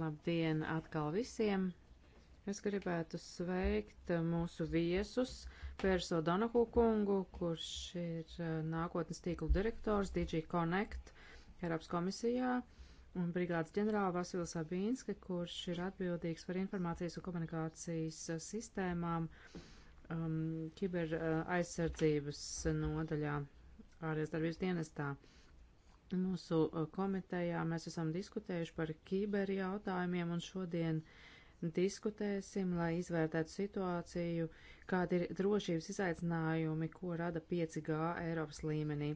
Labdien atkal visiem! Es gribētu sveikt mūsu viesus, Pērso Donahu kungu, kurš ir eh, nākotnes tīklu direktors DG Connect Eiropas komisijā, un brigādes ģenerāla Vasila Sabīnska, kurš ir atbildīgs par informācijas un komunikācijas eh, sistēmām um, kiber eh, aizsardzības nodaļā ārējās darbības dienestā. Uh, Mūsu uh, komitejā mēs esam diskutējuši par kīberu jautājumiem un šodien diskutēsim, lai izvērtētu situāciju, kāda ir drošības izaicinājumi, ko rada 5G Eiropas līmenī.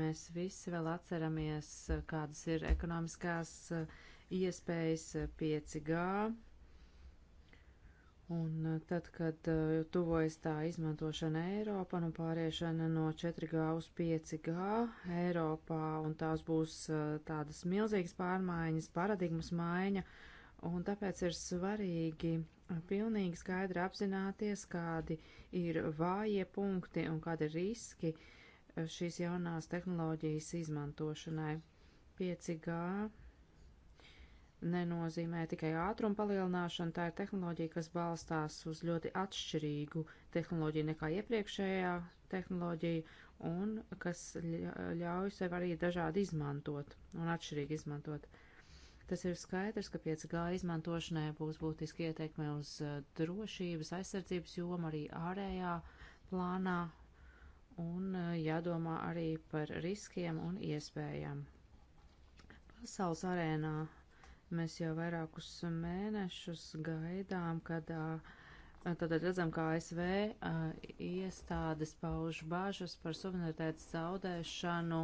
Mēs visi vēl atceramies, uh, kādas ir ekonomiskās uh, iespējas 5G Un eh, tad, kad eh, tuvojas tā izmantošana Eiropā un nu pāriešana no 4G uz 5G Eiropā, un tās būs eh, tādas milzīgas pārmaiņas, paradigmas maiņa, un tāpēc ir svarīgi pilnīgi skaidri apzināties, kādi ir vājie punkti un kādi ir riski šīs jaunās tehnoloģijas izmantošanai. 5G nenozīmē tikai ātruma palielināšanu, tā ir tehnoloģija, kas balstās uz ļoti atšķirīgu tehnoloģiju nekā iepriekšējā tehnoloģija un kas ļauj sev arī dažādi izmantot un atšķirīgi izmantot. Tas ir skaidrs, ka 5G izmantošanai būs būtiski ieteikme uz uh, drošības, aizsardzības jomu arī ārējā plānā un uh, jādomā arī par riskiem un iespējām. Pasaules arēnā Mēs jau vairākus mēnešus gaidām, kad tad redzam, kā ASV iestādes pauž bāžas par suverenitātes zaudēšanu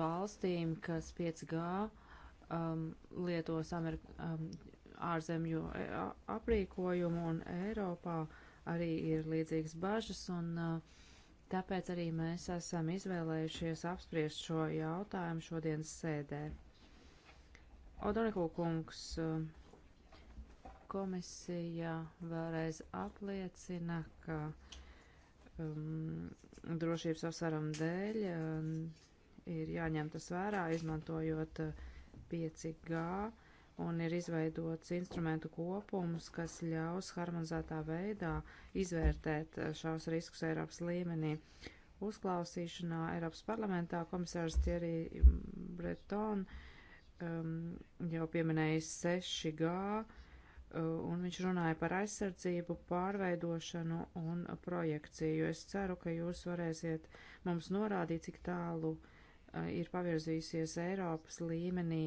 valstīm, kas 5G um, lietos um, ārzemju e, aprīkojumu un Eiropā arī ir līdzīgas bažas, un tāpēc arī mēs esam izvēlējušies apspriest šo jautājumu šodienas sēdē. Odoreko kungs, komisija vēlreiz apliecina, ka um, drošības apsvērumu dēļ um, ir jāņem tas vērā, izmantojot 5G, uh, un ir izveidots instrumentu kopums, kas ļaus harmonizētā veidā izvērtēt uh, šos riskus Eiropas līmenī. Uzklausīšanā Eiropas parlamentā komisārs Thierry Breton uh, um, jau pieminēja 6G, uh, un viņš runāja par aizsardzību, pārveidošanu un projekciju. Es ceru, ka jūs varēsiet mums norādīt, cik tālu uh, ir pavirzījusies Eiropas līmenī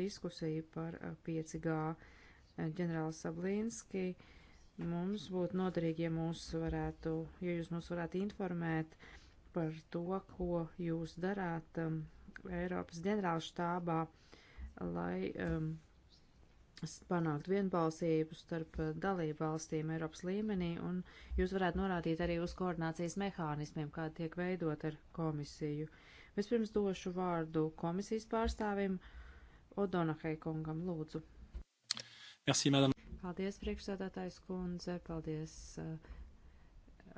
diskusija par 5G. Uh, uh, ģenerālis Sablīnski, mums būtu noderīgi, ja, mūs varētu, ja jūs mūs varētu informēt par to, ko jūs darāt. Um, Eiropas ģenerāla štābā, lai um, panākt vienbalsību starp uh, dalību valstīm Eiropas līmenī, un jūs varētu norādīt arī uz koordinācijas mehānismiem, kā tiek veidot ar komisiju. Vispirms došu vārdu komisijas pārstāvim Odonahei kungam, lūdzu. Merci, madame. Paldies, priekšsādātājs kundze, paldies, uh,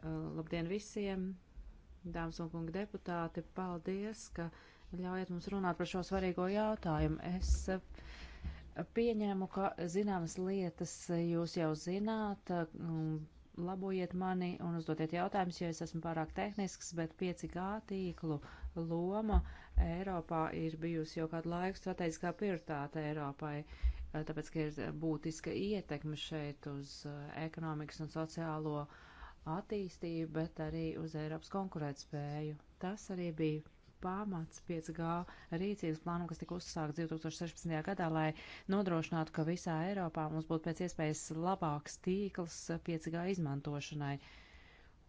uh, labdien visiem, dāmas un kungi deputāti, paldies, ka ļaujiet mums runāt par šo svarīgo jautājumu. Es eh, pieņēmu, ka zināmas lietas jūs jau zināt. Eh, labojiet mani un uzdodiet jautājumus, jo es esmu pārāk tehnisks, bet 5G tīklu loma Eiropā ir bijusi jau kādu laiku strateģiskā prioritāte Eiropai eh, tāpēc, ka ir būtiska ietekme šeit uz ekonomikas un sociālo attīstību, bet arī uz Eiropas konkurētspēju. Tas arī bija pamats 5G rīcības plānam, kas tika uzsākts 2016. gadā, lai nodrošinātu, ka visā Eiropā mums būtu pēc iespējas labāks tīkls 5G izmantošanai.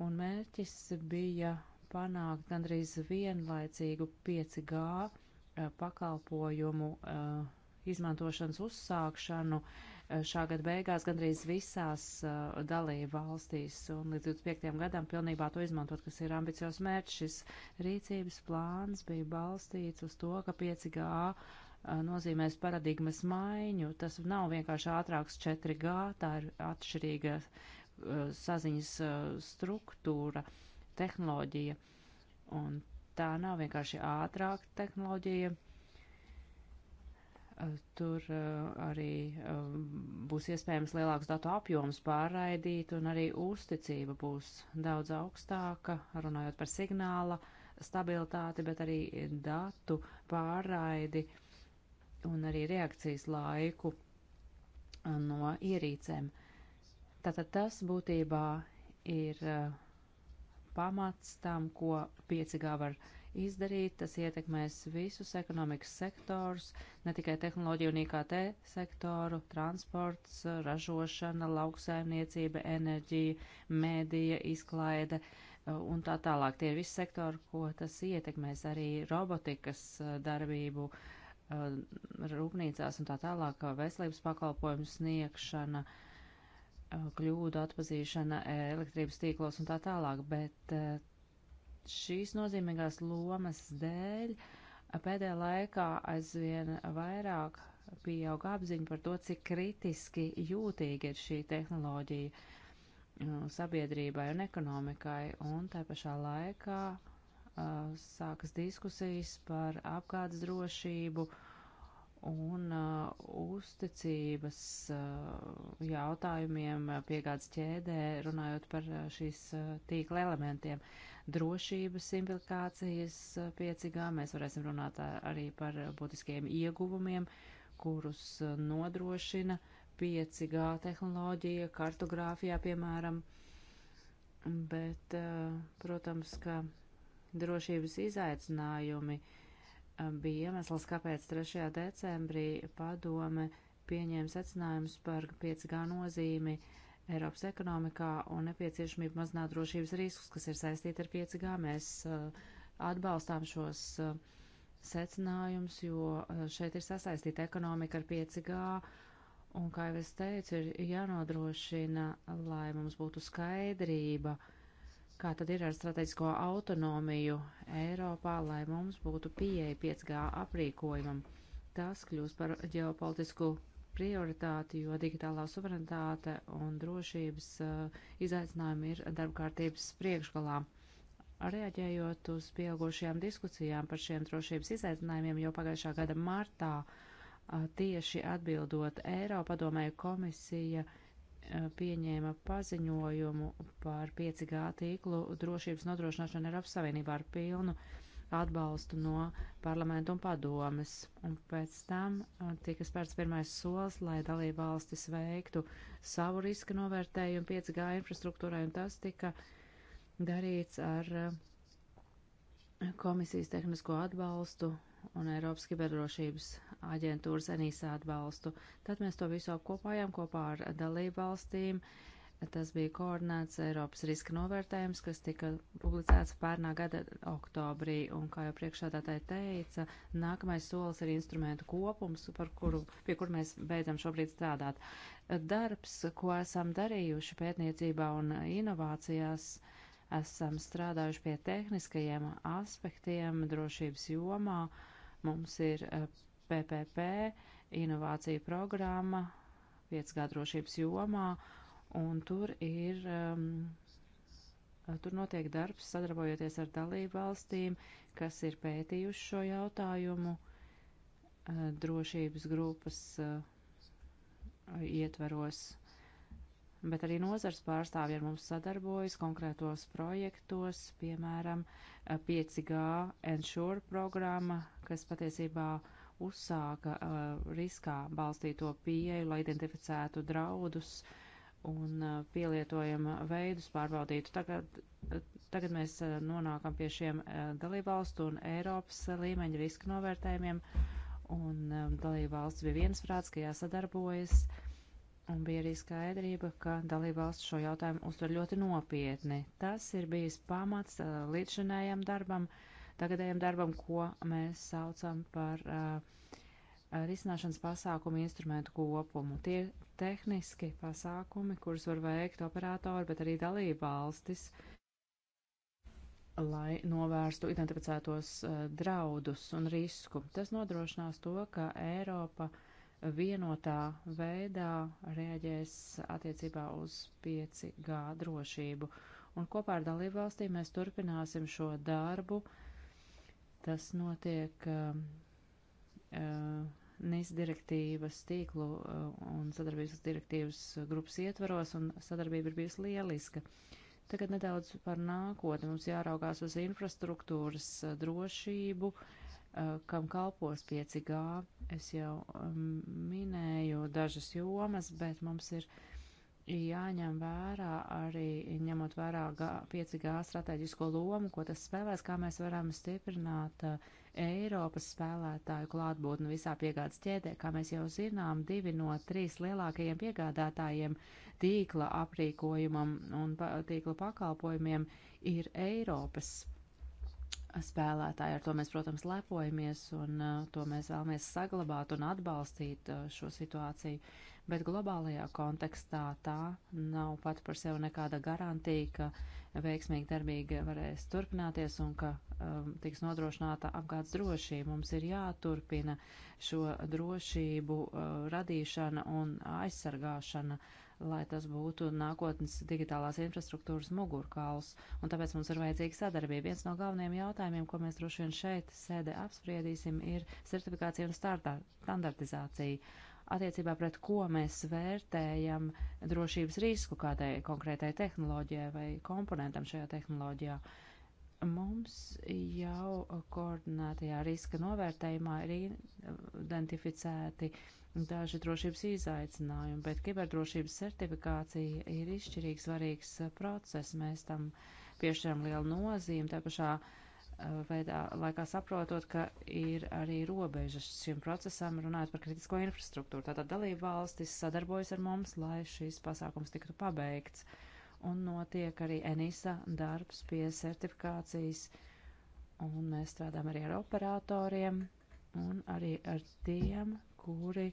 Un mērķis bija panākt gandrīz vienlaicīgu 5G eh, pakalpojumu eh, izmantošanas uzsākšanu uh, Eh, šā gada beigās gandrīz visās uh, dalība valstīs un līdz 25. gadam pilnībā to izmantot, kas ir ambiciozs mērķis. Šis rīcības plāns bija balstīts uz to, ka 5G eh, nozīmēs paradigmas maiņu. Tas nav vienkārši ātrāks 4G, tā ir atšķirīga uh, saziņas uh, struktūra, tehnoloģija. Un tā nav vienkārši ātrāka tehnoloģija, Eh, tur eh, arī eh, būs iespējams lielāks datu apjoms pārraidīt, un arī uzticība būs daudz augstāka, runājot par signāla stabilitāti, bet arī datu pārraidi un arī reakcijas laiku no ierīcēm. Tātad tas būtībā ir pamats tam, ko 5G var izdarīt izdarīt. Tas ietekmēs visus ekonomikas sektors, ne tikai tehnoloģiju un IKT sektoru, transports, ražošana, lauksaimniecība, enerģija, mēdīja, izklaide uh, un tā tālāk. Tie ir visi sektori, ko tas ietekmēs arī robotikas uh, darbību uh, rūpnīcās un tā tālāk veselības pakalpojumu sniegšana, kļūdu atpazīšana elektrības tīklos un tā tālāk, bet šīs nozīmīgās lomas dēļ pēdējā laikā aizvien vairāk pieauga apziņa par to, cik kritiski jūtīgi ir šī tehnoloģija uh, sabiedrībai un ekonomikai, un tā pašā laikā uh, sākas diskusijas par apgādes drošību un uh, uzticības uh, jautājumiem piegādes ķēdē, runājot par uh, šīs uh, tīkla elementiem. Uh, drošības implikācijas 5G. Mēs varēsim runāt arī par būtiskiem ieguvumiem, kurus nodrošina 5G tehnoloģija, kartogrāfijā piemēram. Bet, protams, ka drošības izaicinājumi bija iemesls, kāpēc 3. decembrī padome pieņēma secinājumus par 5G nozīmi uh, Eiropas ekonomikā un nepieciešamību mazināt drošības riskus, kas ir saistīti ar 5G. Mēs uh, atbalstām šos uh, secinājumus, jo uh, šeit ir sasaistīta ekonomika ar 5G. Un, kā jau es teicu, ir jānodrošina, lai mums būtu skaidrība, kā tad ir ar strateģisko autonomiju Eiropā, lai mums būtu pieeja 5G aprīkojumam. Tas kļūst par ģeopolitisku prioritāti, jo digitālā suverenitāte un drošības uh, izaicinājumi ir darbkārtības priekšgalā. Reaģējot uz pieaugušajām diskusijām par šiem drošības izaicinājumiem, jau pagājušā gada martā uh, tieši atbildot Eiropadomēju komisija uh, pieņēma paziņojumu par 5G tīklu drošības nodrošināšanu Eiropas Savienībā ar pilnu uh, atbalstu no parlamentu un padomes. Un pēc tam uh, tika spērts pirmais solis, lai dalība valstis veiktu savu riska novērtējumu 5G infrastruktūrai, un tas tika darīts ar uh, komisijas tehnisko atbalstu un Eiropas kiberdrošības aģentūras NISA atbalstu. Tad mēs to visu apkopājām kopā ar dalību valstīm, uh, Tas bija koordinēts Eiropas riska novērtējums, kas tika publicēts pērnā gada oktobrī, un, kā jau priekšādātāji teica, nākamais solis ir instrumentu kopums, kuru, pie kur mēs beidzam šobrīd strādāt. Darbs, ko esam darījuši pētniecībā un inovācijās, esam strādājuši pie tehniskajiem aspektiem drošības jomā. Mums ir PPP, eh, inovācija programma, 5G drošības jomā Un tur ir, um, tur notiek darbs sadarbojoties ar dalību valstīm, kas ir pētījuši šo jautājumu uh, drošības grupas uh, ietveros bet arī nozars pārstāvji ar mums sadarbojas konkrētos projektos, piemēram, 5G uh, Ensure programma, kas patiesībā uzsāka uh, riskā balstīto pieeju, lai identificētu draudus uh, un uh, pielietojam veidus pārbaudītu. Tagad, tagad mēs uh, nonākam pie šiem uh, dalībvalstu un Eiropas līmeņa riska novērtējumiem, un um, dalībvalsts bija viensprāts, ka jāsadarbojas, un bija arī skaidrība, ka dalībvalsts šo jautājumu uztver ļoti nopietni. Tas ir bijis pamats līdzšanējam darbam, tagadējam darbam, ko mēs saucam par risināšanas pasākumu instrumentu kopumu. Tie tehniski pasākumi, kurus var veikt operatori, bet arī dalība valstis, lai novērstu identificētos eh, draudus un risku. Tas nodrošinās to, ka Eiropa vienotā veidā reaģēs attiecībā uz 5G drošību. Un kopā ar dalību valstīm mēs turpināsim šo darbu. Tas notiek uh, uh, NIS direktīvas tīklu uh, un sadarbības direktīvas uh, grupas ietvaros, un sadarbība ir bijusi lieliska. Tagad nedaudz par nākotni. Mums jāraugās uz infrastruktūras uh, drošību, kam kalpos 5G. Es jau um, minēju dažas jomas, bet mums ir jāņem vērā arī, ņemot vērā 5G strateģisko lomu, ko tas spēlēs, kā mēs varam stiprināt uh, Eiropas spēlētāju klātbūtni visā piegādes ķēdē. Kā mēs jau zinām, divi no trīs lielākajiem piegādātājiem tīkla aprīkojumam un tīkla pakalpojumiem ir Eiropas spēlētāji. Ar to mēs, protams, lepojamies un uh, to mēs vēlamies saglabāt un atbalstīt uh, šo situāciju. Bet globālajā kontekstā tā nav pat par sevi nekāda garantija, ka veiksmīgi darbīgi varēs turpināties un ka um, tiks nodrošināta apgādes drošība. Mums ir jāturpina šo drošību uh, radīšana un aizsargāšana uh, lai tas būtu nākotnes digitālās infrastruktūras mugurkauls, un tāpēc mums ir vajadzīga sadarbība. Viens no galvenajiem jautājumiem, ko mēs droši vien šeit sēdē apspriedīsim, ir certifikācija un standartizācija attiecībā pret ko mēs vērtējam drošības risku kādai konkrētai tehnoloģijai vai komponentam šajā tehnoloģijā. Mums jau koordinētajā riska novērtējumā ir identificēti uh, daži drošības izaicinājumi, bet kiberdrošības certifikācija ir izšķirīgi svarīgs uh, process. Mēs tam piešķiram lielu nozīmi, tā pašā uh, veidā laikā saprotot, ka ir arī robežas šim procesam, runājot par kritisko infrastruktūru. Tātad dalība valstis sadarbojas ar mums, lai šis pasākums tiktu pabeigts. Un notiek arī ENISA darbs pie certifikācijas, un mēs strādājam arī ar operatoriem un arī ar tiem kuri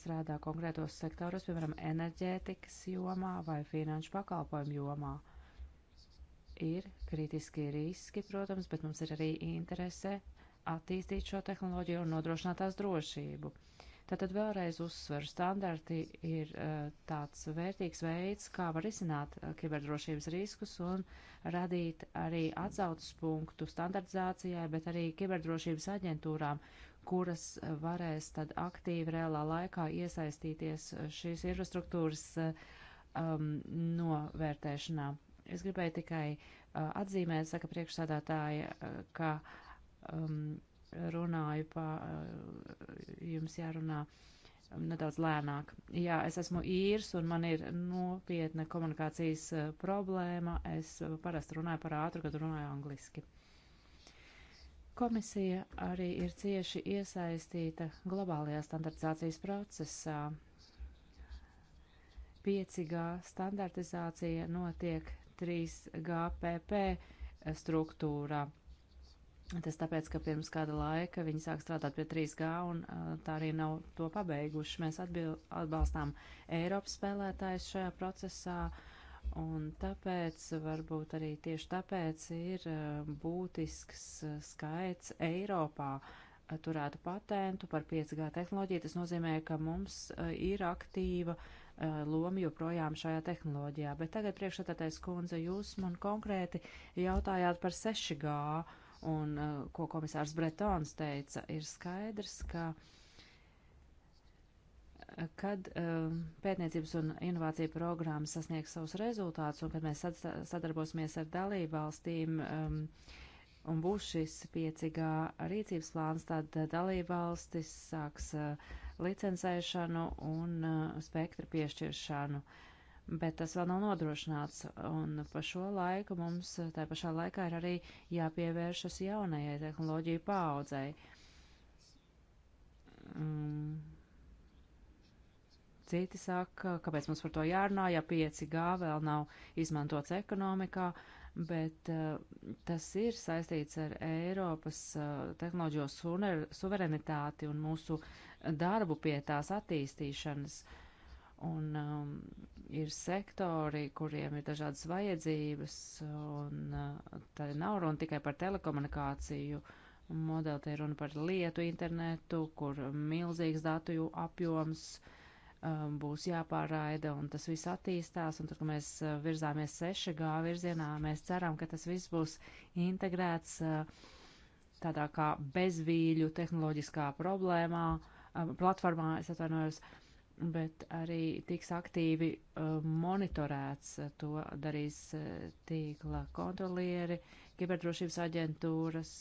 strādā konkrētos sektoros, piemēram, enerģētikas jomā vai finanšu pakalpojumu jomā. Ir kritiski riski, protams, bet mums ir arī interese attīstīt šo tehnoloģiju un nodrošināt tās drošību. Tātad vēlreiz uzsveru, standarti ir eh, tāds vērtīgs veids, kā var izsināt eh, kiberdrošības riskus un radīt arī atsaucas punktu standartizācijai, bet arī kiberdrošības aģentūrām, kuras varēs tad aktīvi reālā laikā iesaistīties šīs infrastruktūras um, novērtēšanā. Es gribēju tikai uh, atzīmēt, saka priekšsādātāja, uh, ka um, runāju pa, uh, jums jārunā um, nedaudz lēnāk. Jā, es esmu īrs un man ir nopietna komunikācijas uh, problēma. Es uh, parasti runāju par ātru, kad runāju angliski. Komisija arī ir cieši iesaistīta globālajā standartizācijas procesā. 5G standartizācija notiek 3GPP struktūrā. Tas tāpēc, ka pirms kāda laika viņi sāk strādāt pie 3G un tā arī nav to pabeiguši. Mēs atbil, atbalstām Eiropas spēlētājs šajā procesā Un tāpēc, varbūt arī tieši tāpēc, ir eh, būtisks eh, skaits Eiropā eh, turētu patentu par 5G tehnoloģiju. Tas nozīmē, ka mums ir aktīva loma joprojām šajā tehnoloģijā. Bet tagad priekšsatātais kundze, jūs man konkrēti jautājāt par 6G, un ko komisārs Bretons teica, ir skaidrs, ka uh, kad uh, pētniecības un inovācija programma sasniegs savus rezultātus un kad mēs sadarbosimies ar dalībvalstīm um, un būs šis 5G rīcības plāns, tad eh, dalībvalstis sāks uh, licencēšanu un uh, spektra piešķiršanu. Bet tas vēl nav nodrošināts, un pa šo laiku mums tā pašā laikā ir arī jāpievēršas jaunajai tehnoloģiju paaudzei. Mm Citi saka, kāpēc mums par to jārunā, ja 5G vēl nav izmantots ekonomikā, bet eh, tas ir saistīts ar Eiropas eh, tehnoloģiju suverenitāti un mūsu darbu pie tās attīstīšanas. Un um, ir sektori, kuriem ir dažādas vajadzības, un uh, tā nav runa tikai par telekomunikāciju uh, modeli, te ir runa par lietu internetu, kur milzīgs datu apjoms Um, būs jāpāraida, un tas viss attīstās, un tur, kur mēs uh, virzāmies 6G virzienā, mēs ceram, ka tas viss būs integrēts uh, tādā kā bezvīļu tehnoloģiskā problēmā, um, platformā, es atvainojos, bet arī tiks aktīvi um, monitorēts, uh, to darīs tīkla kontrolieri, kiberdrošības aģentūras,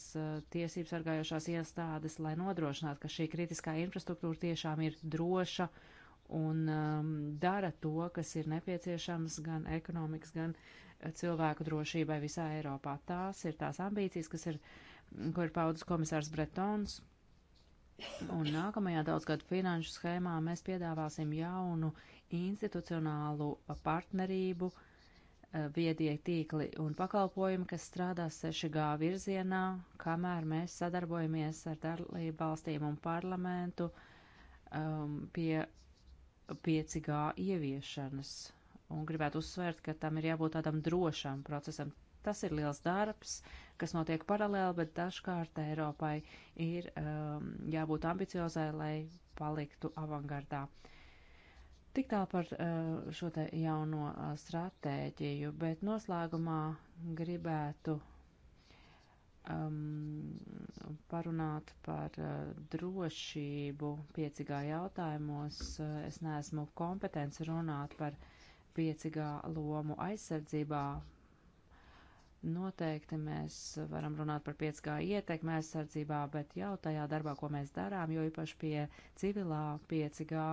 tiesības sargājošās iestādes, lai nodrošinātu, ka šī kritiskā infrastruktūra tiešām ir droša, uh, un um, dara to, kas ir nepieciešams gan ekonomikas, gan uh, cilvēku drošībai visā Eiropā. Tās ir tās ambīcijas, kas ir, ko ir paudis komisārs Bretons. Un nākamajā daudzgadu finanšu schēmā mēs piedāvāsim jaunu institucionālu partnerību, uh, viedie tīkli un pakalpojumi, kas strādās 6G virzienā, kamēr mēs sadarbojamies ar dalību valstīm un parlamentu um, pie 5G ieviešanas. Un gribētu uzsvērt, ka tam ir jābūt tādam drošam procesam. Tas ir liels darbs, kas notiek paralēli, bet dažkārt Eiropai ir um, jābūt ambiciozai, lai paliktu avangardā. Tik tā par uh, šo te jauno uh, stratēģiju, bet noslēgumā gribētu um, parunāt par uh, drošību 5G jautājumos. Uh, es neesmu kompetents runāt par 5G lomu aizsardzībā. Noteikti mēs varam runāt par 5G ietekmi aizsardzībā, bet jau tajā darbā, ko mēs darām, jo īpaši pie civilā 5G,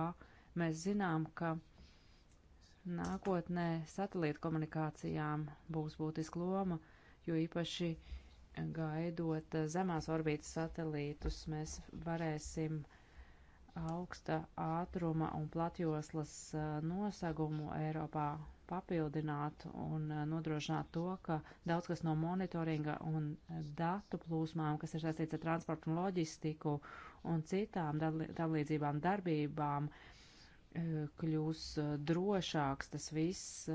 mēs zinām, ka nākotnē satelīta komunikācijām būs būtiska loma, jo īpaši uh, gaidot eh, zemās orbītas satelītus, mēs varēsim augsta ātruma un platjoslas eh, nosagumu Eiropā papildināt un eh, nodrošināt to, ka daudz kas no monitoringa un datu plūsmām, kas ir saistīts ar transportu un loģistiku un citām tam līdzībām darbībām, kļūs drošāks tas viss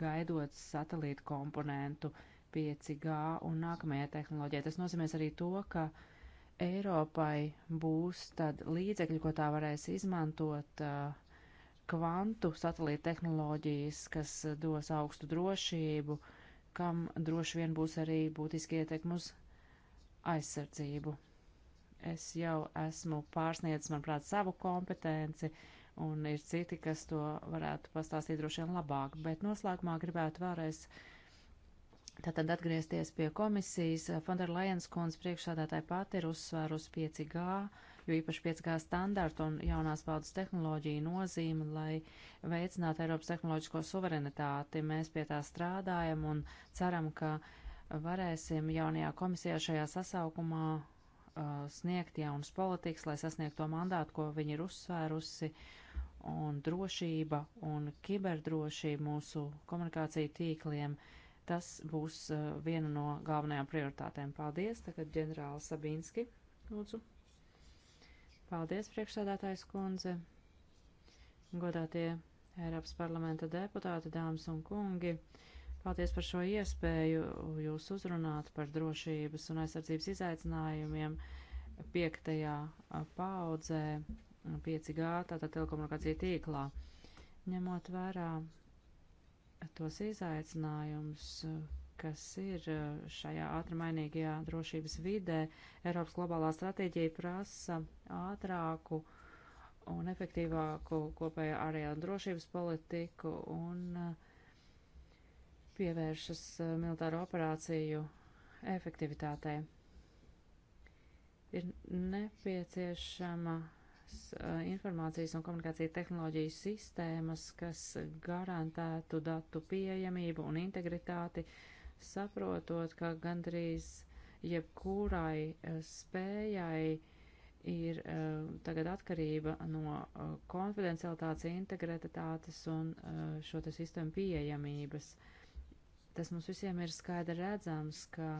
gaidot satelītu komponentu uh, 5G un nākamajai tehnoloģijai. Tas nozīmēs arī to, ka Eiropai būs tad līdzekļi, ko tā varēs izmantot uh, kvantu satelīta tehnoloģijas, kas dos augstu drošību, kam droši vien būs arī būtiski ietekmi uz aizsardzību. Es jau esmu pārsniedzis, manuprāt, savu kompetenci, un ir citi, kas to varētu pastāstīt droši vien labāk, bet noslēgumā gribētu vēlreiz uh, Tātad atgriezties pie komisijas, Fonderlajens kundze priekšsādātāja pati ir uzsvērus 5G, jo īpaši 5G standārtu un jaunās paudzes tehnoloģiju nozīmi, lai veicinātu Eiropas tehnoloģisko suverenitāti. Mēs pie tā strādājam un ceram, ka varēsim jaunajā komisijā šajā sasaukumā uh, sniegt jaunas politikas, lai sasniegtu to mandātu, ko viņi ir uzsvērusi, un drošība un kiberdrošība mūsu komunikāciju tīkliem. Uh, Tas būs eh, viena no galvenajām prioritātēm. Paldies. Tagad ģenerāla Sabīnski, lūdzu. Paldies, priekšsādātājs kundze. Godātie Eiropas parlamenta deputāti, dāmas un kungi. Paldies par šo iespēju jūs uzrunāt par drošības un aizsardzības izaicinājumiem piektajā eh, paudzē 5G, tātad telekomunikācija tīklā. Ņemot vērā tos izaicinājumus, kas ir eh, šajā ātrmainīgajā drošības vidē. Eiropas globālā stratēģija prasa ātrāku un efektīvāku kopējo ārējā drošības politiku un eh, pievēršas eh, militāro operāciju efektivitātei. Ir nepieciešama Eh, informācijas un komunikācija tehnoloģiju sistēmas, kas garantētu datu pieejamību un integritāti, saprotot, ka gandrīz jebkurai eh, spējai ir eh, tagad atkarība no konfidencialitātes, integritātes un šo te sistēmu pieejamības. Tas mums visiem ir skaidri redzams, ka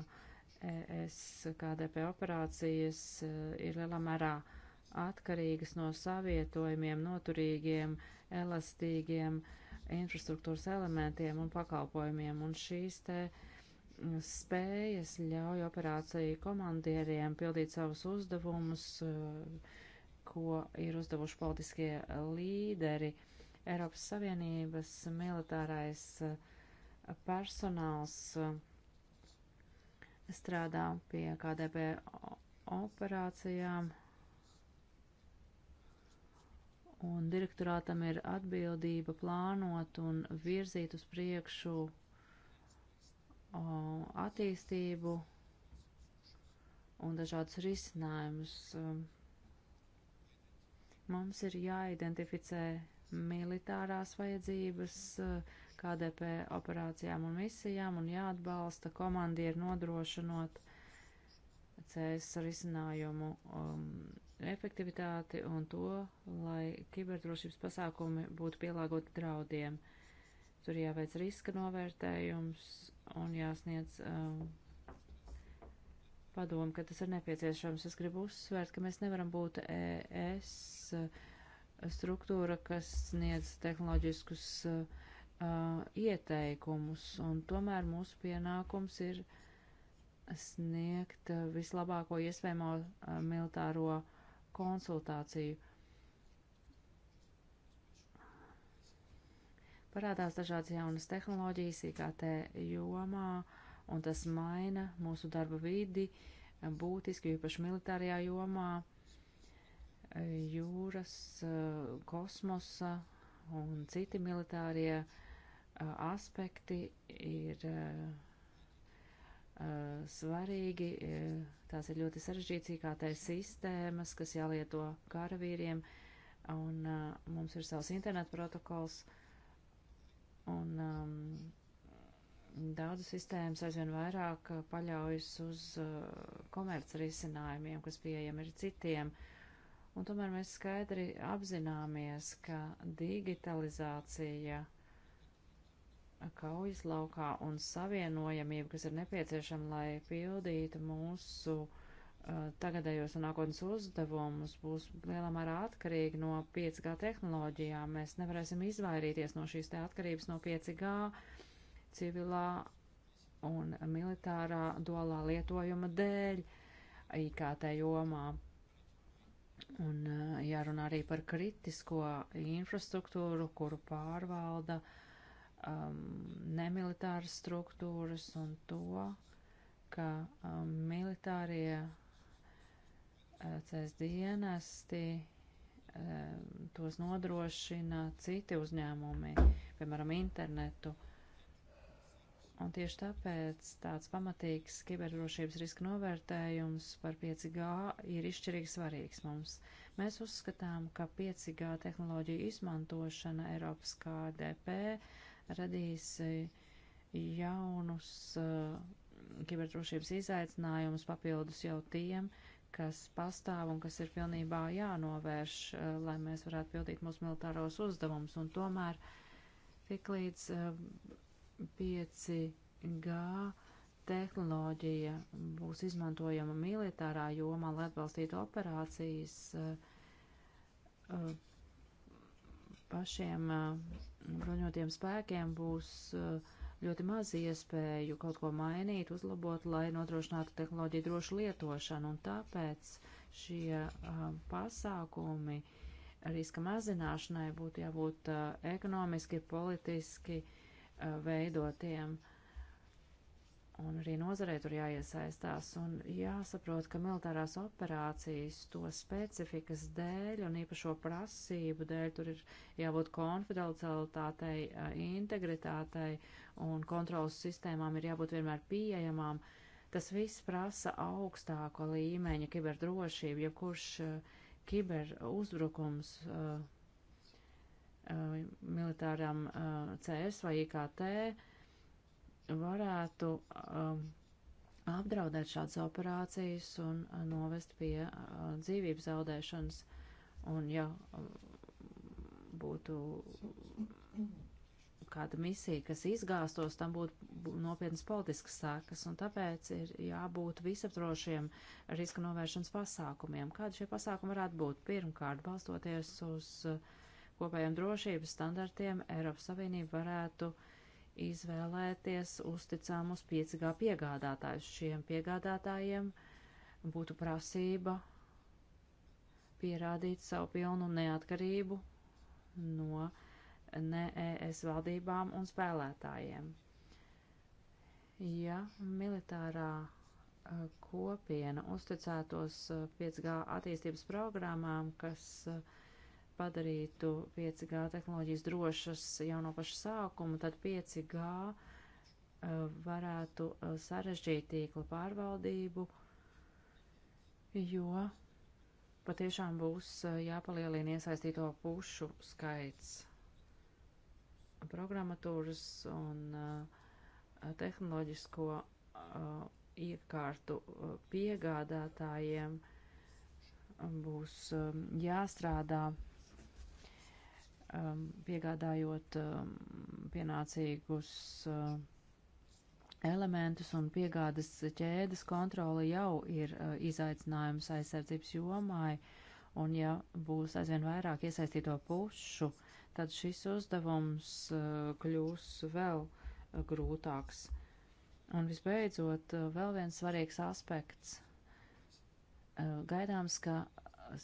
es KDP operācijas ir lielā mērā uh, atkarīgas no savietojumiem, noturīgiem, elastīgiem infrastruktūras elementiem un pakalpojumiem. Un šīs te mm, spējas ļauj operāciju komandieriem pildīt savus uzdevumus, eh, ko ir uzdevuši politiskie līderi. Eiropas Savienības militārais eh, personāls eh, strādā pie KDP operācijām un direktorātam ir atbildība plānot un virzīt uz priekšu o, attīstību un dažādus risinājumus. Mums ir jāidentificē militārās vajadzības KDP operācijām un misijām un jāatbalsta komandieru nodrošinot CS risinājumu um, efektivitāti un to, lai kiberdrošības pasākumi būtu pielāgoti draudiem. Tur jāveic riska novērtējums un jāsniedz um, padomu, ka tas ir nepieciešams. Es gribu uzsvērt, ka mēs nevaram būt ES uh, struktūra, kas sniedz tehnoloģiskus uh, uh, ieteikumus, un tomēr mūsu pienākums ir sniegt uh, vislabāko iespējamo militāro uh, konsultāciju. Parādās dažādas jaunas tehnoloģijas IKT jomā, un tas maina mūsu darba vidi būtiski, īpaši militārajā jomā, jūras, kosmosa un citi militārie aspekti ir Eh, svarīgi. Eh, tās ir ļoti sarežģītas IKT sistēmas, kas jālieto karavīriem, un eh, mums ir savs internetu protokols, un um, daudz sistēmas aizvien vairāk paļaujas uz komerc risinājumiem, kas pieejami ir citiem. Un tomēr mēs skaidri apzināmies, ka digitalizācija kaujas laukā un savienojamību, kas ir nepieciešama, lai pildītu mūsu uh, tagadējos un nākotnes uzdevumus, būs lielā mērā atkarīgi no 5G tehnoloģijām. Mēs nevarēsim izvairīties no šīs te atkarības no 5G civilā un militārā dualā lietojuma dēļ IKT jomā. Un uh, jārunā arī par kritisko infrastruktūru, kuru pārvalda uh, um, nemilitāras struktūras un to, ka um, militārie uh, CS dienesti um, tos nodrošina citi uzņēmumi, piemēram, internetu. Un tieši tāpēc tāds pamatīgs kiberdrošības riska novērtējums par 5G ir izšķirīgi svarīgs mums. Mēs uzskatām, ka 5G tehnoloģiju izmantošana Eiropas KDP uh, radīs eh, jaunus eh, kiberdrošības izaicinājumus papildus jau tiem, kas pastāv un kas ir pilnībā jānovērš, eh, lai mēs varētu pildīt mūsu militāros uzdevumus. Un tomēr tik līdz 5G tehnoloģija būs izmantojama militārā jomā, lai atbalstītu operācijas pašiem bruņotiem spēkiem būs eh, ļoti maz iespēju kaut ko mainīt, uzlabot, lai nodrošinātu tehnoloģiju drošu lietošanu, un tāpēc šie eh, pasākumi riska mazināšanai būtu jābūt eh, ekonomiski, politiski veidotiem. Uh, un arī nozarē tur jāiesaistās un jāsaprot, ka militārās operācijas to specifikas dēļ un īpašo prasību dēļ tur ir jābūt konfidencialitātei, integritātei un kontrolas sistēmām ir jābūt vienmēr pieejamām. Tas viss prasa augstāko līmeņa kiberdrošību, jebkurš kiberuzbrukums uh, uh, militāram uh, CS vai IKT varētu um, apdraudēt šādas operācijas un uh, novest pie uh, dzīvības zaudēšanas. Un, ja um, būtu kāda misija, kas izgāstos, tam būtu nopietnas politiskas sākas, un tāpēc ir jābūt visaptrošiem riska novēršanas pasākumiem. Kādi šie pasākumi varētu būt? Pirmkārt, balstoties uz uh, kopējiem drošības standartiem, Eiropas Savienība varētu uh, izvēlēties uzticamus 5G piegādātājus. Šiem piegādātājiem būtu prasība pierādīt savu pilnu neatkarību no ne ES valdībām un spēlētājiem. Ja militārā kopiena uzticētos 5G attīstības programmām, kas uh, padarītu 5G tehnoloģijas drošas jau no paša sākuma, tad 5G uh, varētu uh, sarežģīt tīkla pārvaldību, jo patiešām būs uh, jāpalielina iesaistīto pušu skaits programmatūras un tehnoloģisko iekārtu piegādātājiem būs um, jāstrādā um, piegādājot um, pienācīgus um, elementus un piegādes ķēdes kontroli jau ir uh, izaicinājums aizsardzības jomai, un ja būs aizvien vairāk iesaistīto pušu, tad šis uzdevums uh, kļūs vēl uh, grūtāks. Un visbeidzot, uh, vēl viens svarīgs aspekts. Uh, gaidāms, ka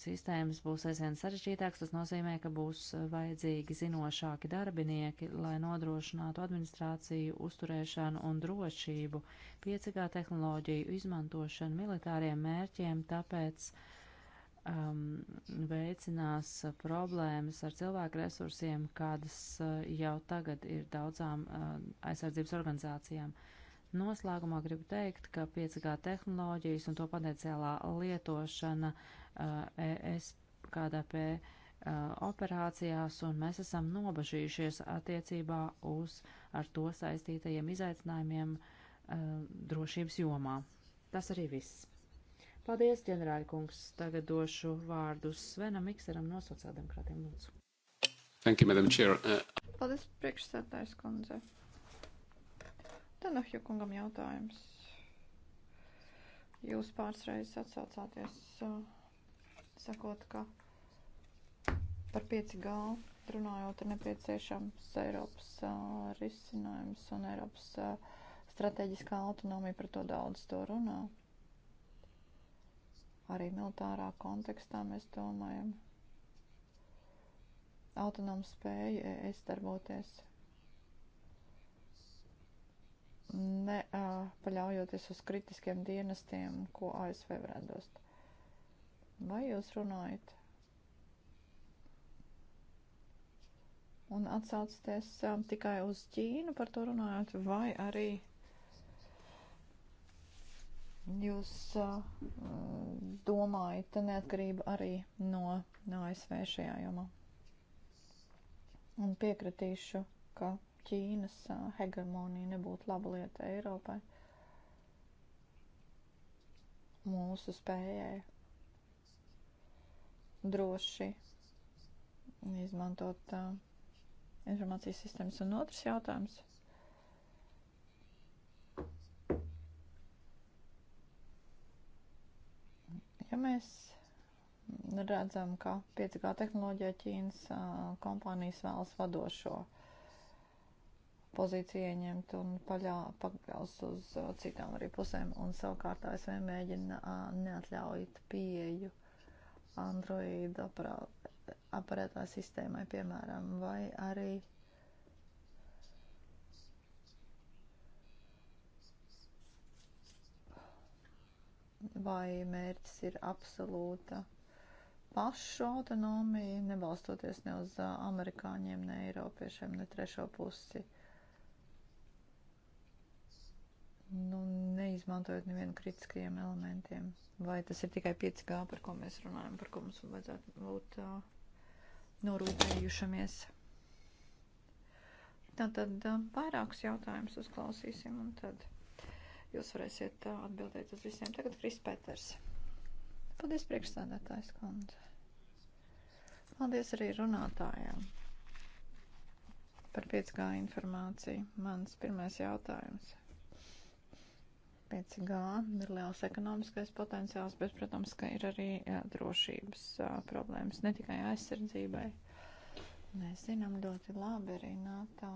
sistēmas būs aizvien sarežģītāks, tas nozīmē, ka būs vajadzīgi zinošāki darbinieki, lai nodrošinātu administrāciju, uzturēšanu un drošību, 5G tehnoloģiju izmantošanu militāriem mērķiem, tāpēc um, veicinās problēmas ar cilvēku resursiem, kādas uh, jau tagad ir daudzām uh, aizsardzības organizācijām. Uh, Noslēgumā gribu teikt, ka 5G tehnoloģijas un to potenciālā lietošana uh, ES KDP uh, operācijās, un mēs esam nobažījušies attiecībā uz ar to saistītajiem izaicinājumiem uh, drošības jomā. Tas arī viss. Paldies, ģenerāļkungs. Tagad došu vārdu Svenam Mikseram no sociāldemokrātiem lūdzu. Thank you, Madam Chair. Uh... Paldies, priekšsētājs kundze. Tanahju kungam jautājums. Jūs pāris reizes atsaucāties, uh, sakot, ka par 5G runājot ir nepieciešams Eiropas uh, risinājums un Eiropas uh, strateģiskā autonomija, par to daudz to runā. Arī militārā kontekstā mēs domājam autonoma spēja e, es darboties nepaļaujoties uz kritiskiem dienestiem, ko ASV varētu dost. Vai jūs runājat? Un atsaucaties um, tikai uz Ķīnu par to runājot, vai arī jūs uh, domājat neatkarību arī no, no ASV šajā jomā? Un piekritīšu, ka Ķīnas hegemonija nebūtu laba lieta Eiropai, mūsu spējai droši izmantot uh, informācijas sistēmas. Un otrs jautājums. Ja mēs redzam, ka 5G tehnoloģijā Ķīnas uh, kompānijas vēlas vadošo uh, pozīciju ieņemt un pagaus uz uh, citām arī pusēm. Un savukārt ASV mēģina uh, neatļaut pieeju Android aparātā sistēmai, piemēram, vai arī vai mērķis ir absolūta pašu autonomija, nebalstoties ne uz uh, amerikāņiem, ne eiropiešiem, ne trešo pusi. Uh, nu, neizmantojot nevienu kritiskajiem elementiem. Vai tas ir tikai 5G, par ko mēs runājam, par ko mums vajadzētu būt uh, norūpējušamies. Tātad uh, vairākus jautājumus uzklausīsim, un tad jūs varēsiet uh, atbildēt uz visiem. Tagad Kris Peters. Paldies, priekšstādātājs kundze. Paldies arī runātājiem par 5G informāciju. Mans pirmais jautājums 5G ir liels ekonomiskais potenciāls, bet, protams, ka ir arī jā, drošības jā, problēmas ne tikai aizsardzībai. Mēs zinām ļoti labi arī NATO,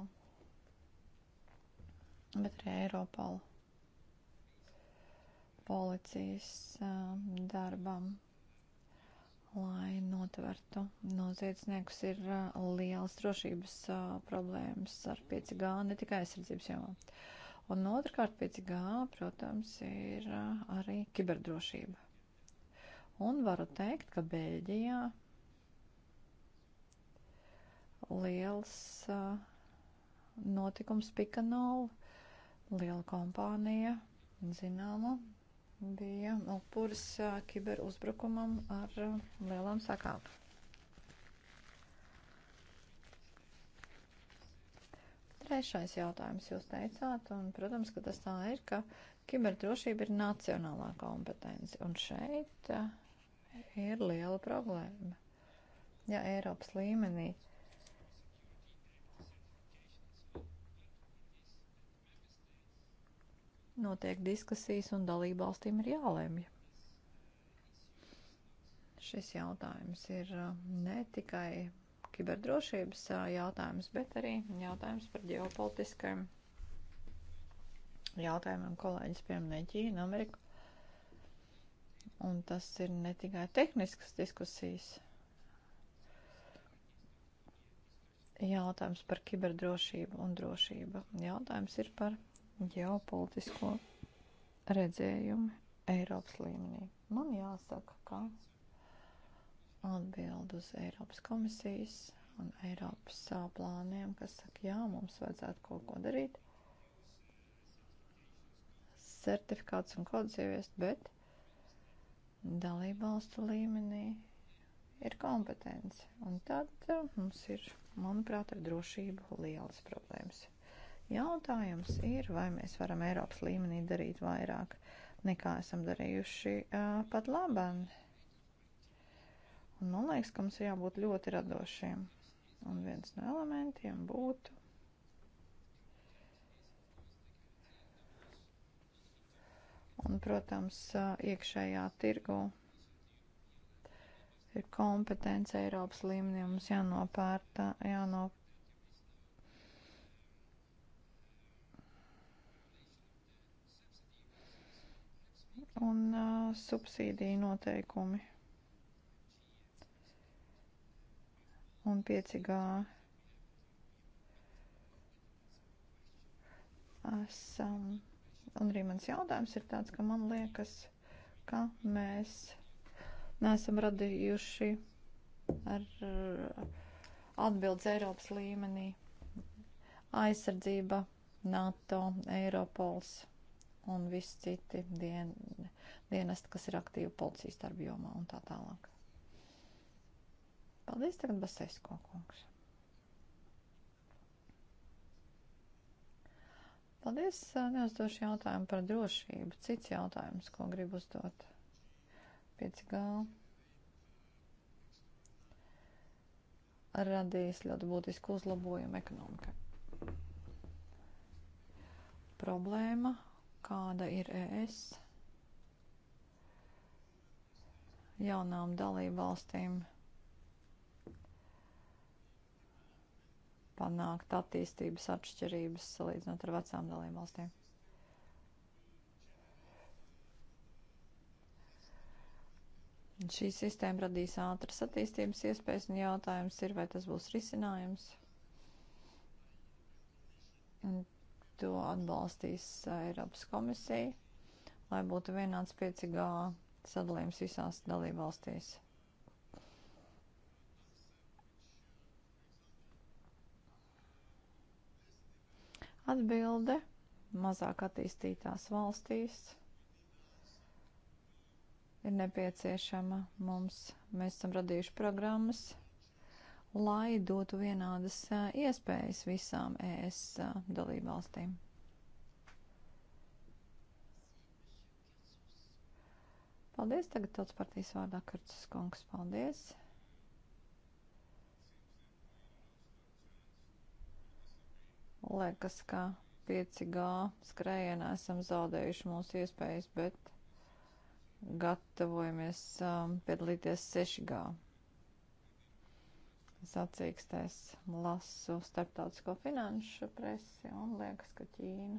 bet arī Eiropal policijas jā, darbam, lai notvertu noziedzniekus, ir jā, liels drošības jā, problēmas ar 5G, ne tikai aizsardzības jomā. Jā Un otrkārt 5G, protams, ir arī kiberdrošība. Un varu teikt, ka Beļģijā liels notikums Pikanol, liela kompānija, zināma, bija upuris kiberuzbrukumam ar lielām sakām. Trešais jautājums jūs teicāt, un, protams, ka tas tā ir, ka kiberdrošība ir nacionālā kompetence, un šeit eh, ir liela problēma. Ja Eiropas līmenī notiek diskusijas un dalību valstīm ir jālemj. Šis jautājums ir eh, ne tikai kiberdrošības jautājums, bet arī jautājums par ģeopolitiskajiem jautājumiem. Kolēģis pieminēja Ķīnu, Ameriku. Un tas ir ne tikai tehniskas diskusijas. Jautājums par kiberdrošību un drošību. Jautājums ir par ģeopolitisko redzējumu Eiropas līmenī. Man jāsaka, ka atbild uz Eiropas komisijas un Eiropas plāniem, kas saka, jā, mums vajadzētu kaut ko darīt, certifikāts un kods ieviest, bet dalība valstu līmenī ir kompetence. Un tad mums ir, manuprāt, ar drošību lielas problēmas. Jautājums ir, vai mēs varam Eiropas līmenī darīt vairāk nekā esam darījuši uh, pat labāk. Un man liekas, ka mums jābūt ļoti radošiem. Un viens no elementiem būtu. Un, protams, iekšējā tirgu ir kompetence Eiropas līmenī. Mums jānopērta, jānop un uh, subsīdiju noteikumi. un 5G. Esam, un arī mans jautājums ir tāds, ka man liekas, ka mēs neesam radījuši ar atbildes Eiropas līmenī aizsardzība, NATO, Eiropols un visi citi dien, dienesti, kas ir aktīvi policijas darbjomā un tā tālāk. Paldies, tagad Basesko kungs. Paldies, neuzdošu jautājumu par drošību. Cits jautājums, ko gribu uzdot. 5G. radījis ļoti būtisku uzlabojumu ekonomikai. Problēma, kāda ir ES jaunām dalībvalstīm, panākt attīstības atšķirības salīdzinot ar vecām dalību valstīm. Šī sistēma radīs ātras attīstības iespējas, un jautājums ir, vai tas būs risinājums. Un to atbalstīs Eiropas komisija, lai būtu vienāds 5G sadalījums visās dalībvalstīs. Atbilde mazāk attīstītās valstīs ir nepieciešama mums. Mēs esam radījuši programmas, lai dotu vienādas iespējas visām ES dalībvalstīm. Paldies, tagad tautas partijas vārdā Kartus Kungs, paldies. Liekas, ka 5G skrējienā esam zaudējuši mūsu iespējas, bet gatavojamies um, piedalīties 6G. Es atsīkstēs lasu starptautisko finanšu presi un liekas, ka Ķīna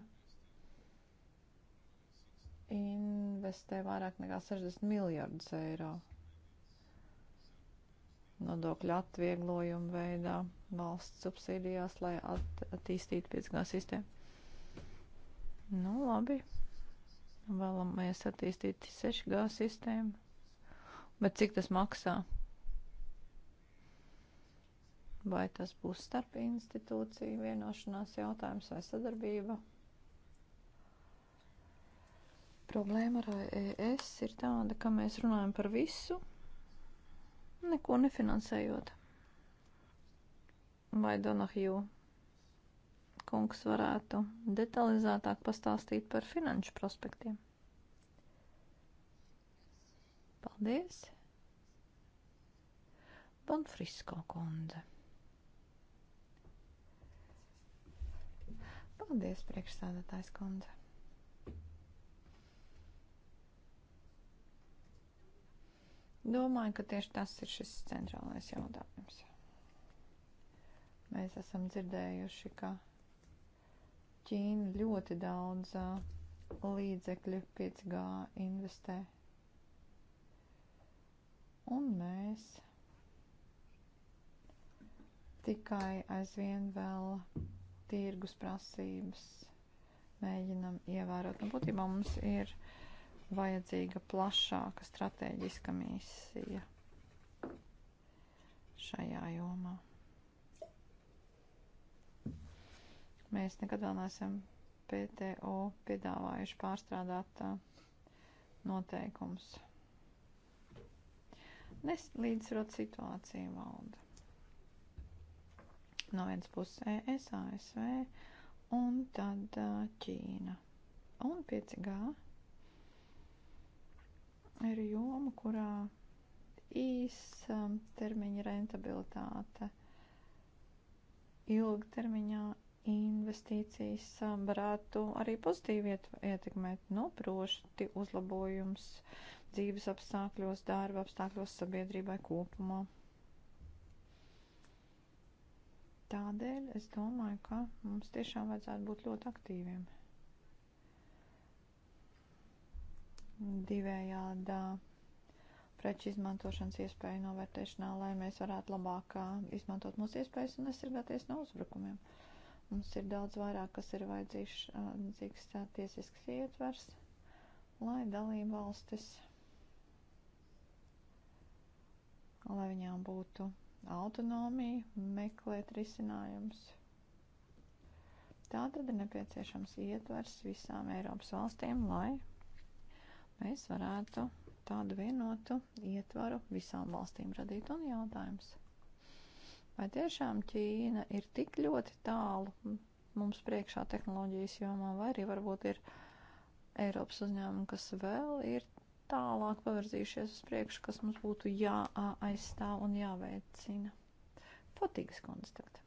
investē vairāk nekā 60 miljardus eiro nodokļu atvieglojumu veidā, valsts subsīdijās, lai at attīstītu 5G sistēmu. Nu, labi. Vēlamies attīstīt 6G sistēmu. Bet cik tas maksā? Vai tas būs starp institūciju vienošanās jautājums vai sadarbība? Problēma ar ES ir tāda, ka mēs runājam par visu, neko nefinansējot. Vai Donahju kungs varētu detalizētāk pastāstīt par finanšu prospektiem? Paldies! Bonfrisko kundze. Paldies, priekšsādātājs kundze. Domāju, ka tieši tas ir šis centrālais jautājums. Mēs esam dzirdējuši, ka Ķīna ļoti daudz līdzekļu 5G investē. Un mēs tikai aizvien vēl tirgus prasības mēģinam ievērot. Nu, būtībā mums ir uh, vajadzīga plašāka stratēģiska misija šajā jomā. Mēs nekad vēl neesam PTO piedāvājuši pārstrādāt noteikums. Neslīdzsvarot situāciju valda. No vienas puses ES, ASV un tad Ķīna. Un 5G ir joma, kurā īsa um, termiņa rentabilitāte ilgtermiņā investīcijas um, varētu arī pozitīvi ietekmēt, nu, proti uzlabojums dzīves apstākļos, darba apstākļos sabiedrībai kopumā. Tādēļ es domāju, ka mums tiešām vajadzētu būt ļoti aktīviem. divējādā preču izmantošanas iespēju novērtēšanā, lai mēs varētu labāk izmantot mūsu iespējas un aizsargāties no uzbrukumiem. Mums ir daudz vairāk, kas ir vajadzīgs tiesisks ietvers, lai dalību valstis, lai viņām būtu autonomija, meklēt risinājumus. Tā tad ir nepieciešams ietvers visām Eiropas valstīm, lai mēs varētu tādu vienotu ietvaru visām valstīm radīt un jautājums. Vai tiešām Ķīna ir tik ļoti tālu mums priekšā tehnoloģijas jomā, vai arī varbūt ir Eiropas uzņēmumi, kas vēl ir tālāk pavirzījušies uz priekšu, kas mums būtu jāaizstāv un jāveicina? Fotīgas konstakt.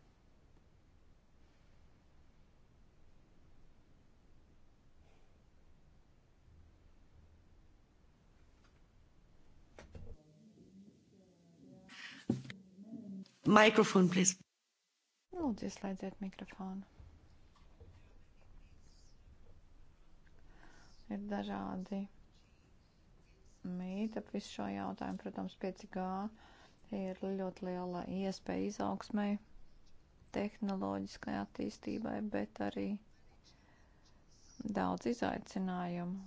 Microphone, please. Lūdzu, ieslēdziet mikrofonu. Ir dažādi mīti ap visu šo jautājumu. Protams, 5G ir ļoti liela iespēja izaugsmai, tehnoloģiskai attīstībai, bet arī daudz izaicinājumu.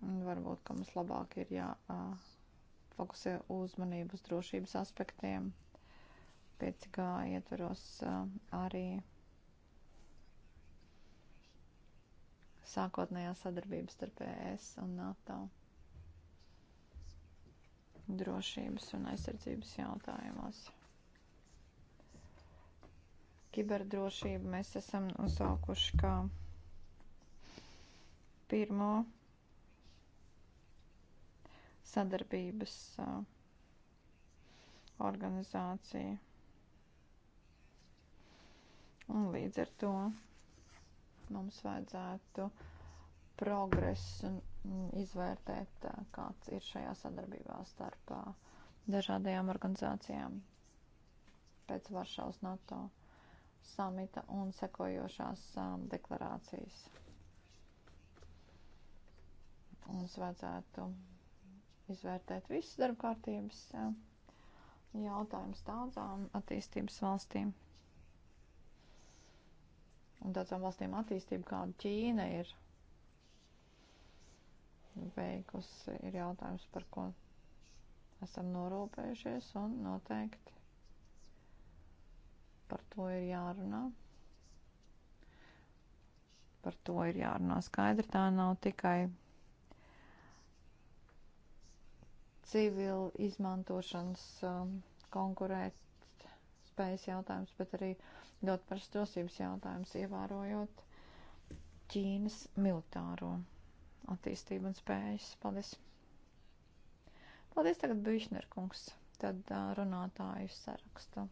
Varbūt, ka mums labāk ir jāfokusē uzmanību uz drošības aspektiem. 5G ietvaros arī sākotnējā sadarbības starp ES un NATO drošības un aizsardzības jautājumos. Kiberdrošību mēs esam nosaukuši kā pirmo sadarbības organizācija. Un līdz ar to mums vajadzētu progresu izvērtēt, kāds ir šajā sadarbībā starp dažādajām organizācijām pēc Varšavas NATO samita un sekojošās deklarācijas. Mums vajadzētu izvērtēt visus darba kārtības jautājumus daudzām attīstības valstīm. Un daudzām valstīm attīstība, kāda Ķīna ir veikusi, ir jautājums, par ko esam norūpējušies un noteikti par to ir jārunā. Par to ir jārunā skaidri. Tā nav tikai civil izmantošanas um, konkurēt spējas jautājums, bet arī ļoti par stosības jautājums, ievērojot Ķīnas militāro attīstību un spējas. Paldies! Paldies tagad Bišner kungs, tad uh, runātāju sarakstu.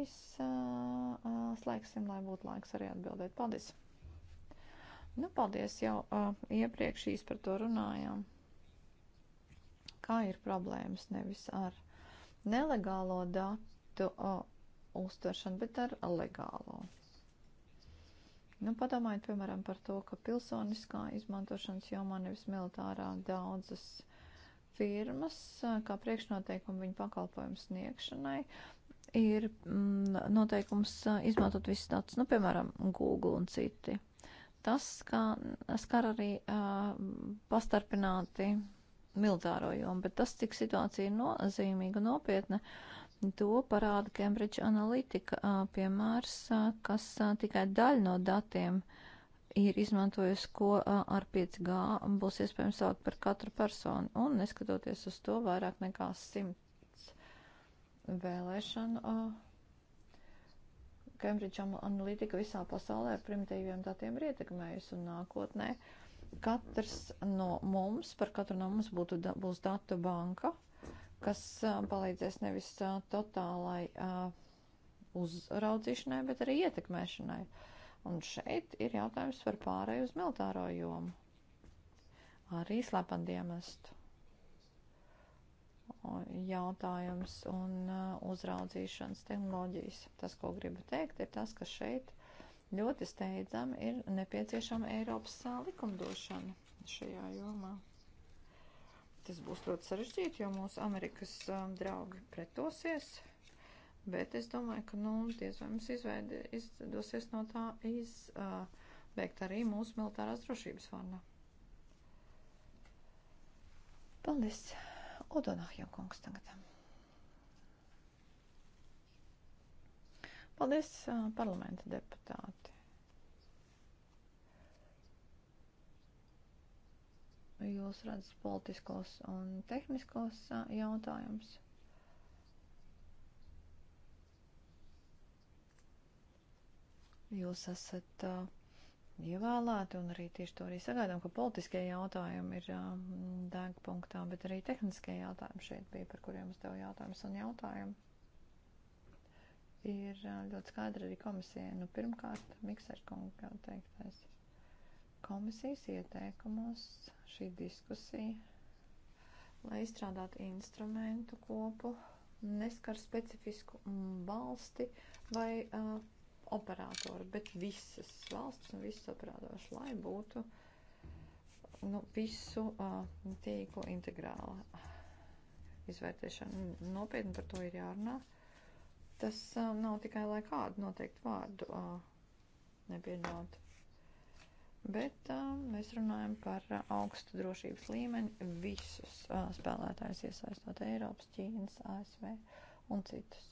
Izslēgsim, uh, uh, lai būtu laiks arī atbildēt. Paldies! Nu, paldies jau uh, iepriekš īsti par to runājām kā ir problēmas nevis ar nelegālo datu o, uztveršanu, bet ar legālo. Nu, padomājiet, piemēram, par to, ka pilsoniskā izmantošanas jomā nevis militārā daudzas firmas, kā priekšnoteikumi viņu pakalpojumu sniegšanai, ir mm, noteikums izmantot visus datus, nu, piemēram, Google un citi. Tas kā, skar arī uh, pastarpināti militāro jomu, bet tas, cik situācija ir nozīmīga un nopietna, to parāda Cambridge Analytica piemērs, kas tikai daļu no datiem ir izmantojusi, ko ar 5G būs iespējams saukt par katru personu. Un neskatoties uz to, vairāk nekā simts vēlēšanu Cambridge Analytica visā pasaulē ar primitīviem datiem ir ietekmējusi un nākotnē. Uh, Katrs no mums, par katru no mums būtu, da, būs datu banka, kas uh, palīdzēs nevis uh, totālai uh, uzraudzīšanai, bet arī ietekmēšanai. Un šeit ir jautājums par pārēju uz militāro jomu. Arī slependiemestu jautājums un uzraudzīšanas tehnoloģijas. Tas, ko gribu teikt, ir tas, ka šeit ļoti steidzami ir nepieciešama Eiropas likumdošana šajā jomā. Tas būs ļoti sarežģīti, jo mūsu Amerikas um, draugi pretosies, bet es domāju, ka, nu, diez vai mums izveidi, izdosies no tā izbēgt uh, arī mūsu militārās drošības vārnā. Paldies! Odonah jau kungs tagad. Paldies, parlamenta deputāti. Jūs redzat politiskos un tehniskos jautājumus. Jūs esat uh, ievēlēti, un arī tieši to arī sagaidām, ka politiskie jautājumi ir uh, dēgpunktā, bet arī tehniskie jautājumi šeit bija, par kuriem es tev jautājums un jautājumu ir ļoti skaidra arī komisija. Nu, pirmkārt, Mikserkunga teiktais. Komisijas ieteikumos šī diskusija, lai izstrādātu instrumentu kopu, neskar specifisku valsti vai uh, operātoru, bet visas valsts un visas operātors, lai būtu nu, visu uh, tīklu integrāla izvērtēšana. Nopietni par to ir jārunā. Uh, Tas um, nav tikai lai kādu noteiktu vārdu uh, nepieļaut. Bet uh, mēs runājam par uh, augstu drošības līmeni visus uh, spēlētājus, iesaistot Eiropas, Ķīnas, ASV un citus.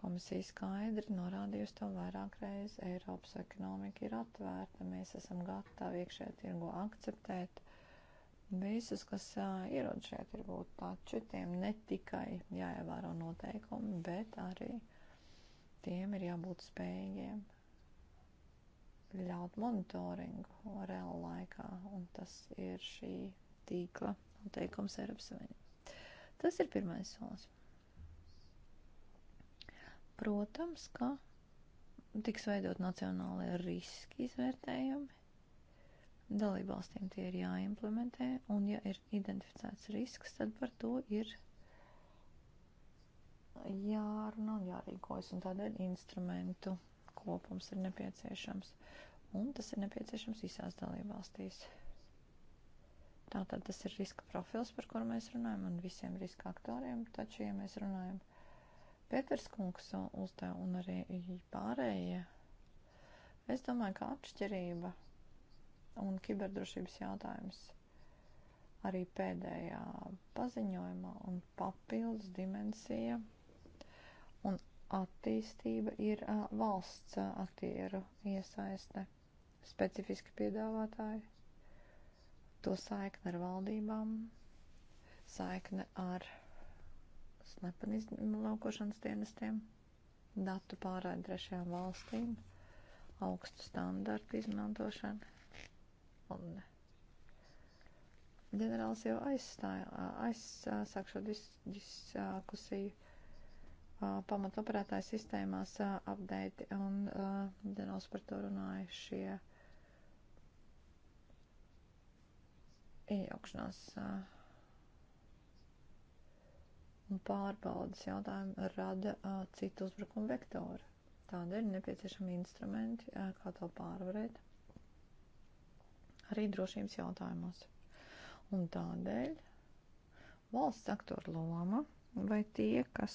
Komisija skaidri norādījusi to vairāk reizes. Eiropas ekonomika ir atvērta, mēs esam gatavi iekšējā tirgo akceptēt visus, kas uh, ierod šeit, ir būt taču tiem ne tikai jāievēro noteikumi, bet arī tiem ir jābūt spējīgiem ļaut monitoringu reāla laikā, un tas ir šī tīkla noteikums Eiropas Savienībā. Tas ir pirmais solis. Protams, ka tiks veidot nacionālie riski izvērtējumi, Dalībvalstīm tie ir jāimplementē, un ja ir identificēts risks, tad par to ir jārunā un jārīkojas, un tādēļ instrumentu kopums ir nepieciešams, un tas ir nepieciešams visās dalībvalstīs. Tātad tas ir riska profils, par kuru mēs runājam, un visiem riska aktoriem. Taču, ja mēs runājam, Pēters kungs uzdev un arī pārējie, es domāju, ka atšķirība un kiberdrošības jautājums arī pēdējā paziņojumā un papildus dimensija un attīstība ir uh, valsts aktieru iesaiste, specifiski piedāvātāji, to saikne ar valdībām, saikne ar slepeni izlaukošanas dienestiem, datu pārādi trešajām valstīm, augstu standartu izmantošanu. Un ģenerālis jau aizstāja, aizsāk šo dis, diskusiju pamatoperatāju sistēmās update, un ģenerālis par to runāja šie iejaukšanās un pārbaudas jautājumi rada citu uzbrukumu vektoru. Tādēļ nepieciešami instrumenti, kā to pārvarēt arī drošības jautājumos. Un tādēļ valsts aktoru loma vai tie, kas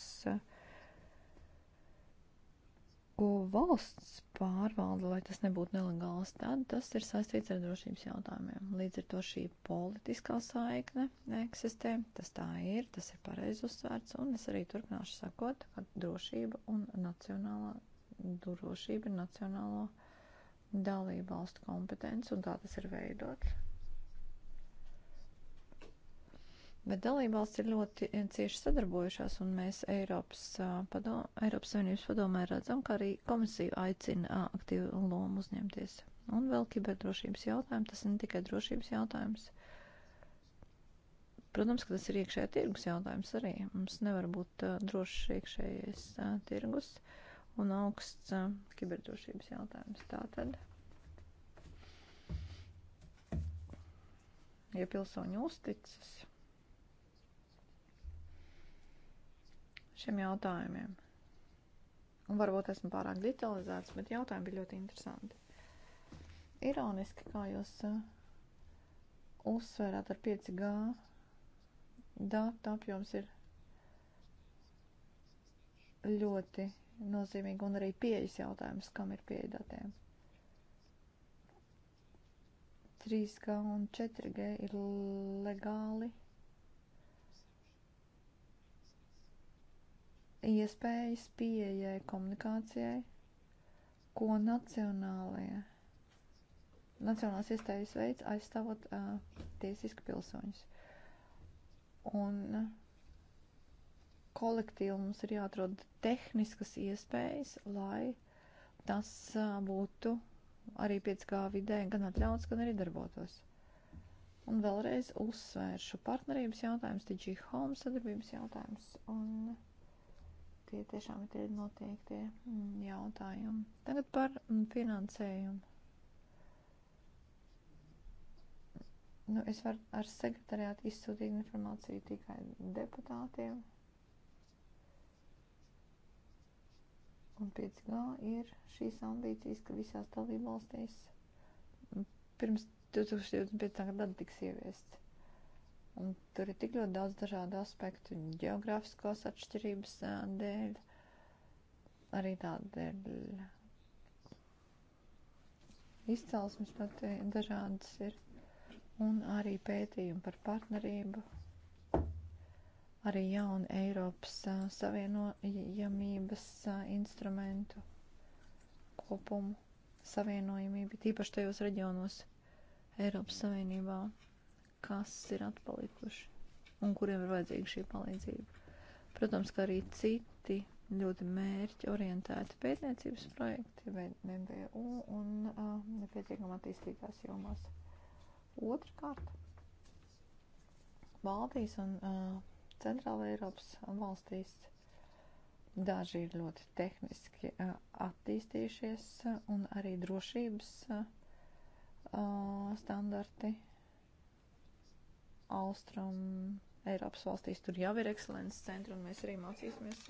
ko valsts pārvalda, lai tas nebūtu nelegāls, tad tas ir saistīts ar drošības jautājumiem. Līdz ar to šī politiskā saikne eksistē, tas tā ir, tas ir pareizi uzsvērts, un es arī turpināšu sakot, ka drošība un nacionālā drošība ir nacionālo dalību valstu kompetence, un tā tas ir veidots. Bet dalībvalsts ir ļoti eh, cieši sadarbojušās, un mēs Eiropas, eh, padom, Eiropas Savienības padomē redzam, ka arī komisija aicina eh, aktīvu lomu uzņemties. Un vēl kiberdrošības jautājumi, tas ir ne tikai drošības jautājums. Protams, ka tas ir iekšējā tirgus jautājums arī. Mums nevar būt uh, drošs iekšējais uh, tirgus. Uh, un augsts uh, kiberdrošības jautājums. Tātad, ja pilsoņi uzticas šiem jautājumiem, un varbūt esmu pārāk detalizēts, bet jautājumi bija ļoti interesanti. Ironiski, kā jūs uh, uzsvērāt ar 5G, datu apjoms ir ļoti nozīmīgi, un arī pieejas jautājums, kam ir pieeja datiem. 3G un 4G ir legāli iespējas pieejai komunikācijai, ko nacionālajie, nacionālās iestājas veids aizstāvot uh, tiesiski pilsoņus. Un uh, kolektīvi mums ir jāatrod tehniskas iespējas, lai tas būtu arī 5G vidē gan atļauts, gan arī darbotos. Un vēlreiz uzsvēršu partnerības jautājums, TG Home sadarbības jautājums, un tie tiešām ir tie noteiktie mm, jautājumi. Tagad par mm, finansējumu. Nu, es varu ar sekretariātu izsūtīt informāciju tikai deputātiem. Un 5G ir šīs ambīcijas, ka visās dalībvalstīs pirms 2025. gada tiks ieviests. Un tur ir tik ļoti daudz dažādu aspektu, geogrāfiskās atšķirības dēļ, arī tādēļ izcelsmes pat dažādas ir, un arī pētījumi par partnerību arī jaunu Eiropas uh, savienojamības uh, instrumentu kopumu savienojamību, tīpaši tajos reģionos Eiropas Savienībā, kas ir atpalikuši un kuriem ir vajadzīga šī palīdzība. Protams, ka arī citi ļoti mērķi orientēti pētniecības projekti, MBU un uh, nepieciešama attīstītās jomās. Otrakārt, Baltijas un uh, Centrāla Eiropas valstīs daži ir ļoti tehniski attīstījušies un arī drošības standarti Austrum Eiropas valstīs. Tur jau ir ekscelences centri un mēs arī mācīsimies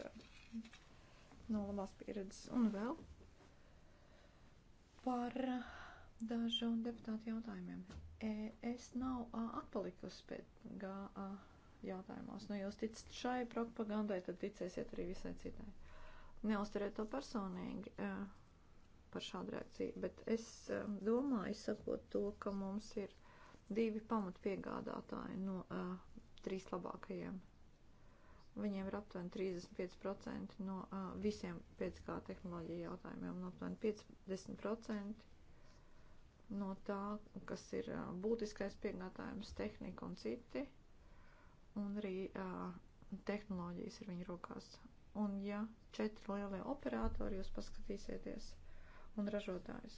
no labās pieredzes. Un vēl par dažu deputātu jautājumiem. E, es nav atpalikusi pēc GA jautājumos. Nu, jūs ticat šai propagandai, tad ticēsiet arī visai citai. Neuzturēt to personīgi par šādu reakciju, bet es domāju, izsakot to, ka mums ir divi pamatpiegādātāji no uh, trīs labākajiem. Viņiem ir aptuveni 35% no uh, visiem 5G tehnoloģiju jautājumiem, un aptuveni 50% no tā, kas ir būtiskais piegādājums, tehnika un citi un arī uh, tehnoloģijas ir viņu rokās. Un ja četri lielie operatori jūs paskatīsieties un ražotājus,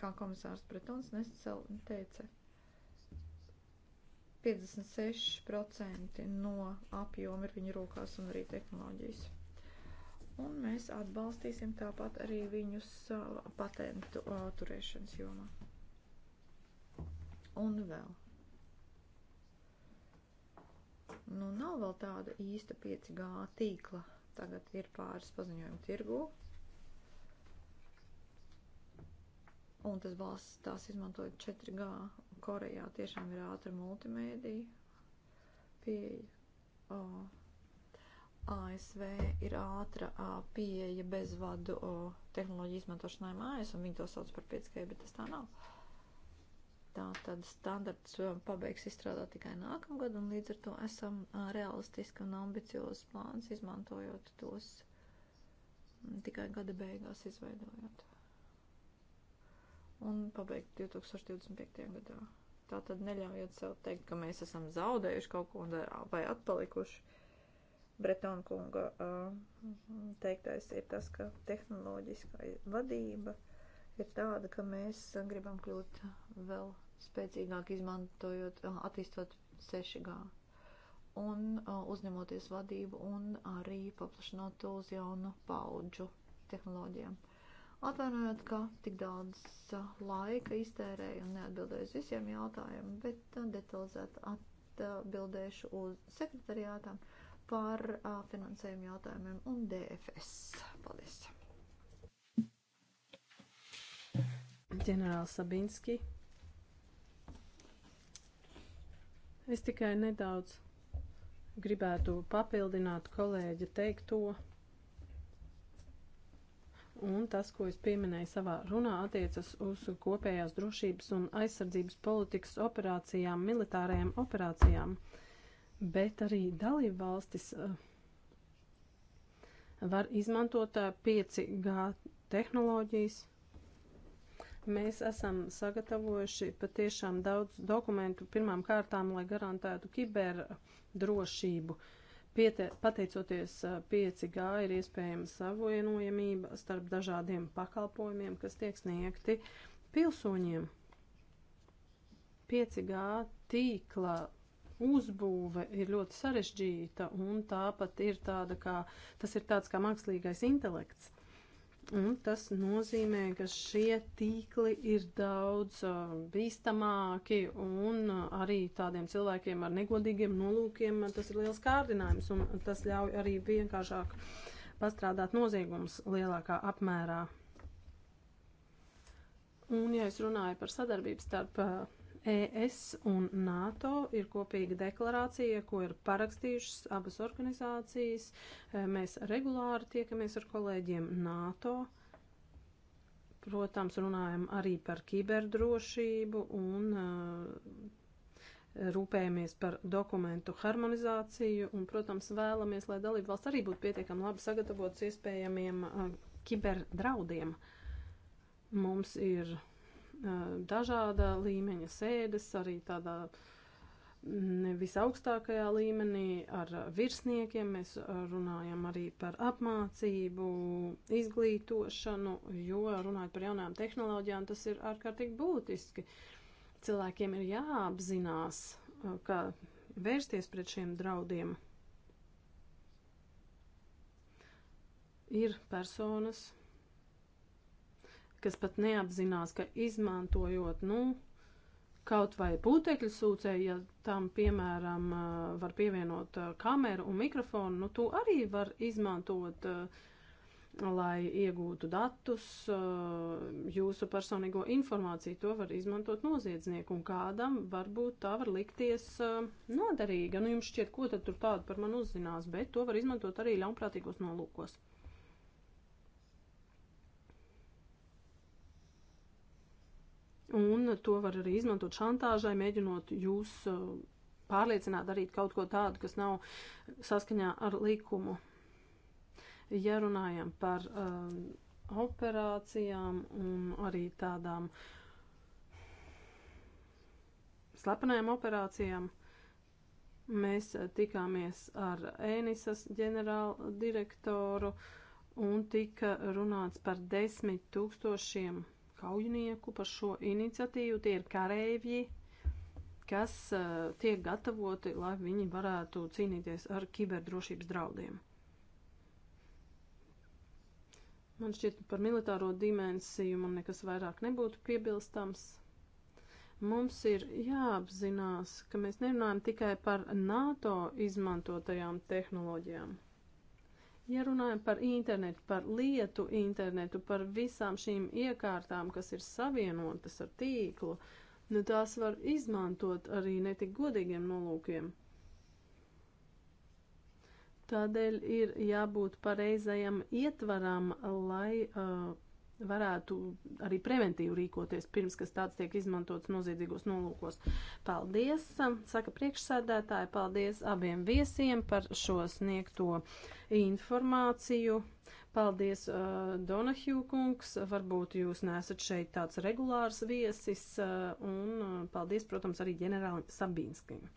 kā komisārs Bretons Nescel teica, 56% no apjoma ir viņu rokās un arī tehnoloģijas. Un mēs atbalstīsim tāpat arī viņus uh, patentu uh, turēšanas jomā. Un vēl Nu, nav vēl tāda īsta 5G tīkla. Tagad ir pāris paziņojumu tirgū. Un tas balsts, tās izmantojot 4G, Korejā tiešām ir ātra multimēdija pieeja. Oh. ASV ir ātra uh, pieeja bezvadu uh, tehnoloģiju izmantošanai mājas, un viņi to sauc par 5G, bet tas tā nav. Tā tad standarts pabeigs izstrādāt tikai nākamgad, un līdz ar to esam realistiski un ambiciozi plāns, izmantojot tos tikai gada beigās izveidojot. Un pabeigt 2025. gadā. Tā tad neļaujot sev teikt, ka mēs esam zaudējuši kaut ko vai atpalikuši. Bretonkunga teiktais ir tas, ka tehnoloģiskā vadība – ir tāda, ka mēs gribam kļūt vēl spēcīgāk izmantojot, attīstot 6G un uzņemoties vadību un arī paplašinot to uz jaunu paudžu tehnoloģijām. Atvainojot, ka tik daudz laika iztērēju un neatbildēju uz visiem jautājumiem, bet detalizēt atbildēšu uz sekretariātām par finansējumu jautājumiem un DFS. Paldies! ģenerāli Sabinski. Es tikai nedaudz gribētu papildināt kolēģa teikto. Un tas, ko es pieminēju savā runā, attiecas uz kopējās drošības un aizsardzības politikas operācijām, militārajām operācijām, bet arī dalību valstis eh, var izmantot 5G eh, tehnoloģijas Mēs esam sagatavojuši patiešām daudz dokumentu pirmām kārtām, lai garantētu kiberdrošību. Piete, pateicoties 5G ir iespējama savienojamība starp dažādiem pakalpojumiem, kas tiek sniegti pilsoņiem. 5G tīkla uzbūve ir ļoti sarežģīta un tāpat ir tāda kā, tas ir tāds kā mākslīgais intelekts. Un tas nozīmē, ka šie tīkli ir daudz uh, bīstamāki un uh, arī tādiem cilvēkiem ar negodīgiem nolūkiem tas ir liels kārdinājums un tas ļauj arī vienkāršāk pastrādāt noziegums lielākā apmērā. Un ja es runāju par sadarbību starp uh, ES un NATO ir kopīga deklarācija, ko ir parakstījušas abas organizācijas. E, mēs regulāri tiekamies ar kolēģiem NATO. Protams, runājam arī par kiberdrošību un e, rūpējamies par dokumentu harmonizāciju un, protams, vēlamies, lai dalībvalsts arī būtu pietiekami labi sagatavotas iespējamiem e, kiberdraudiem. Mums ir dažāda līmeņa sēdes, arī tādā mm, visaugstākajā līmenī ar virsniekiem. Mēs runājam arī par apmācību, izglītošanu, jo runājot par jaunām tehnoloģijām, tas ir ārkārtīgi būtiski. Cilvēkiem ir jāapzinās, kā vērsties pret šiem draudiem. Ir personas, kas pat neapzinās, ka izmantojot, nu, kaut vai putekļu sūcēju, ja tam, piemēram, var pievienot kameru un mikrofonu, nu, to arī var izmantot, lai iegūtu datus, jūsu personīgo informāciju, to var izmantot noziedznieku, un kādam varbūt tā var likties noderīga. Nu, jums šķiet, ko tad tur tādu par mani uzzinās, bet to var izmantot arī ļaunprātīgos nolūkos. Un to var arī izmantot šantāžai, mēģinot jūs uh, pārliecināt darīt kaut ko tādu, kas nav saskaņā ar likumu. Ja runājam par um, operācijām un arī tādām slepenajām operācijām, mēs uh, tikāmies ar ēnisas ģenerāldirektoru un tika runāts par desmit tūkstošiem 000 kaujinieku par šo iniciatīvu. Tie ir kareivji, kas uh, tiek gatavoti, lai viņi varētu cīnīties ar kiberdrošības draudiem. Man šķiet, par militāro dimensiju man nekas vairāk nebūtu piebilstams. Mums ir jāapzinās, ka mēs nerunājam tikai par NATO izmantotajām tehnoloģijām. Ja runājam par internetu, par lietu internetu, par visām šīm iekārtām, kas ir savienotas ar tīklu, nu tās var izmantot arī netik godīgiem nolūkiem. Tādēļ ir jābūt pareizajam ietvaram, lai uh, varētu arī preventīvi rīkoties, pirms kas tāds tiek izmantots noziedzīgos nolūkos. Paldies, saka priekšsēdētāji, paldies abiem viesiem par šo sniegto informāciju. Paldies, uh, Donahju kungs, varbūt jūs nesat šeit tāds regulārs viesis, uh, un uh, paldies, protams, arī ģenerāli Sabīnskim.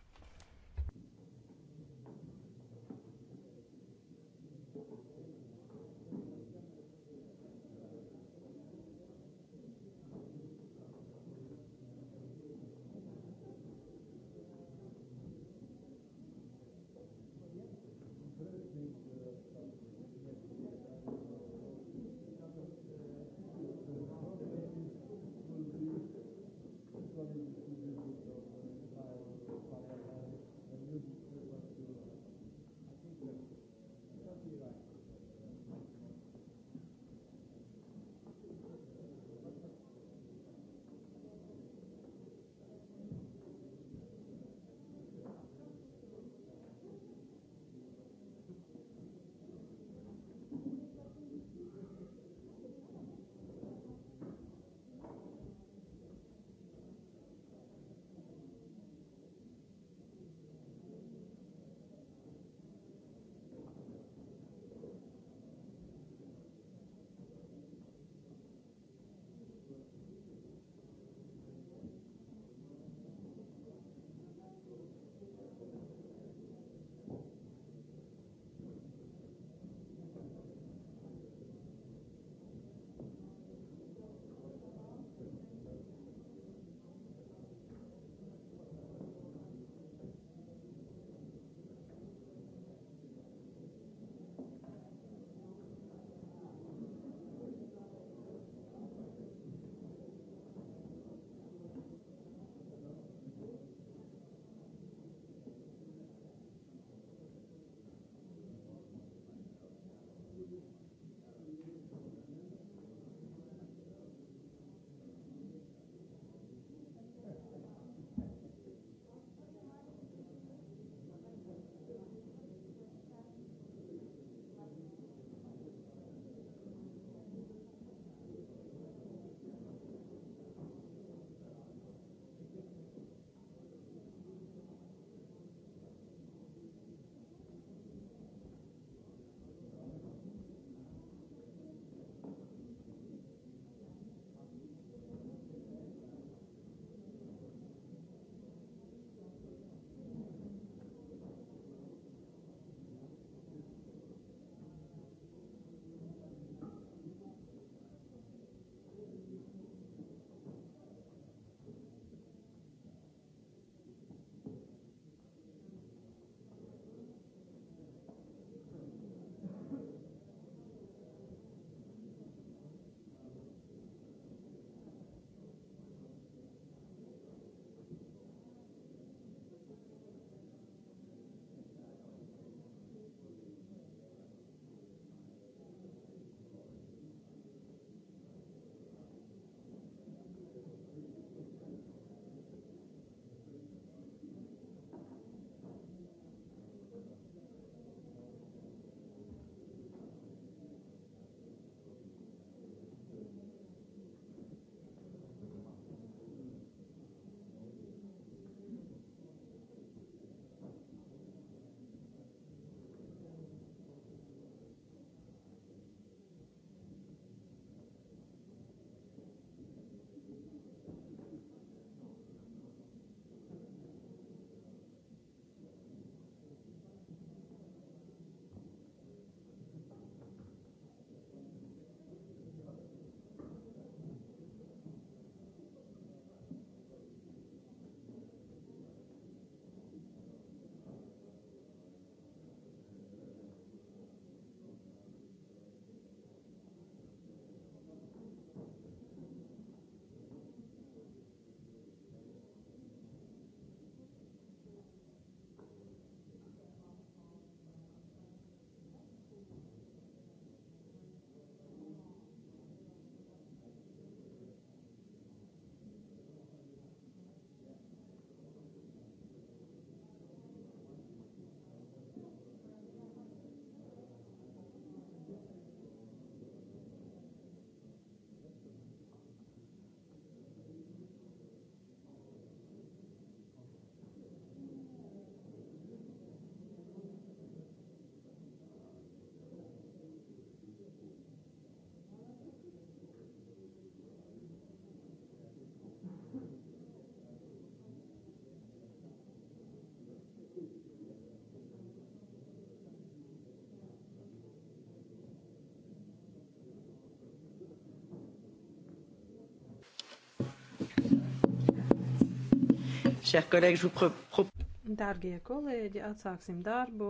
chers collègues, je vous propose. Dārgie kolēģi, atsāksim darbu.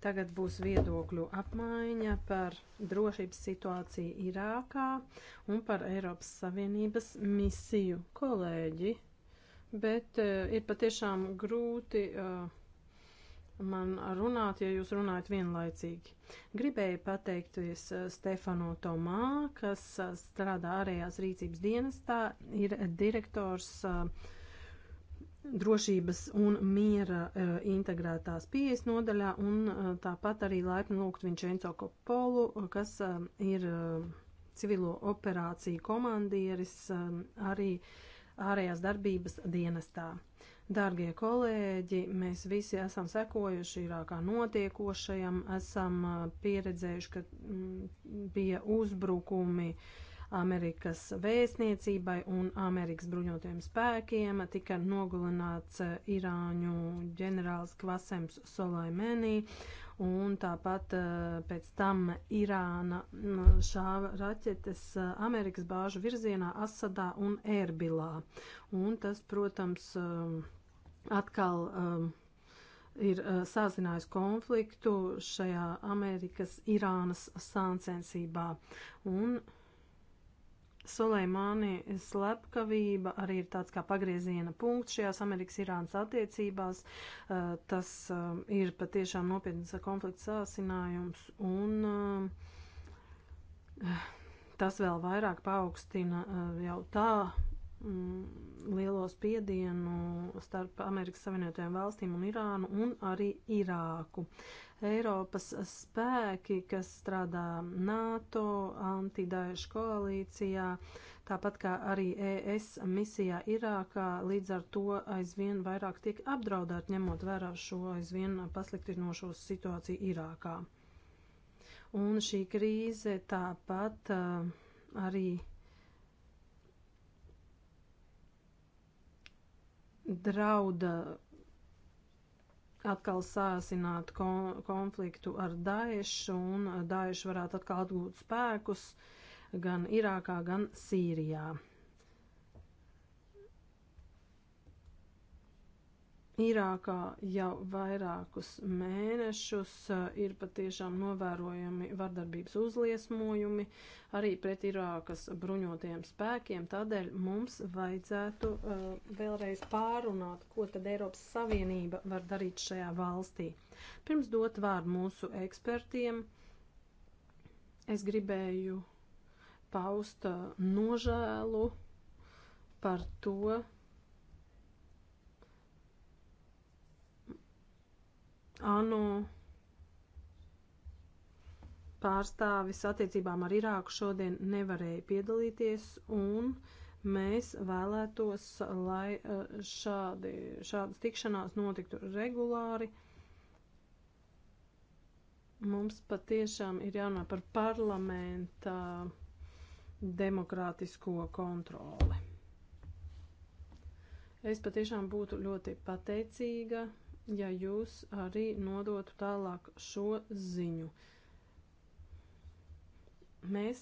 Tagad būs viedokļu apmaiņa par drošības situāciju Irākā un par Eiropas Savienības misiju kolēģi. Bet uh, ir patiešām grūti. Uh, man runāt, ja jūs runājat vienlaicīgi. Gribēju pateikties eh, Stefano Tomā, kas eh, strādā ārējās rīcības dienestā, ir direktors eh, drošības un miera integrētās pieejas nodaļā, un tāpat arī laipni lūgt Vincenzo Kopolu, kas ir civilo operāciju komandieris arī ārējās darbības dienestā. Dārgie kolēģi, mēs visi esam sekojuši Irākā notiekošajam, esam pieredzējuši, ka mm, bija uzbrukumi Amerikas vēstniecībai un Amerikas bruņotajiem spēkiem, tika nogalināts Irāņu ģenerālis Kvasems Solaimenī un tāpat pēc tam Irāna šāva raķetes Amerikas bāžu virzienā Asadā un Erbilā. Un tas, protams, atkal um, ir uh, sazinājis konfliktu šajā Amerikas Irānas sāncensībā. Un Soleimāni slepkavība arī ir tāds kā pagrieziena punkts šajās Amerikas-Irānas attiecībās. Uh, tas uh, ir patiešām nopietns konflikts sāsinājums un um, tas vēl vairāk paaugstina uh, jau tā Mm, lielo spiedienu starp Amerikas Savienotajām valstīm un Irānu un arī Irāku. Eiropas spēki, kas strādā NATO antidaišu koalīcijā, tāpat kā arī ES misijā Irākā, līdz ar to aizvien vairāk tiek apdraudēti, ņemot vērā šo aizvien pasliktinošos situāciju Irākā. Un šī krīze tāpat uh, arī drauda atkal sāsināt konfliktu ar Daešu, un Daeša varētu atkal atgūt spēkus gan Irākā, gan Sīrijā. Irākā jau vairākus mēnešus eh, ir patiešām novērojami vardarbības uzliesmojumi arī pret Irākas bruņotajiem spēkiem. Tādēļ mums vajadzētu uh, vēlreiz pārunāt, ko tad Eiropas Savienība var darīt šajā valstī. Pirms dot vārdu mūsu ekspertiem, es gribēju paust eh, nožēlu par to, ANO pārstāvis attiecībām ar Irāku šodien nevarēja piedalīties, un mēs vēlētos, lai eh, šādi, šādas tikšanās notiktu regulāri. Mums patiešām ir jārunā par parlamenta demokrātisko kontroli. Es patiešām būtu ļoti pateicīga ja jūs arī nodotu tālāk šo ziņu. Mēs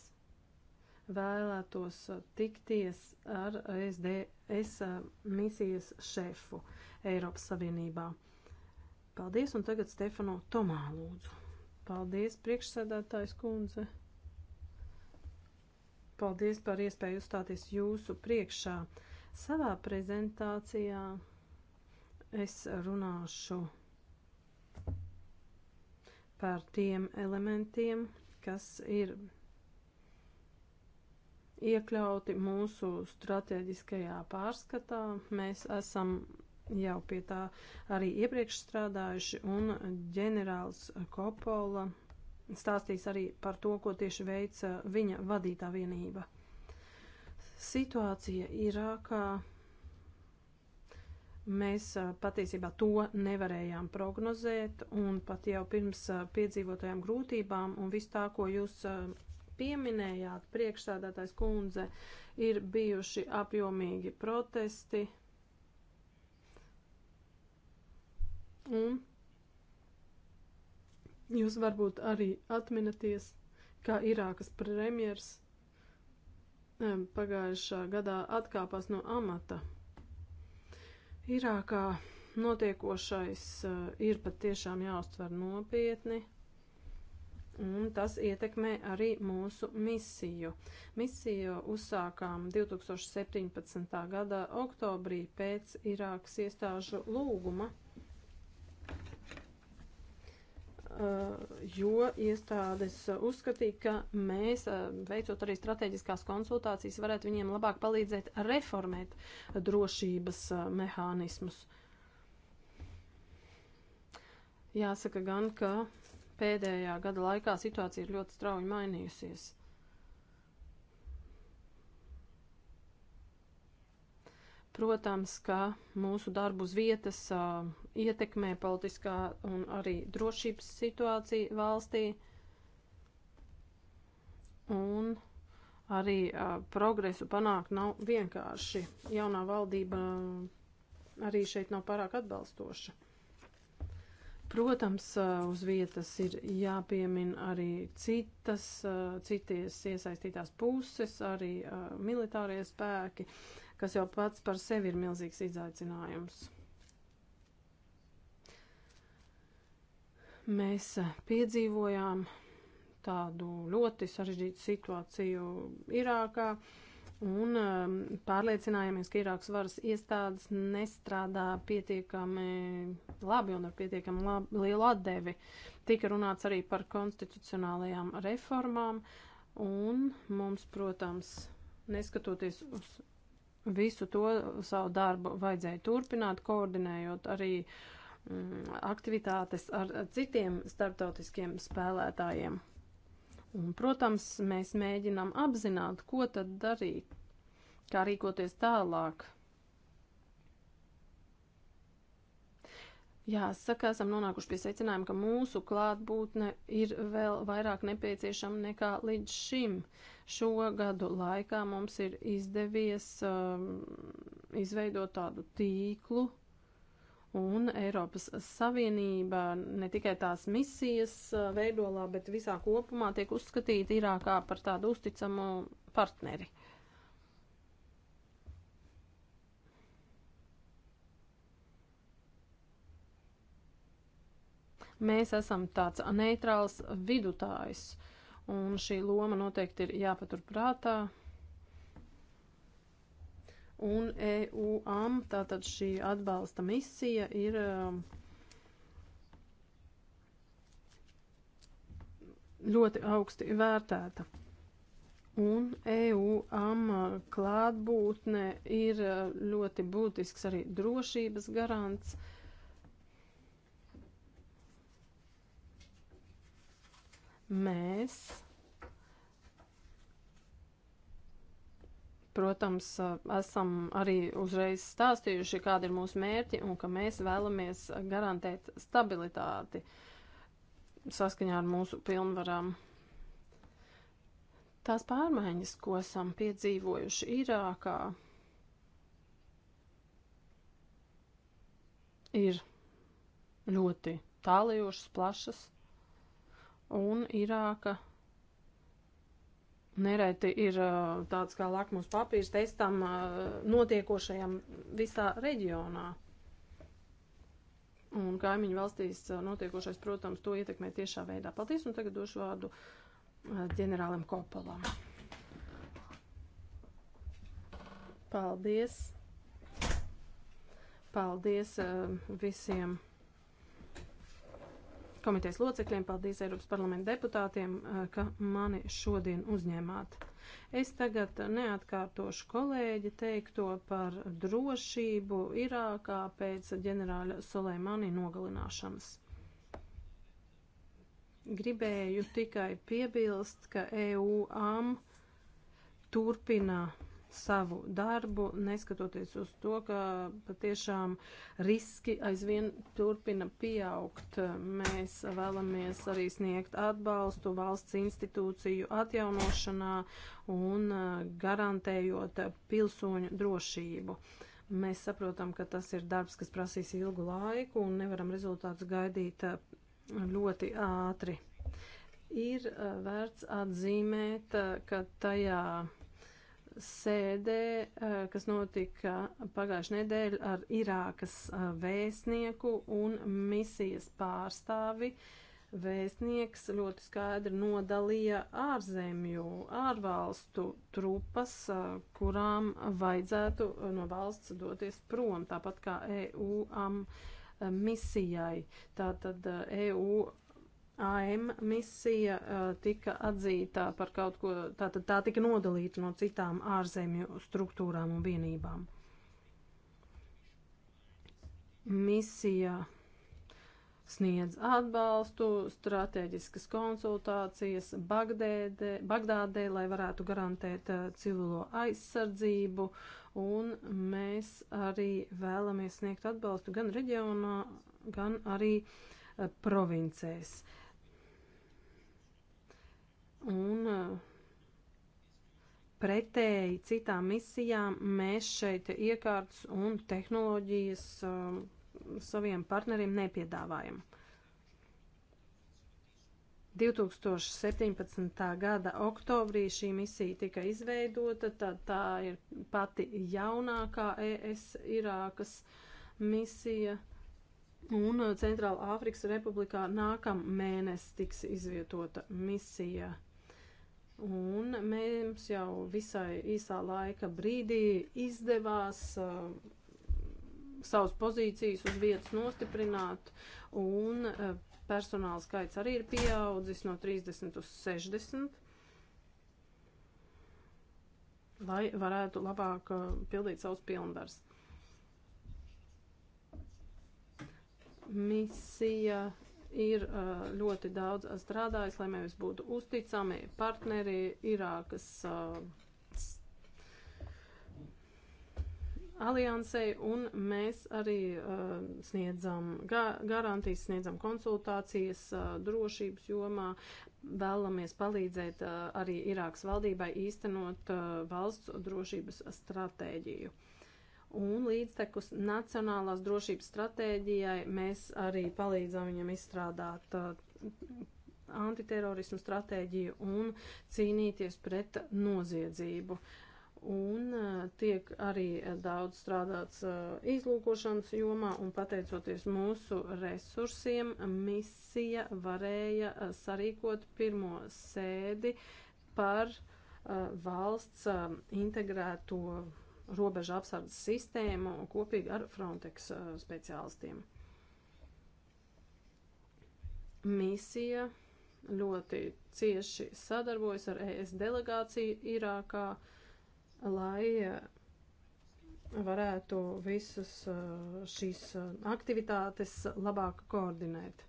vēlētos tikties ar SDS misijas šefu Eiropas Savienībā. Paldies, un tagad Stefano Tomā lūdzu. Paldies, priekšsēdētājs kundze. Paldies par iespēju uzstāties jūsu priekšā savā prezentācijā. Es runāšu par tiem elementiem, kas ir iekļauti mūsu strateģiskajā pārskatā. Mēs esam jau pie tā arī iepriekš strādājuši, un ģenerālis Kopola stāstīs arī par to, ko tieši veica viņa vadītā vienība. Situācija Irākā ir Mēs patiesībā to nevarējām prognozēt, un pat jau pirms piedzīvotajām grūtībām un visu tā, ko jūs pieminējāt, priekšsādātājs kundze, ir bijuši apjomīgi protesti. Un jūs varbūt arī atminaties, kā Irākas premjers pagājušā gadā atkāpās no amata. Irākā notiekošais eh, ir patiešām jāuztver nopietni, un tas ietekmē arī mūsu misiju. Misiju uzsākām 2017. gada oktobrī pēc Irākas iestāžu lūguma. Eh, jo iestādes uzskatīja, ka mēs, eh, veicot arī strateģiskās konsultācijas, varētu viņiem labāk palīdzēt reformēt drošības eh, mehānismus. Jāsaka gan, ka pēdējā gada laikā situācija ir ļoti strauji mainījusies. Protams, ka mūsu darbu uz vietas uh, ietekmē politiskā un arī drošības situācija valstī un arī uh, progresu panākt nav vienkārši. Jaunā valdība arī šeit nav pārāk atbalstoša. Protams, uz vietas ir jāpiemina arī citas, cities iesaistītās puses, arī militārie spēki. Uh, kas jau pats par sevi ir milzīgs izaicinājums. Mēs eh, piedzīvojām tādu ļoti sarežģītu situāciju Irākā un ehm, pārliecinājāmies, ka Irākas varas iestādes nestrādā pietiekami labi un ar pietiekami lab, lielu atdevi. Tika runāts arī par konstitucionālajām reformām, un mums, protams, neskatoties uz visu to savu darbu vajadzēja turpināt, koordinējot arī mm, aktivitātes ar citiem starptautiskiem spēlētājiem. Un, protams, mēs mēģinām apzināt, ko tad darīt, kā rīkoties tālāk. Jāsaka, esam nonākuši pie secinājuma, ka mūsu klātbūtne ir vēl vairāk nepieciešama nekā līdz šim. Uh, Šo gadu laikā mums ir izdevies um, izveidot tādu tīklu, un Eiropas Savienība ne tikai tās misijas uh, veidolā, bet visā kopumā tiek uzskatīta Irākā par tādu uzticamu partneri. Mēs esam tāds neitrāls vidutājs. Uh, un šī loma noteikti ir jāpatur prātā. Un EUAM, tātad šī atbalsta misija ir um, ļoti augsti vērtēta. Un EU AMA klātbūtne ir uh, ļoti būtisks arī drošības garants. Uh, mēs, protams, esam arī uzreiz stāstījuši, kāda ir mūsu mērķi un ka mēs vēlamies garantēt stabilitāti saskaņā ar mūsu pilnvarām. Tās pārmaiņas, ko esam piedzīvojuši Irākā, ir ļoti tālajošas, plašas un Irāka nereti ir uh, tāds kā lakmus papīrs testam uh, notiekošajam visā reģionā. Un kaimiņu valstīs uh, notiekošais, protams, to ietekmē tiešā veidā. Paldies, un tagad došu vārdu ģenerālim Kopalam. Paldies! Paldies visiem! komitejas locekļiem, paldies Eiropas parlamenta deputātiem, eh, ka mani šodien uzņēmāt. Es tagad neatkārtošu kolēģi teikto par drošību Irākā pēc ģenerāļa Soleimani nogalināšanas. Gribēju tikai piebilst, ka EUAM turpina savu darbu, neskatoties uz to, ka patiešām riski aizvien turpina pieaugt. Mēs vēlamies arī sniegt atbalstu valsts institūciju atjaunošanā un uh, garantējot pilsoņu drošību. Mēs saprotam, ka tas ir darbs, kas prasīs ilgu laiku un nevaram rezultātus gaidīt uh, ļoti ātri. Ir uh, vērts atzīmēt, ka tajā sēdē, eh, kas notika pagājušajā nedēļā ar Irākas eh, vēstnieku un misijas pārstāvi. Vēstnieks ļoti skaidri nodalīja ārzemju, ārvalstu trupas, eh, kurām vajadzētu no valsts doties prom, tāpat kā EU am misijai. Tātad EU e AM misija eh, tika atzīta par kaut ko, tātad tā tika nodalīta no citām ārzemju struktūrām un vienībām. Misija sniedz atbalstu, strateģiskas konsultācijas Bagdēde, Bagdādē, lai varētu garantēt eh, civilo aizsardzību, un mēs arī vēlamies sniegt atbalstu gan reģionā, gan arī eh, provincēs. Uh, Un e, pretēji citām misijām mēs šeit iekārtas un tehnoloģijas e, saviem partneriem nepiedāvājam. 2017. gada oktobrī šī misija tika izveidota, tā, tā ir pati jaunākā ES Irākas misija, un e, Centrāla Āfrikas Republikā nākam mēnes tiks izvietota misija. Un mums jau visai īsā laika brīdī izdevās uh, savas pozīcijas uz vietas nostiprināt, un uh, personāla skaits arī ir pieaudzis no 30 uz 60, lai varētu labāk uh, pildīt savus pilnvars. Misija ir uh, ļoti daudz strādājis, lai mēs būtu uzticami partneri Irākas uh, aliansei, un mēs arī uh, sniedzam garantijas, sniedzam konsultācijas drošības jomā, vēlamies palīdzēt arī Irākas valdībai īstenot valsts drošības stratēģiju. Un līdztekus Nacionālās drošības stratēģijai mēs arī palīdzam viņam izstrādāt uh, antiterorismu stratēģiju un cīnīties pret noziedzību. Un uh, tiek arī daudz strādāts uh, izlūkošanas jomā, un pateicoties mūsu resursiem, misija varēja sarīkot pirmo sēdi par valsts integrēto robeža apsardzes sistēmu kopīgi ar Frontex uh, speciālistiem. Misija ļoti cieši sadarbojas ar ES delegāciju Irākā, lai uh, varētu visas uh, šīs aktivitātes labāk koordinēt.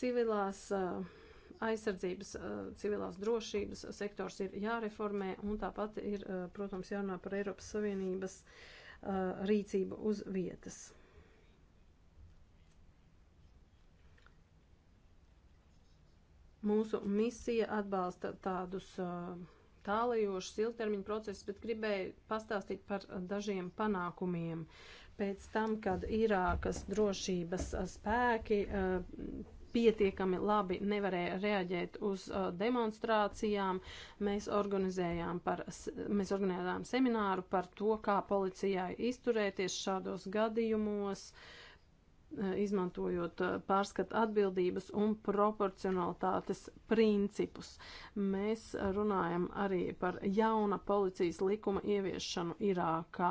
Civilās uh, aizsardzības, eh, civilās drošības sektors ir jāreformē un tāpat ir, eh, protams, jārunā par Eiropas Savienības eh, rīcību uz vietas. Mūsu misija atbalsta tādus tālajošus ilgtermiņu procesus, bet gribēju pastāstīt par dažiem panākumiem. Pēc tam, kad Irākas drošības spēki uh, pietiekami labi nevarēja reaģēt uz uh, demonstrācijām. Mēs organizējām, par, mēs organizējām semināru par to, kā policijai izturēties šādos gadījumos. Uh, E, izmantojot e, pārskatu atbildības un proporcionalitātes principus. Mēs runājam arī par jauna policijas likuma ieviešanu Irākā.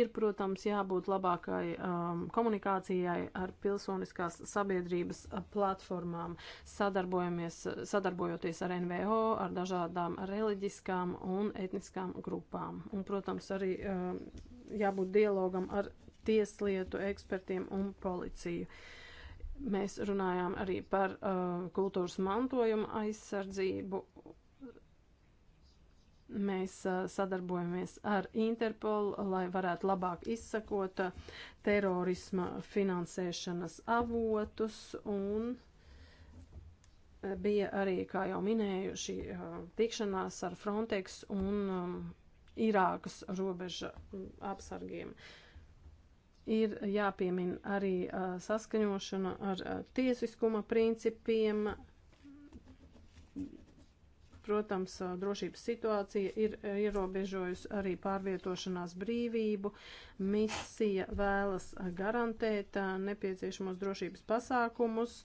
Ir, protams, jābūt labākai um, komunikācijai ar pilsoniskās sabiedrības platformām, sadarbojoties ar NVO, ar dažādām reliģiskām un etniskām grupām. Un, protams, arī um, jābūt dialogam ar tieslietu ekspertiem un policiju. Mēs runājām arī par uh, kultūras mantojuma aizsardzību. Mēs uh, sadarbojamies ar Interpolu, lai varētu labāk izsakot uh, terorisma finansēšanas avotus un uh, bija arī, kā jau minēju, šī uh, tikšanās ar Frontex un um, Irākas robeža mm, apsargiem. Uh, Ir jāpiemina arī uh, saskaņošana ar uh, tiesiskuma principiem. Protams, uh, drošības situācija ir ierobežojusi arī pārvietošanās brīvību. Misija vēlas garantēt uh, nepieciešamos drošības pasākumus.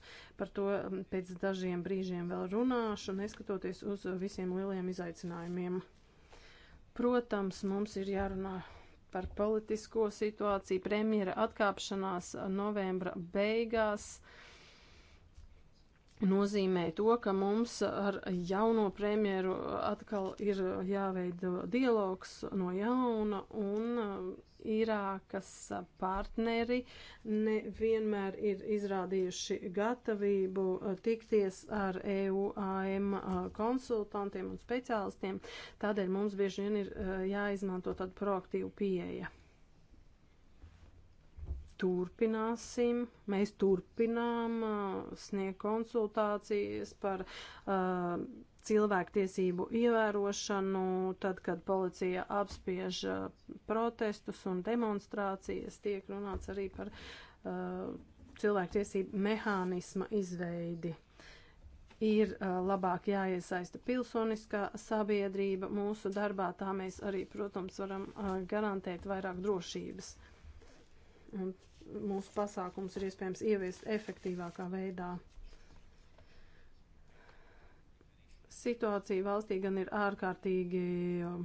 Par to pēc dažiem brīžiem vēl runāšu, neskatoties uz visiem lieliem izaicinājumiem. Protams, mums ir jārunā par politisko situāciju, premjera atkāpšanās novembra beigās. Uh, nozīmē to, ka mums ar jauno premjeru atkal ir jāveido dialogs no jauna un um, Irākas partneri nevienmēr ir izrādījuši gatavību uh, tikties ar EUAM uh, konsultantiem un speciālistiem, tādēļ mums bieži vien ir uh, jāizmanto tāda proaktīva pieeja turpināsim, mēs turpinām uh, sniegt konsultācijas par uh, cilvēktiesību ievērošanu, tad, kad policija apspiež uh, protestus un demonstrācijas, tiek runāts arī par uh, cilvēktiesību mehānisma izveidi. Ir uh, labāk jāiesaista pilsoniskā sabiedrība mūsu darbā, tā mēs arī, protams, varam uh, garantēt vairāk drošības. Un mūsu pasākums ir iespējams ieviest efektīvākā veidā. Situācija valstī gan ir ārkārtīgi um,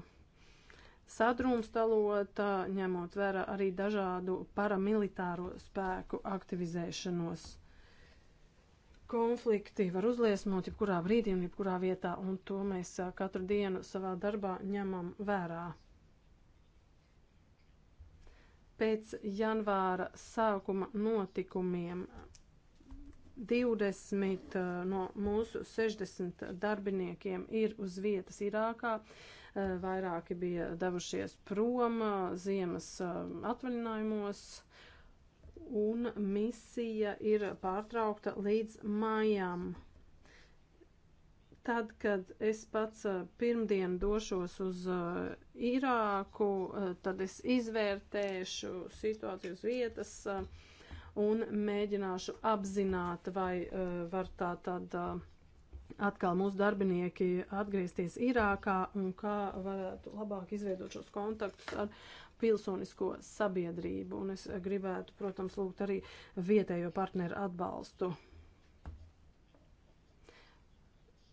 sadrumstalota, ņemot vērā arī dažādu paramilitāro spēku aktivizēšanos. Konflikti var uzliesmot jebkurā brīdī un jebkurā vietā, un to mēs uh, katru dienu savā darbā ņemam vērā. Pēc janvāra sākuma notikumiem 20 eh, no mūsu 60 darbiniekiem ir uz vietas Irākā eh, vairāki bija devušies prom eh, ziemas atvaļinājumos, un misija ir pārtraukta līdz mājām. Tad, kad es pats pirmdien došos uz Irāku, tad es izvērtēšu situāciju uz vietas un mēģināšu apzināt, vai var tā tad atkal mūsu darbinieki atgriezties Irākā un kā varētu labāk izveidot šos kontaktus ar pilsonisko sabiedrību. Un es gribētu, protams, lūgt arī vietējo partneru atbalstu.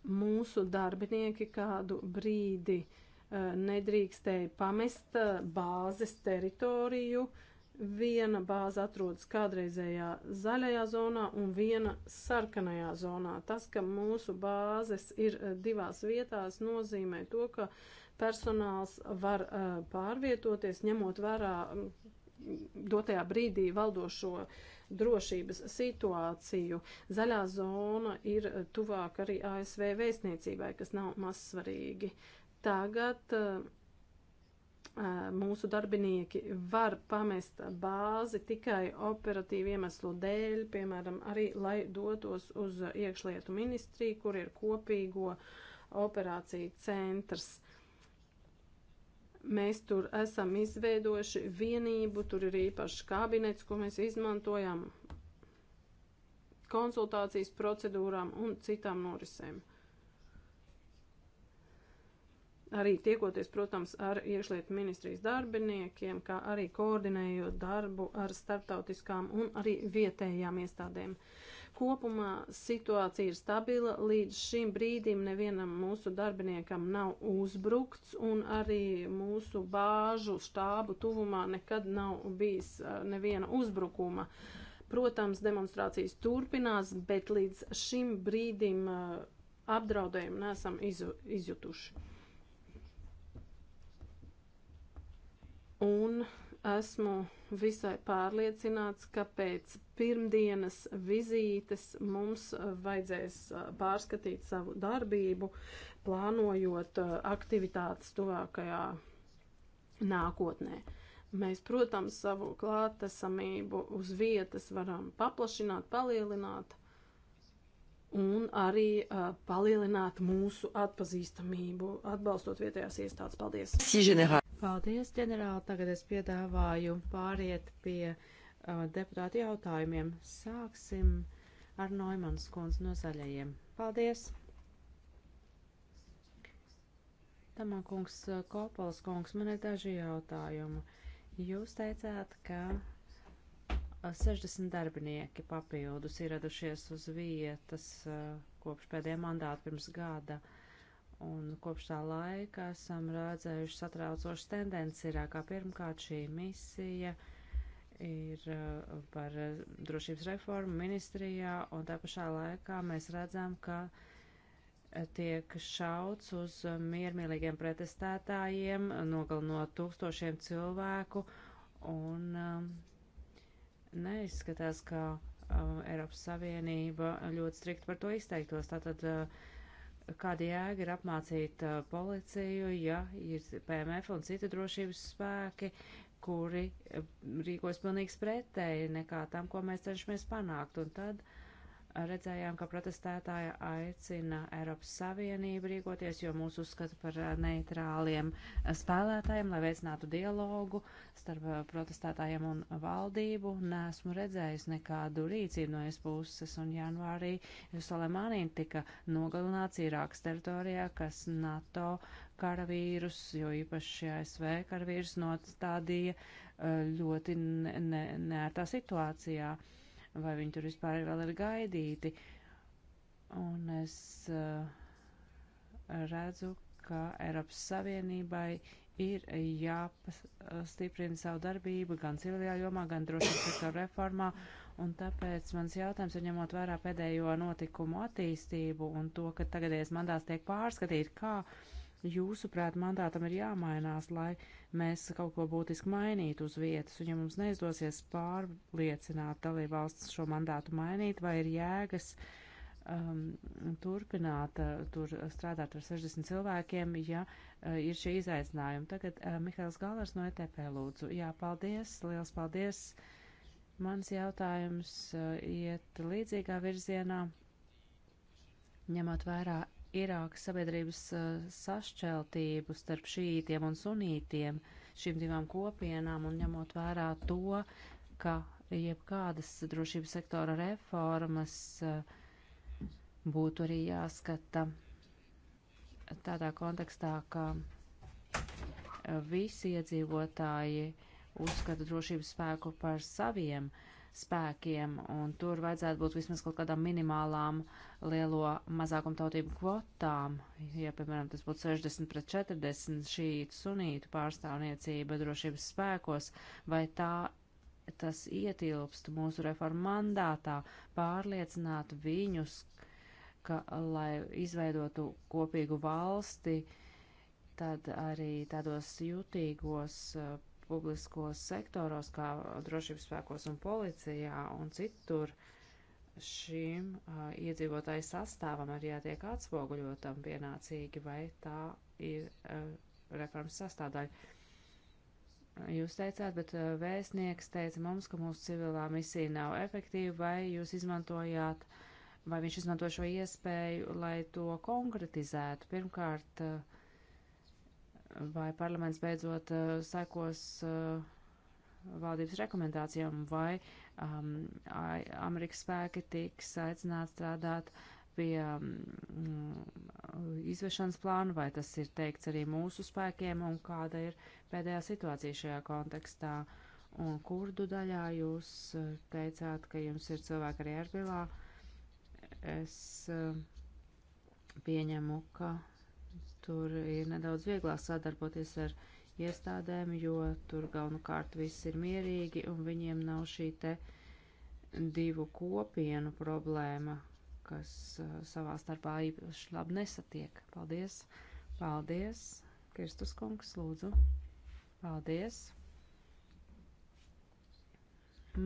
mūsu darbinieki kādu brīdi eh, nedrīkstēja pamest eh, bāzes teritoriju. Viena bāze atrodas kādreizējā zaļajā zonā un viena sarkanajā zonā. Tas, ka mūsu bāzes ir eh, divās vietās, nozīmē to, ka personāls var pārvietoties, ņemot vērā mm, dotajā brīdī valdošo uh, drošības situāciju. Zaļā zona ir tuvāk arī ASV vēstniecībai, kas nav mazsvarīgi. Tagad uh, mūsu darbinieki var pamest bāzi tikai operatīvu iemeslu dēļ, piemēram, arī lai dotos uz iekšlietu ministriju, kur ir kopīgo operāciju centrs. Mēs tur esam izveidojuši vienību, tur ir īpašs kabinets, ko mēs izmantojam konsultācijas procedūrām un citām norisēm arī tiekoties, protams, ar iekšlietu ministrijas darbiniekiem, kā arī koordinējot darbu ar starptautiskām un arī vietējām iestādēm. Kopumā situācija ir stabila, līdz šim brīdim nevienam mūsu darbiniekam nav uzbrukts, un arī mūsu bāžu štābu tuvumā nekad nav bijis neviena uzbrukuma. Protams, demonstrācijas turpinās, bet līdz šim brīdim apdraudējumu nesam izjutuši. un esmu visai pārliecināts, ka pēc pirmdienas vizītes mums vajadzēs pārskatīt savu darbību, plānojot aktivitātes tuvākajā nākotnē. Mēs, protams, savu klātesamību uz vietas varam paplašināt, palielināt, un arī uh, palielināt mūsu atpazīstamību, atbalstot vietējās iestādes. Paldies! Paldies, ģenerāli! Tagad es piedāvāju pāriet pie uh, deputāta jautājumiem. Sāksim ar Noimans kundzi no zaļajiem. Paldies! Tamā kungs, Kopals kungs, man ir daži jautājumi. Jūs teicāt, ka 60 darbinieki papildus ieradušies uz vietas eh, kopš pēdējā mandāta pirms gada. Un kopš tā laika esam redzējuši satraucošas tendences Irākā. Eh, pirmkārt, šī misija ir eh, par drošības reformu ministrijā, un tā pašā laikā mēs redzam, ka tiek šauts uz miermīlīgiem pretestētājiem, nogalinot tūkstošiem cilvēku, un neizskatās, ka um, Eiropas Savienība ļoti strikt par to izteiktos. Tātad, uh, kāda jēga ir apmācīt uh, policiju, ja ir PMF un citi drošības spēki, kuri uh, rīkos pilnīgs pretēji nekā tam, ko mēs cenšamies panākt. Un tad uh, redzējām, ka protestētāja aicina Eiropas Savienību rīkoties, jo mūs uzskata par eh, neitrāliem eh, spēlētājiem, lai veicinātu dialogu starp eh, protestētājiem un valdību. Nesmu redzējis nekādu rīcību no es puses, un janvārī Soleimani tika nogalināts Irākas teritorijā, kas NATO karavīrus, jo īpaši ASV karavīrus nostādīja ļoti neērtā ne, ne situācijā. Uh, vai viņi tur vispār vēl ir gaidīti. Un es uh, redzu, ka Eiropas Savienībai ir jāpastiprina savu darbību gan civilajā jomā, gan drošības sektora reformā, un tāpēc mans jautājums ir ņemot vērā pēdējo notikumu attīstību un to, ka tagadējais mandāts tiek pārskatīt, kā uh, jūsuprāt, mandātam ir jāmainās, lai mēs kaut ko būtiski mainītu uz vietas, un ja mums neizdosies pārliecināt dalībvalsts šo mandātu mainīt, vai ir jēgas um, turpināt uh, tur strādāt ar 60 cilvēkiem, ja uh, ir šie izaicinājumi. Tagad uh, Mihails Galers no ETP lūdzu. Jā, paldies, liels paldies. Mans jautājums uh, iet līdzīgā virzienā ņemot vērā Irākas sabiedrības eh, sašķeltību starp šītiem un sunītiem, šīm divām kopienām, un ņemot vērā to, ka jebkādas drošības sektora reformas eh, būtu arī jāskata tādā kontekstā, ka eh, visi iedzīvotāji uzskata drošības spēku par saviem uh, spēkiem, un tur vajadzētu būt vismaz kaut kādām minimālām lielo mazākumtautību kvotām. Ja, piemēram, tas būtu 60 pret 40 šītu sunītu pārstāvniecība drošības spēkos, vai tā tas ietilpst mūsu reformu mandātā pārliecināt viņus, ka, lai izveidotu kopīgu valsti, tad arī tādos jutīgos uh, publiskos sektoros, kā drošības spēkos un policijā un citur, šīm iedzīvotāju sastāvam arī jātiek atspoguļotam pienācīgi, vai tā ir a, reformas sastāvdaļa. Jūs teicāt, bet vēstnieks teica mums, ka mūsu civilā misija nav efektīva, vai jūs izmantojāt, vai viņš izmanto šo iespēju, lai to konkretizētu. Pirmkārt, uh, vai parlaments beidzot uh, sekos uh, valdības rekomendācijām, vai um, Amerikas spēki tiks aicināti strādāt pie um, izvešanas plānu, vai tas ir teikts arī mūsu spēkiem, un kāda ir pēdējā situācija šajā kontekstā. Un kurdu daļā jūs uh, teicāt, ka jums ir cilvēki arī Erbilā. Es uh, pieņemu, ka Tur ir nedaudz vieglāk sadarboties ar iestādēm, jo tur galvenokārt viss ir mierīgi un viņiem nav šī te divu kopienu problēma, kas uh, savā starpā īpaši labi nesatiek. Paldies! Paldies! Kristus kungs, lūdzu! Paldies!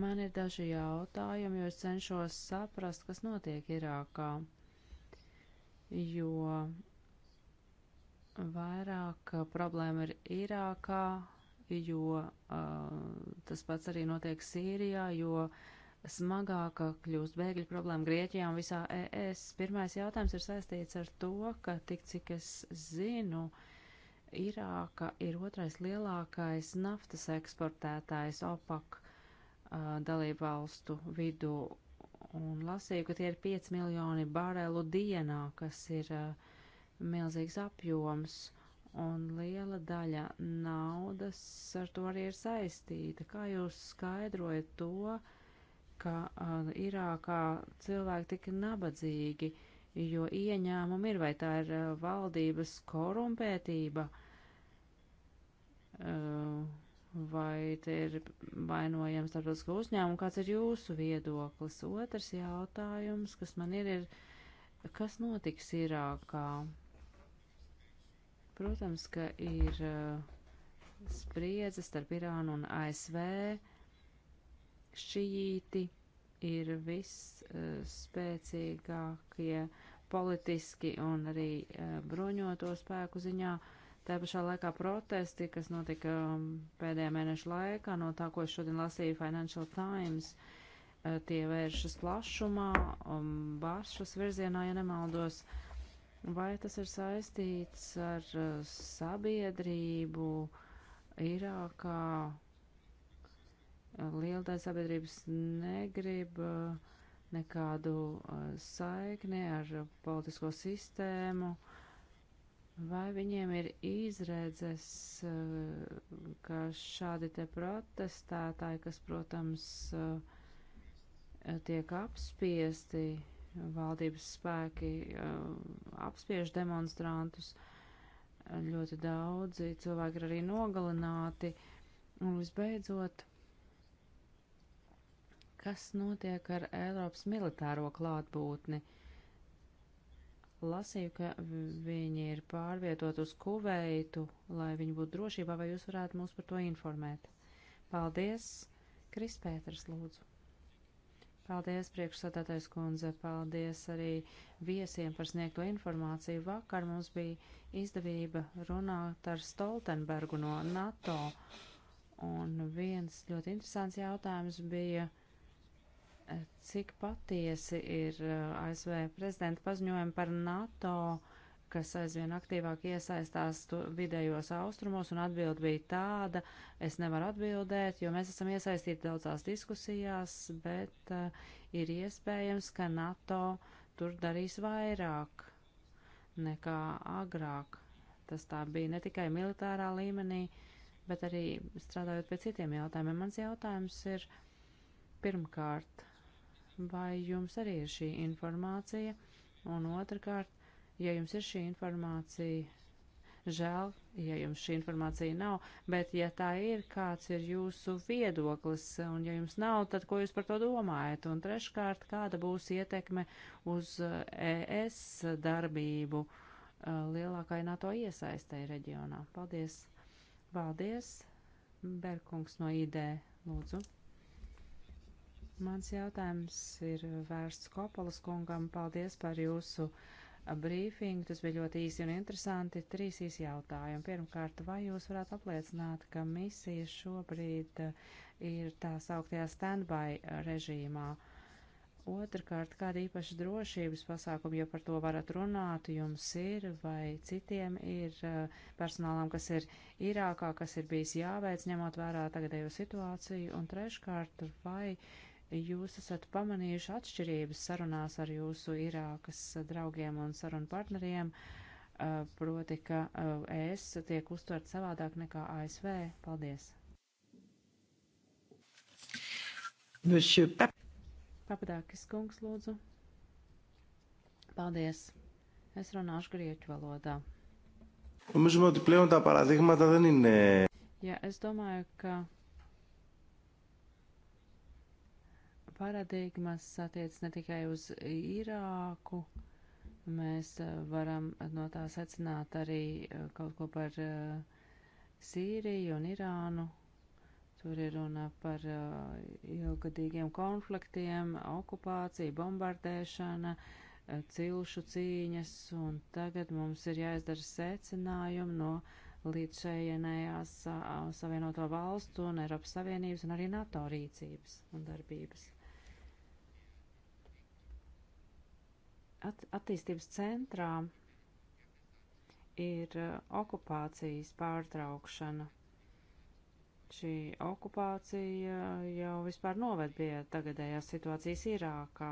Man ir daži jautājumi, jo es cenšos saprast, kas notiek Irākā, jo Vairāk eh, problēma ir Irākā, jo uh, tas pats arī notiek Sīrijā, jo smagāka kļūst bēgļu problēma Grieķijā un visā ES. Pirmais jautājums ir saistīts ar to, ka tik cik es zinu, Irāka ir otrais lielākais naftas eksportētājs OPAK uh, dalību valstu vidū un lasīju, ka tie ir 5 miljoni barelu dienā, kas ir uh, milzīgs apjoms, un liela daļa naudas ar to arī ir saistīta. Kā jūs skaidrojat to, ka uh, Irākā cilvēki tik nabadzīgi, jo ieņēmumi ir, vai tā ir uh, valdības korumpētība, uh, vai te ir vainojams starptautiskā uzņēmuma, kāds ir jūsu viedoklis? Otrs jautājums, kas man ir, ir, kas notiks Irākā? Protams, ka ir uh, spriedze starp Irānu un ASV. Šīti ir visspēcīgākie uh, politiski un arī uh, bruņoto spēku ziņā. Tā pašā laikā protesti, kas notika um, pēdējā mēneša laikā, no tā, ko es šodien lasīju Financial Times, tie vēršas plašumā, um, bāršas virzienā, ja nemaldos. Uh, Vai tas ir saistīts ar eh, sabiedrību Irākā? Eh, liela daļa sabiedrības negrib eh, nekādu saikni ar politisko sistēmu. Vai viņiem ir izredzes, ka šādi te protestētāji, kas, protams, tiek apspiesti, valdības spēki uh, apspiež demonstrantus. Ļoti daudzi cilvēki ir arī nogalināti. Un visbeidzot, kas notiek ar Eiropas militāro klātbūtni? Lasīju, ka viņi ir pārvietot uz Kuveitu, lai viņi būtu drošībā, vai jūs varētu mūs par to informēt? Paldies, Kris Pēters, lūdzu. Paldies, priekšsādātais kundze, paldies arī viesiem par sniegto informāciju. Vakar mums bija izdevība runāt ar Stoltenbergu no NATO, un viens ļoti interesants jautājums bija, eh, cik patiesi ir eh, ASV prezidenta paziņojumi par NATO kas aizvien aktīvāk iesaistās vidējos austrumos, un atbild bija tāda, es nevaru atbildēt, jo mēs esam iesaistīti daudzās diskusijās, bet uh, ir iespējams, ka NATO tur darīs vairāk nekā agrāk. Tas tā bija ne tikai militārā līmenī, bet arī strādājot pie citiem jautājumiem. Mans jautājums ir pirmkārt, vai jums arī ir šī informācija, un otrkārt, ja jums ir šī informācija. Žēl, ja jums šī informācija nav, bet ja tā ir, kāds ir jūsu viedoklis, un ja jums nav, tad ko jūs par to domājat? Un treškārt, kāda būs ietekme uz eh, ES darbību eh, lielākai NATO iesaistēji reģionā? Paldies! Paldies! Berkungs no ID, lūdzu! Mans jautājums ir vērsts Kopalas kungam. Paldies par jūsu brīfingu. Tas bija ļoti īsi un interesanti. Trīs īsi jautājumi. Pirmkārt, vai jūs varētu apliecināt, ka misija šobrīd uh, ir tā sauktajā standby režīmā? Otrakārt, kāda īpaša drošības pasākuma, ja par to varat runāt, jums ir vai citiem ir uh, personālām, kas ir Irākā, kas ir bijis jāveic, ņemot vērā tagadējo situāciju? Un treškārt, vai uh, jūs esat pamanījuši atšķirības sarunās ar jūsu Irākas draugiem un sarunu partneriem, proti, ka ES tiek uztvert savādāk nekā ASV. Paldies! Pap Papadākis kungs, lūdzu. Paldies. Es runāšu grieķu valodā. Νομίζω ότι πλέον τα παραδείγματα δεν είναι. Ja, es domāju, ka paradigmas attiec ne tikai uz Irāku, mēs eh, varam no tā secināt arī eh, kaut ko par eh, Sīriju un Irānu. Tur ir runa par ilgadīgiem konfliktiem, okupācija, bombardēšana, cilšu cīņas, un tagad mums ir jāizdara secinājumi no līdzšējienējās Savienoto valstu un Eiropas Savienības un arī NATO rīcības un darbības. at, attīstības centrā ir uh, okupācijas pārtraukšana. Šī okupācija uh, jau vispār noved pie tagadējās situācijas Irākā.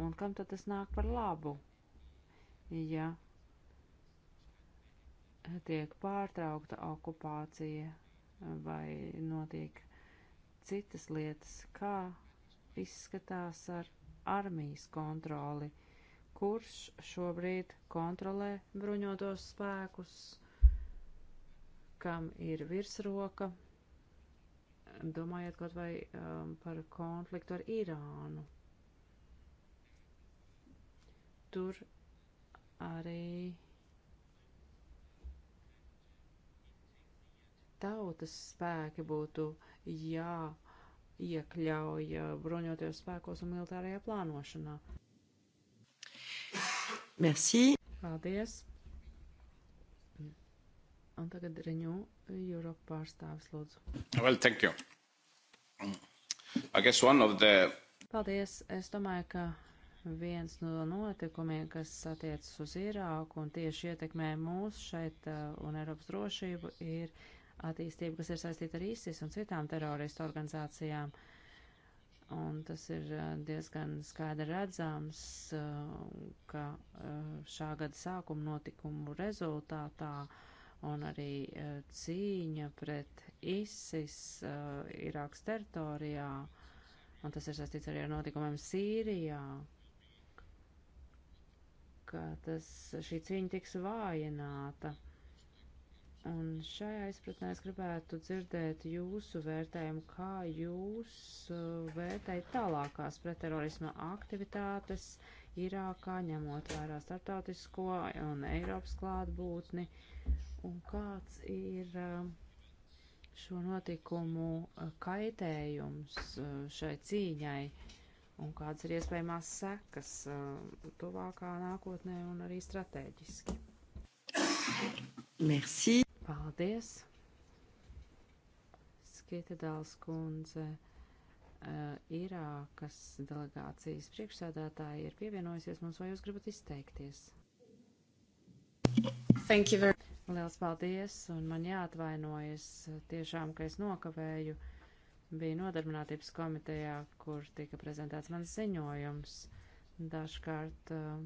Un kam tad tas nāk par labu, ja tiek pārtraukta okupācija vai notiek citas lietas, kā izskatās ar armijas kontroli? kurš šobrīd kontrolē bruņotos spēkus, kam ir virsroka, domājot kaut vai um, par konfliktu ar Irānu. Tur arī tautas spēki būtu jā iekļauj uh, bruņotajos spēkos un militārajā plānošanā. Merci. Paldies. Un tagad Reņū Europa pārstāvis lūdzu. Well, thank you. I guess one of the... Paldies. Es domāju, ka viens no notikumiem, kas attiecas uz Irāku un tieši ietekmē mūs šeit uh, un Eiropas drošību, ir attīstība, kas ir saistīta ar ISIS un citām teroristu organizācijām. Uh, un tas ir eh, diezgan skaidri redzams, eh, ka eh, šā gada sākuma notikumu rezultātā un arī cīņa pret ISIS Irākas teritorijā, un tas ir saistīts arī ar notikumiem Sīrijā, ka tas, šī cīņa tiks vājināta. Un šajā izpratnē es gribētu dzirdēt jūsu vērtējumu, kā jūs uh, vērtējat tālākās pretterorisma aktivitātes Irākā, ņemot vērā starptautisko un Eiropas klātbūtni, un kāds ir uh, šo notikumu uh, kaitējums šai cīņai, un kādas ir iespējamās sekas tuvākā nākotnē un arī strateģiski. Merci. Paldies! Skietedāls kundze, eh, Irākas delegācijas priekšsēdētāja ir pievienojusies mums, vai jūs gribat izteikties? Thank you very much. Liels paldies, un man jāatvainojas tiešām, ka es nokavēju. Bija nodarbinātības komitejā, kur tika prezentēts mans ziņojums. Dažkārt uh,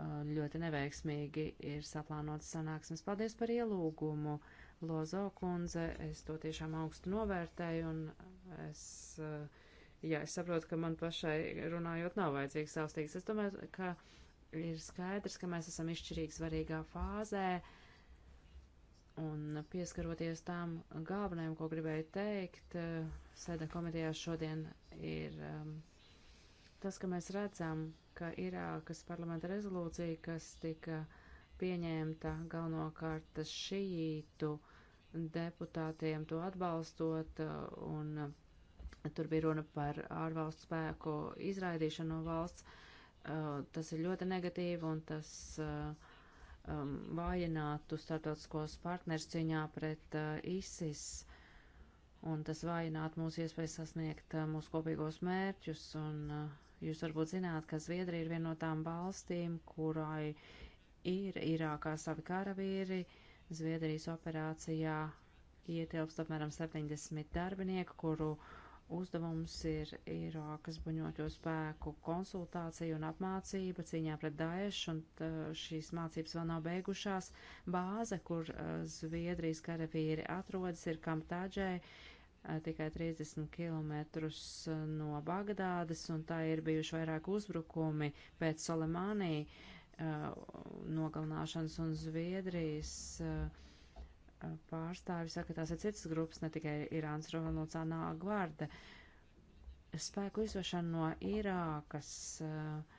ļoti neveiksmīgi ir saplānotas sanāksmes. Paldies par ielūgumu, Lozo kundze. Es to tiešām augstu novērtēju un es, eh, jā, es saprotu, ka man pašai runājot nav vajadzīgs savstīgs. Es domāju, ka ir skaidrs, ka mēs esam izšķirīgi svarīgā fāzē un pieskaroties tām galvenajām, ko gribēju teikt, eh, sēda komitejā šodien ir um, tas, ka mēs redzam, ka Irākas parlamenta rezolūcija, kas tika pieņemta galvenokārt šīītu deputātiem to atbalstot, un tur bija runa par ārvalstu spēku izraidīšanu no valsts. Eh, tas ir ļoti negatīvi, un tas eh, um, vājinātu startautiskos partners cīņā pret eh, ISIS un tas vājinātu mūsu iespējas sasniegt mūsu kopīgos mērķus un uh, Jūs varbūt zināt, ka Zviedrija ir viena no tām valstīm, kurai ir Irākā savi karavīri. Zviedrijas operācijā ietilpst apmēram 70 darbinieku, kuru uzdevums ir Irākas bruņoto spēku konsultācija un apmācība cīņā pret Daešu, un tā, uh, šīs mācības vēl nav beigušās. Bāze, kur uh, Zviedrijas karavīri atrodas, ir Kamtādžai, tikai 30 km no Bagdādas, un tā ir bijuši vairāk uzbrukumi pēc Soleimānī uh, nogalināšanas un Zviedrijas uh, pārstāvi saka, tās ir citas grupas, ne tikai Irāns revolucionā gvarda. Spēku izvešana no Irākas uh,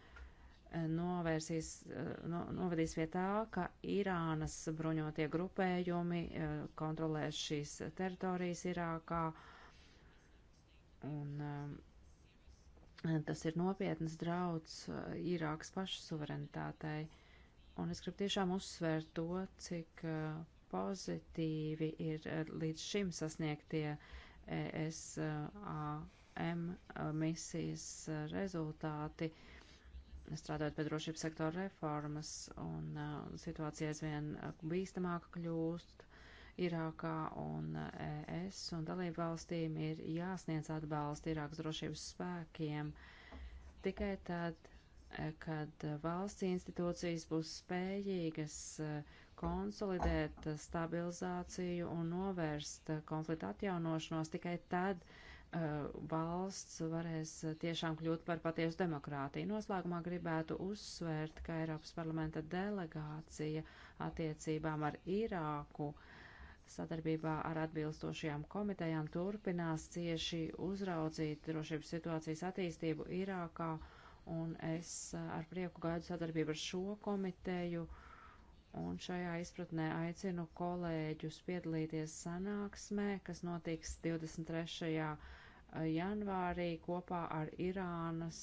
novērsīs, eh, no, novadīs pie tā, ka Irānas bruņotie grupējumi eh, kontrolēs šīs teritorijas Irākā. Un eh, tas ir nopietnas drauds Irākas pašu suverenitātei. Un es gribu tiešām uzsvērt to, cik pozitīvi ir līdz šim sasniegtie ESAM e misijas rezultāti. Uh, strādājot pie drošības sektora reformas, un uh, situācija aizvien uh, bīstamāka kļūst Irākā, un uh, ES un dalību valstīm ir jāsniedz atbalsts Irākas drošības spēkiem tikai tad, eh, kad uh, valsts institūcijas būs spējīgas konsolidēt stabilizāciju un novērst konflikta atjaunošanos, tikai tad, uh, Eh, valsts varēs tiešām kļūt par patiesu demokrātiju. Noslēgumā gribētu uzsvērt, ka Eiropas parlamenta delegācija attiecībām ar Irāku sadarbībā ar atbilstošajām komitejām turpinās cieši uzraudzīt drošības situācijas attīstību Irākā, un es ar prieku gaidu sadarbību ar šo komiteju. Un šajā izpratnē aicinu kolēģus piedalīties sanāksmē, kas notiks 23 Eh, janvārī kopā ar Irānas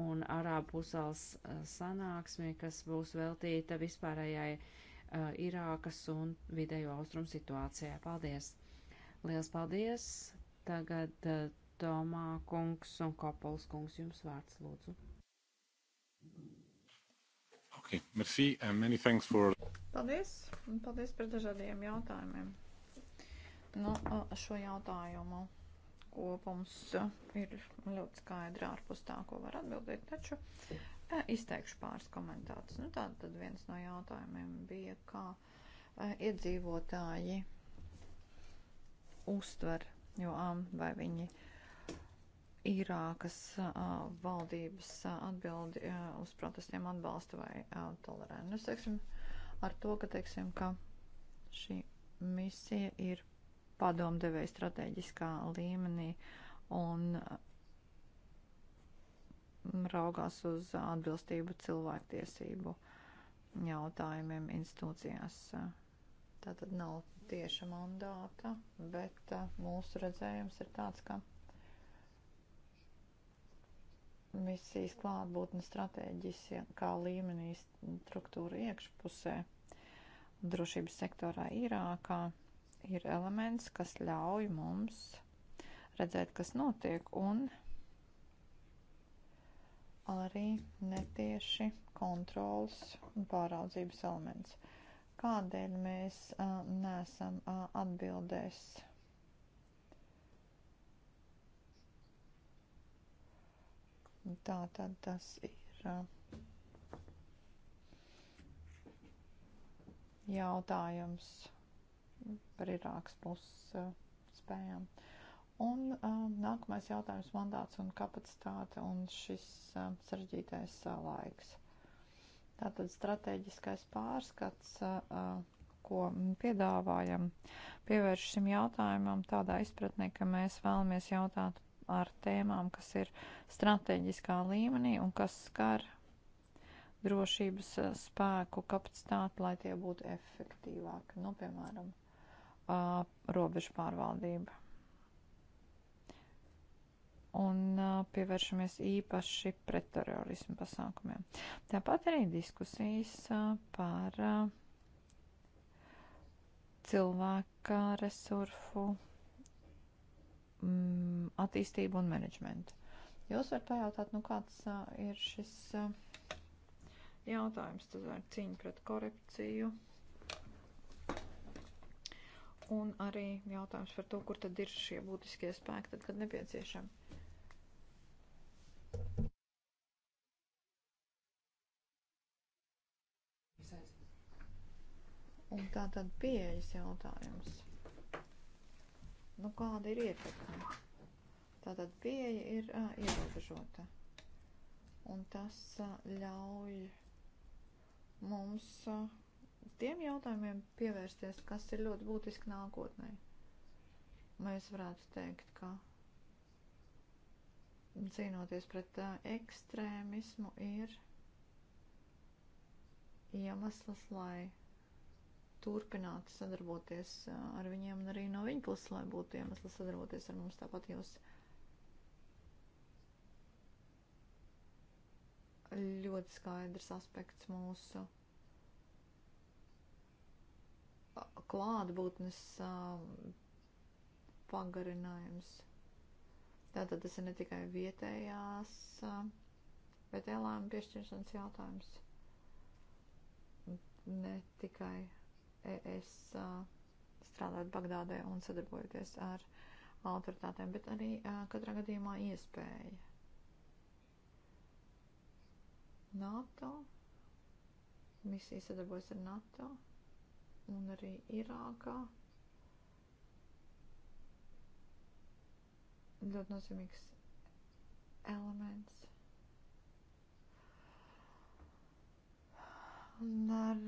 un Arābu pusals eh, sanāksmi, kas būs veltīta vispārējai uh, Irākas un vidējo austrumu situācijai. Paldies! Liels paldies! Tagad uh, Tomā kungs un Kopols kungs jums vārds lūdzu. Okay, merci and many thanks for. Paldies, un paldies par dažādiem jautājumiem. Nu, no, šo jautājumu kopums ir ļoti skaidri ārpus tā, ko var atbildēt, taču e, izteikšu pāris komentārus. Nu, tā tad viens no jautājumiem bija, kā e, iedzīvotāji uztver, jo vai viņi Irākas e, valdības atbildi uz protestiem atbalsta vai tolerē. Nu, teiksim, ar to, ka, teiksim, ka šī misija ir padomdevēja strateģiskā līmenī un mm, raugās uz atbilstību cilvēktiesību jautājumiem institūcijās. Tā tad nav tieša mandāta, bet eh, mūsu redzējums ir tāds, ka misijas klātbūtne strateģiskā līmenī struktūra iekšpusē, drošības sektorā Irākā ir elements, kas ļauj mums redzēt, kas notiek, un arī netieši kontrols un pāraudzības elements. Kādēļ mēs uh, nesam uh, atbildēs? Tā tad tas ir uh, jautājums par Irākas puses eh, spējām. Un um, nākamais jautājums - mandāts un kapacitāte un šis um, sarežģītais uh, laiks. Tātad strateģiskais pārskats, uh, ko piedāvājam, pievērš šim jautājumam tādā izpratnē, ka mēs vēlamies jautāt ar tēmām, kas ir strateģiskā līmenī un kas skar drošības spēku kapacitāti, lai tie būtu efektīvāki. Nu, piemēram, uh, robežu pārvaldība. Un uh, pievēršamies īpaši pretterorismu pasākumiem. Tāpat arī diskusijas uh, par uh, cilvēka resursu mm, attīstību un menedžmentu. Jūs varat pajautāt, nu kāds uh, ir šis uh, jautājums, tas ir cīņa pret korupciju, Un arī jautājums par to, kur tad ir šie būtiskie spēki, tad, kad nepieciešami. Un tā tad pieejas jautājums. Nu, kāda ir ietekme? Tātad pieeja ir uh, ierobežota. Un tas uh, ļauj mums uh, tiem jautājumiem pievērsties, kas ir ļoti būtiski nākotnē. Mēs varētu teikt, ka cīnoties pret ekstrēmismu ir iemesls, lai turpinātu sadarboties ar viņiem un arī no viņa puses, lai būtu iemesls sadarboties ar mums tāpat jūs. Ļoti skaidrs aspekts mūsu klātbūtnes pagarinājums. Tātad tas ir ne tikai vietējās, bet lēmuma piešķiršanas jautājums. Ne tikai es strādājot Bagdādē un sadarbojoties ar autoritātēm, bet arī katrā gadījumā iespēja. NATO. Misija sadarbojas ar NATO un arī Irākā. Ļoti nozīmīgs elements. Un ar,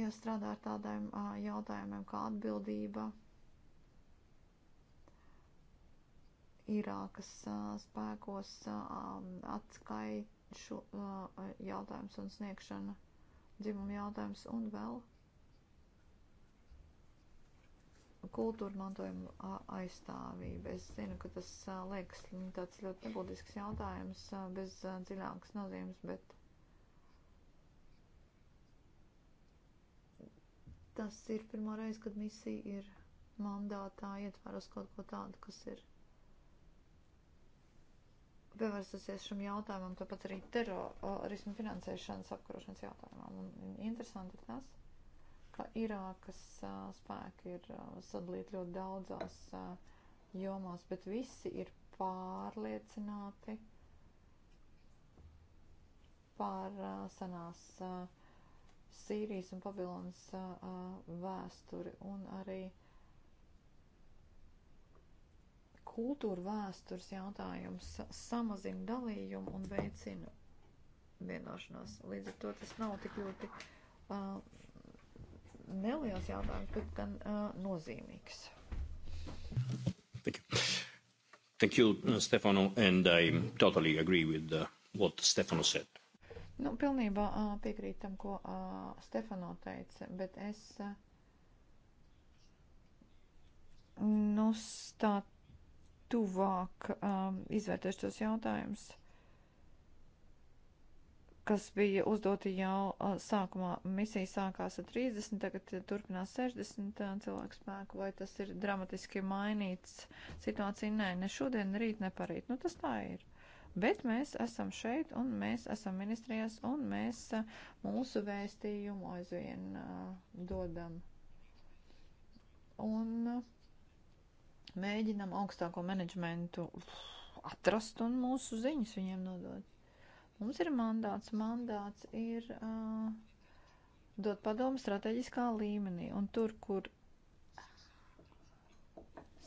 ja strādā ar tādiem jautājumiem kā atbildība, Irākas spēkos atskaišu jautājums un sniegšana, dzimuma jautājums un vēl kultūra mantojuma aizstāvība. Es zinu, ka tas liekas tāds ļoti nebūtisks jautājums bez dziļākas nozīmes, bet tas ir pirmā reize, kad misija ir mandātā ietvaros kaut ko tādu, kas ir pievērsusies šim jautājumam, tāpat arī terorismu finansēšanas apkarošanas jautājumam. Un interesanti ir tas ka Irākas uh, spēki ir uh, sadalīti ļoti daudzās uh, jomās, bet visi ir pārliecināti par uh, senās uh, Sīrijas un Babilonas uh, vēsturi un arī kultūra vēstures jautājums samazina dalījumu un veicina vienošanos. Līdz ar to tas nav tik ļoti uh, neliels jautājums, bet gan uh, nozīmīgs. Thank you. Thank you, Stefano, and I totally agree with uh, what Stefano said. Nu, pilnībā uh, piekrīt tam, ko uh, Stefano teica, bet es uh, nu, tā tuvāk um, izvērtēšu tos jautājumus kas bija uzdoti jau sākumā. Misija sākās ar 30, tagad turpinās 60 cilvēku spēku. Vai tas ir dramatiski mainīts situācija? Nē, ne šodien, ne rīt, ne parīt. Nu, tas tā ir. Bet mēs esam šeit, un mēs esam ministrijās, un mēs mūsu vēstījumu aizvien dodam. Un mēģinam augstāko menedžmentu atrast un mūsu ziņas viņiem nodot. Mums ir mandāts. Mandāts ir uh, dot padomu strateģiskā līmenī. Un tur, kur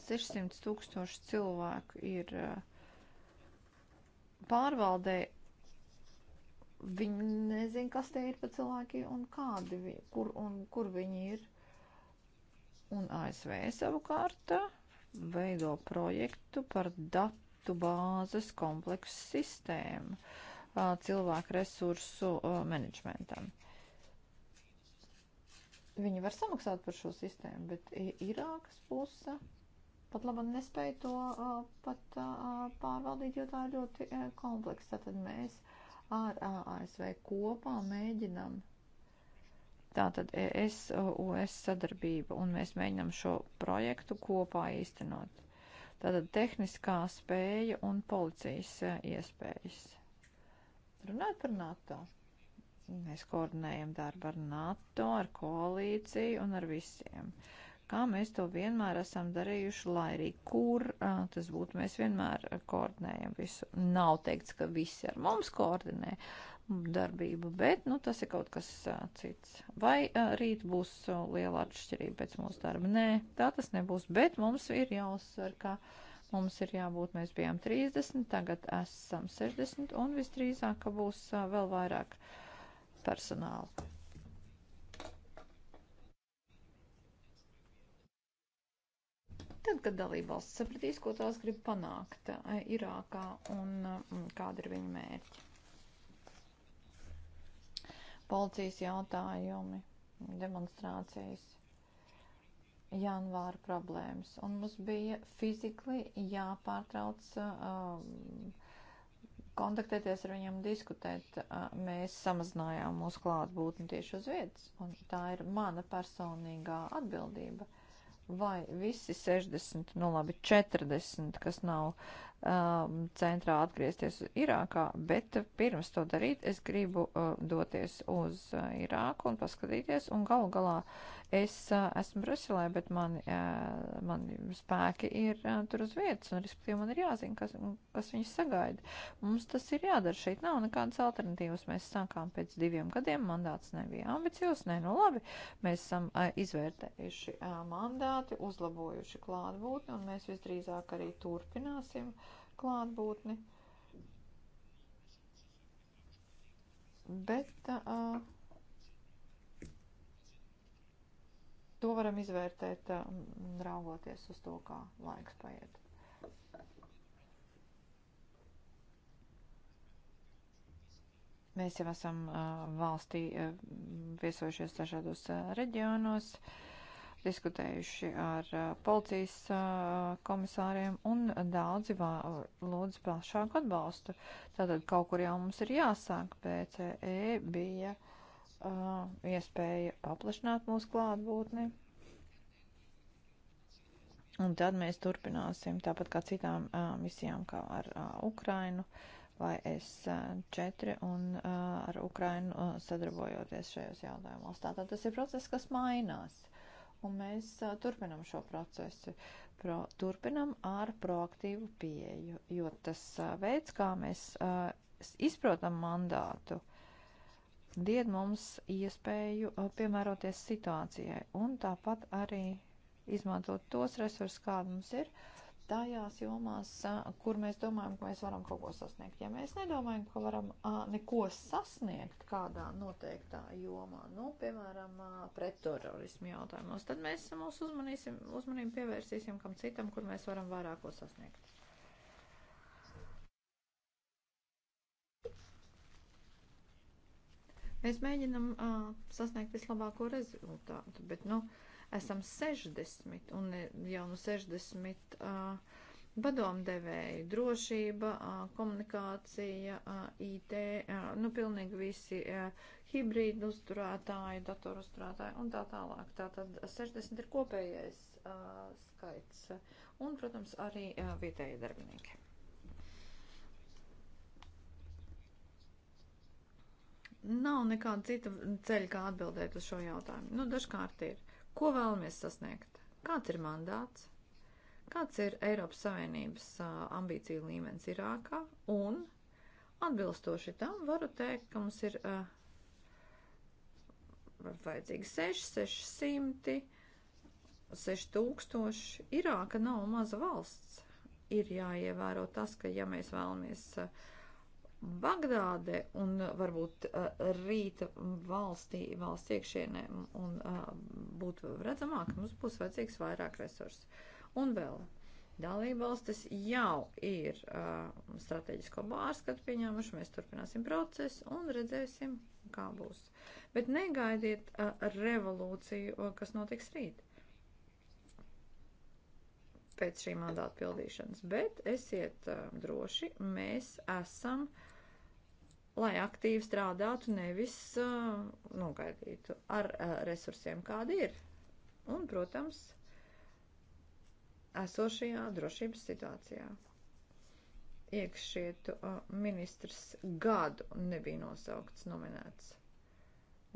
600 tūkstoši cilvēku ir uh, pārvaldē, viņi nezin, kas te ir pa cilvēki un kādi, vi, kur, un, kur viņi ir. Un ASV savukārt veido projektu par datu bāzes kompleksu sistēmu. Uh, cilvēku resursu uh, menedžmentam. Viņi var samaksāt par šo sistēmu, bet Irākas puse pat labi nespēja to uh, pat uh, pārvaldīt, jo tā ir ļoti kompleksa. Tad mēs ar ASV kopā mēģinam tātad ES-US sadarbību, un mēs mēģinām šo projektu kopā īstenot. Tātad tehniskā spēja un policijas iespējas. Runāt par NATO. Mēs koordinējam darbu ar NATO, ar koalīciju un ar visiem. Kā mēs to vienmēr esam darījuši, lai arī kur tas būtu, mēs vienmēr koordinējam visu. Nav teikts, ka visi ar mums koordinē darbību, bet nu, tas ir kaut kas uh, cits. Vai uh, rīt būs uh, liela atšķirība pēc mūsu darba? Nē, tā tas nebūs, bet mums ir jāuzsver, ka. Uh, mums ir jābūt, mēs bijām 30, tagad esam 60 un visdrīzāk, ka būs vēl vairāk personāla. Tad, kad dalībvalsts sapratīs, ko tās grib panākt Irākā un kāda ir viņa mērķi. Policijas jautājumi, demonstrācijas janvāra problēmas, un mums bija fizikli jāpārtrauc uh, kontaktēties ar viņiem, diskutēt. Uh, mēs samazinājām mūsu klātbūtni tieši uz vietas, un tā ir mana personīgā atbildība. Vai visi 60, nu labi, 40, kas nav um, centrā atgriezties Irākā, bet pirms to darīt es gribu uh, doties uz uh, Irāku un paskatīties, un galu galā es uh, esmu Briselē, bet mani, uh, mani spēki ir uh, tur uz vietas, un respektīvi man ir jāzina, kas, kas viņus sagaida. Mums tas ir jādara, šeit nav nekādas alternatīvas. Mēs sākām pēc diviem gadiem, mandāts nebija ambiciozs, nē, nu labi, mēs esam uh, izvērtējuši uh, mandāti, uzlabojuši klātbūtni, un mēs visdrīzāk arī turpināsim. Uh, klātbūtni. Bet uh, to varam izvērtēt, uh, raugoties uz to, kā laiks paiet. Mēs jau esam uh, valstī uh, viesojušies dažādos uh, reģionos. Uh, diskutējuši ar policijas komisāriem un daudzi lūdz plašāku atbalstu. Tātad kaut kur jau mums ir jāsāk. PCE bija uh, iespēja paplašināt mūsu klātbūtni. Un tad mēs turpināsim tāpat kā citām uh, misijām, kā ar uh, Ukrainu vai S4 un uh, ar Ukrainu uh, sadarbojoties šajos jautājumos. Tātad tas ir process, kas mainās. Uh, un mēs uh, turpinam šo procesu. Pro, turpinam ar proaktīvu pieeju, jo tas uh, veids, kā mēs uh, izprotam mandātu, died mums iespēju uh, piemēroties situācijai un tāpat arī izmantot tos resursus, kādi mums ir. Uh, tajās jomās, kur mēs domājam, ka mēs varam kaut ko sasniegt. Ja mēs nedomājam, ka varam neko sasniegt kādā noteiktā jomā, nu, piemēram, pretterorismu jautājumos, tad mēs mūsu uzmanību pievērsīsim kam citam, kur mēs varam vairāk ko sasniegt. Mēs mēģinam uh, sasniegt vislabāko rezultātu, bet, nu, uh, esam 60 un jau no nu 60 uh, padomdevēju, drošība, komunikācija, IT, nu pilnīgi visi hibrīdu uzturētāji, datoru uzturētāji un tā tālāk. Tātad 60 ir kopējais skaits un, protams, arī vietējie darbinieki. Nav nekāda cita ceļa, kā atbildēt uz šo jautājumu. Nu, dažkārt ir. Ko vēlamies sasniegt? Kāds ir mandāts? Kāds ir Eiropas Savienības ambīciju līmenis Irākā? Un atbilstoši tam varu teikt, ka mums ir uh, vajadzīgi 6, 600, 6000. Irāka nav maza valsts. Ir jāievēro tas, ka ja mēs vēlamies uh, Bagdādē un uh, varbūt uh, rīta valstī, valsts iekšienē un uh, būtu redzamāk, mums būs vajadzīgs vairāk resursu. Un vēl dalībvalstis jau ir strateģisko pārskatu pieņēmuši, mēs turpināsim procesu un redzēsim, kā būs. Bet negaidiet revolūciju, kas notiks rīt pēc šī mandāta pildīšanas, bet esiet droši, mēs esam uh, lai aktīvi strādātu, nevis uh, nogaidītu ar uh, resursiem, kādi ir. Un, protams, esošajā drošības situācijā. Iekšietu uh, ministrs gadu nebija nosaukts, nominēts.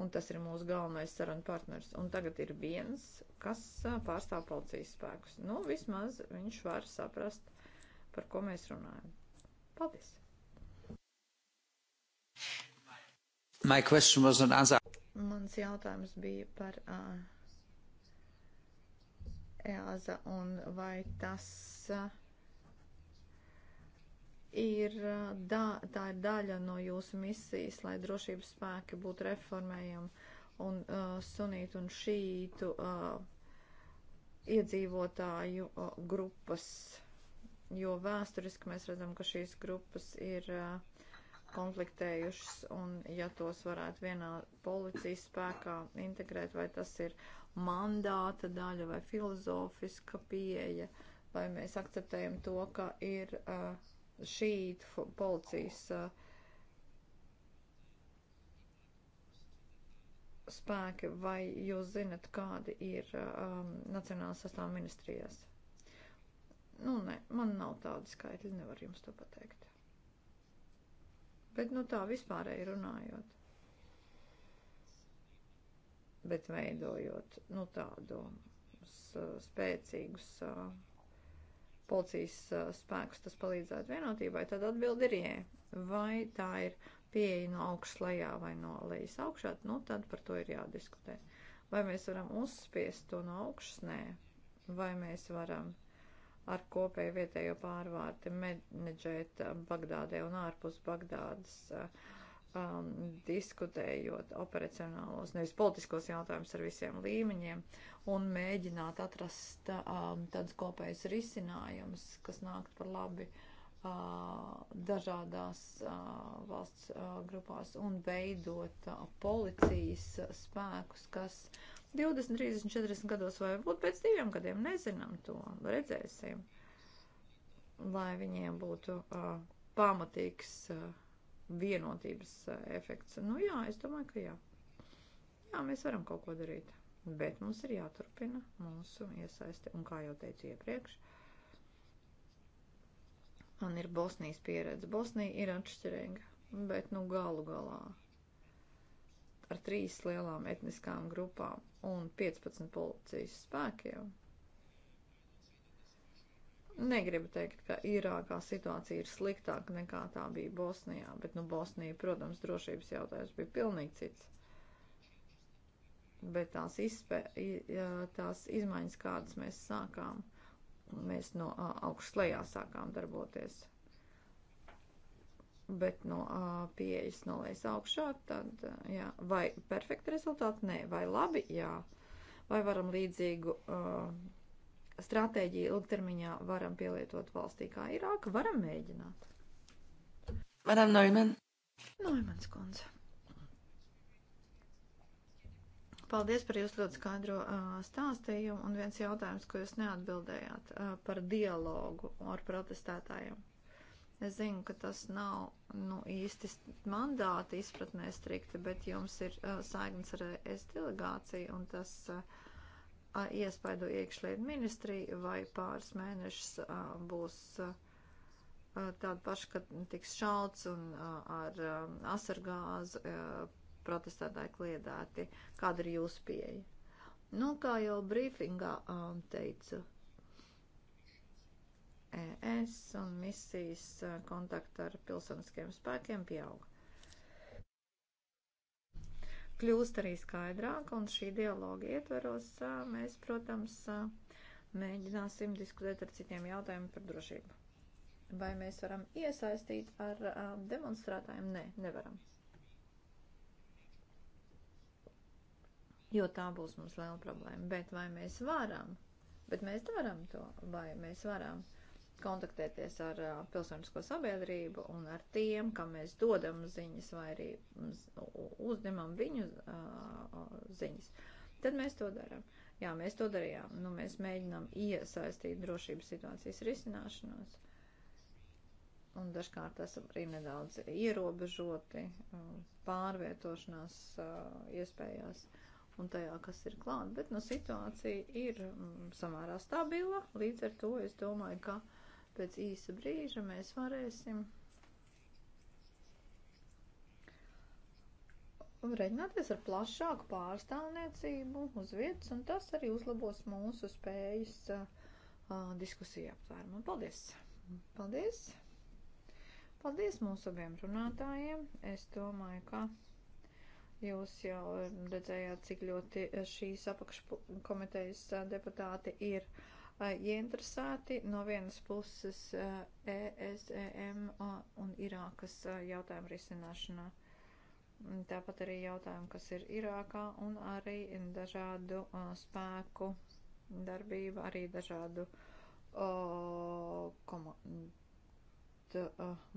Un tas ir mūsu galvenais sarunu partners. Un tagad ir viens, kas uh, pārstāv policijas spēkus. Nu, vismaz viņš var saprast, par ko mēs runājam. Paldies! Mans jautājums bija par uh, EASA un vai tas uh, ir, da, tā ir daļa no jūsu misijas, lai drošības spēki būtu reformējami un uh, sunītu un šītu uh, iedzīvotāju uh, grupas, jo vēsturiski mēs redzam, ka šīs grupas ir. Uh, konfliktējušas, un ja tos varētu vienā policijas spēkā integrēt, vai tas ir mandāta daļa vai filozofiska pieeja, vai mēs akceptējam to, ka ir uh, šīta policijas uh, spēki, vai jūs zinat, kādi ir um, Nacionālās sastāv ministrijās? Nu, nē, man nav tādi skaitļi, nevar jums to pateikt. Bet nu tā vispārēji runājot. Bet veidojot nu, tādu spēcīgus uh, policijas uh, spēkus, tas palīdzētu vienotībai, tad atbildi ir jē. Vai tā ir pieeja no augšas lejā vai no lejas augšā, nu tad par to ir jādiskutē. Vai mēs varam uzspiest to no augšas? Nē. Vai mēs varam ar kopēju vietējo pārvārti menedžēt eh, Bagdādē un ārpus Bagdādas, eh, um, diskutējot operacionālos, nevis politiskos jautājumus ar visiem līmeņiem un mēģināt atrast um, tādus kopējus risinājumus, kas nākt par labi uh, dažādās uh, valsts uh, grupās un veidot policijas spēkus, kas uh, 20, 30, 40 gados vai varbūt pēc diviem gadiem, nezinām to, redzēsim, lai viņiem būtu uh, pamatīgs uh, vienotības uh, efekts. Nu jā, es domāju, ka jā. Jā, mēs varam kaut ko darīt, bet mums ir jāturpina mūsu iesaisti, un kā jau teicu iepriekš, man ir Bosnijas pieredze. Bosnija ir atšķirīga, bet nu galu galā ar trīs lielām etniskām grupām un 15 policijas spēkiem. Negribu teikt, ka Irākā situācija ir sliktāka nekā tā bija Bosnijā, bet, nu, Bosnija, protams, drošības jautājums bija pilnīgi cits. Bet tās, izspē, tās izmaiņas, kādas mēs sākām, mēs no augšas lejā sākām darboties bet no pieejas nolēs augšā, tad jā, vai perfekta rezultāti? Nē, vai labi? Jā. Vai varam līdzīgu uh, stratēģiju ilgtermiņā varam pielietot valstī kā Irāka? Varam mēģināt. Madam Neumann. Neumans kundze. Paldies par jūsu ļoti skaidro uh, stāstījumu un viens jautājums, ko jūs neatbildējāt uh, par dialogu ar protestētājiem. Es zinu, ka tas nav nu, īsti mandāti izpratnē strikti, bet jums ir uh, saiknes ar es delegāciju un tas uh, iespaido iekšlietu ministriju vai pāris mēnešus uh, būs uh, tāda paša, ka tiks šauts un uh, ar um, asargāzu uh, protestētāji kliedēti. Kāda ir jūsu pieeja? Nu, kā jau brīfingā um, teicu ES un misijas kontakta ar pilsoniskiem spēkiem pieauga. Kļūst arī skaidrāk, un šī dialoga ietveros mēs, protams, mēģināsim diskutēt ar citiem jautājumiem par drošību. Vai mēs varam iesaistīt ar demonstrētājiem? Nē, nevaram. Jo tā būs mums liela problēma. Bet vai mēs varam? Bet mēs darām to, vai mēs varam uh, kontaktēties ar uh, pilsonisko sabiedrību un ar tiem, kam mēs dodam ziņas vai arī uzņemam viņu uh, ziņas. Tad mēs to darām. Jā, mēs to darījām. Nu, mēs mēģinām iesaistīt drošības situācijas risināšanos. Un dažkārt esam arī nedaudz ierobežoti pārvietošanās uh, iespējās un tajā, kas ir klāt. Bet nu, situācija ir mm, samērā stabila. Līdz ar to es domāju, ka pēc īsa brīža mēs varēsim reiķināties ar plašāku pārstāvniecību uz vietas, un tas arī uzlabos mūsu spējas uh, diskusiju aptvērumu. Paldies! Paldies! Paldies mūsu abiem runātājiem. Es domāju, ka jūs jau redzējāt, cik ļoti šīs apakškomitejas deputāti ir ieinteresēti no vienas puses ESEM eh, e un Irākas jautājumu risināšanā. Tāpat arī jautājumu, kas ir Irākā un arī dažādu spēku darbība, arī dažādu komandu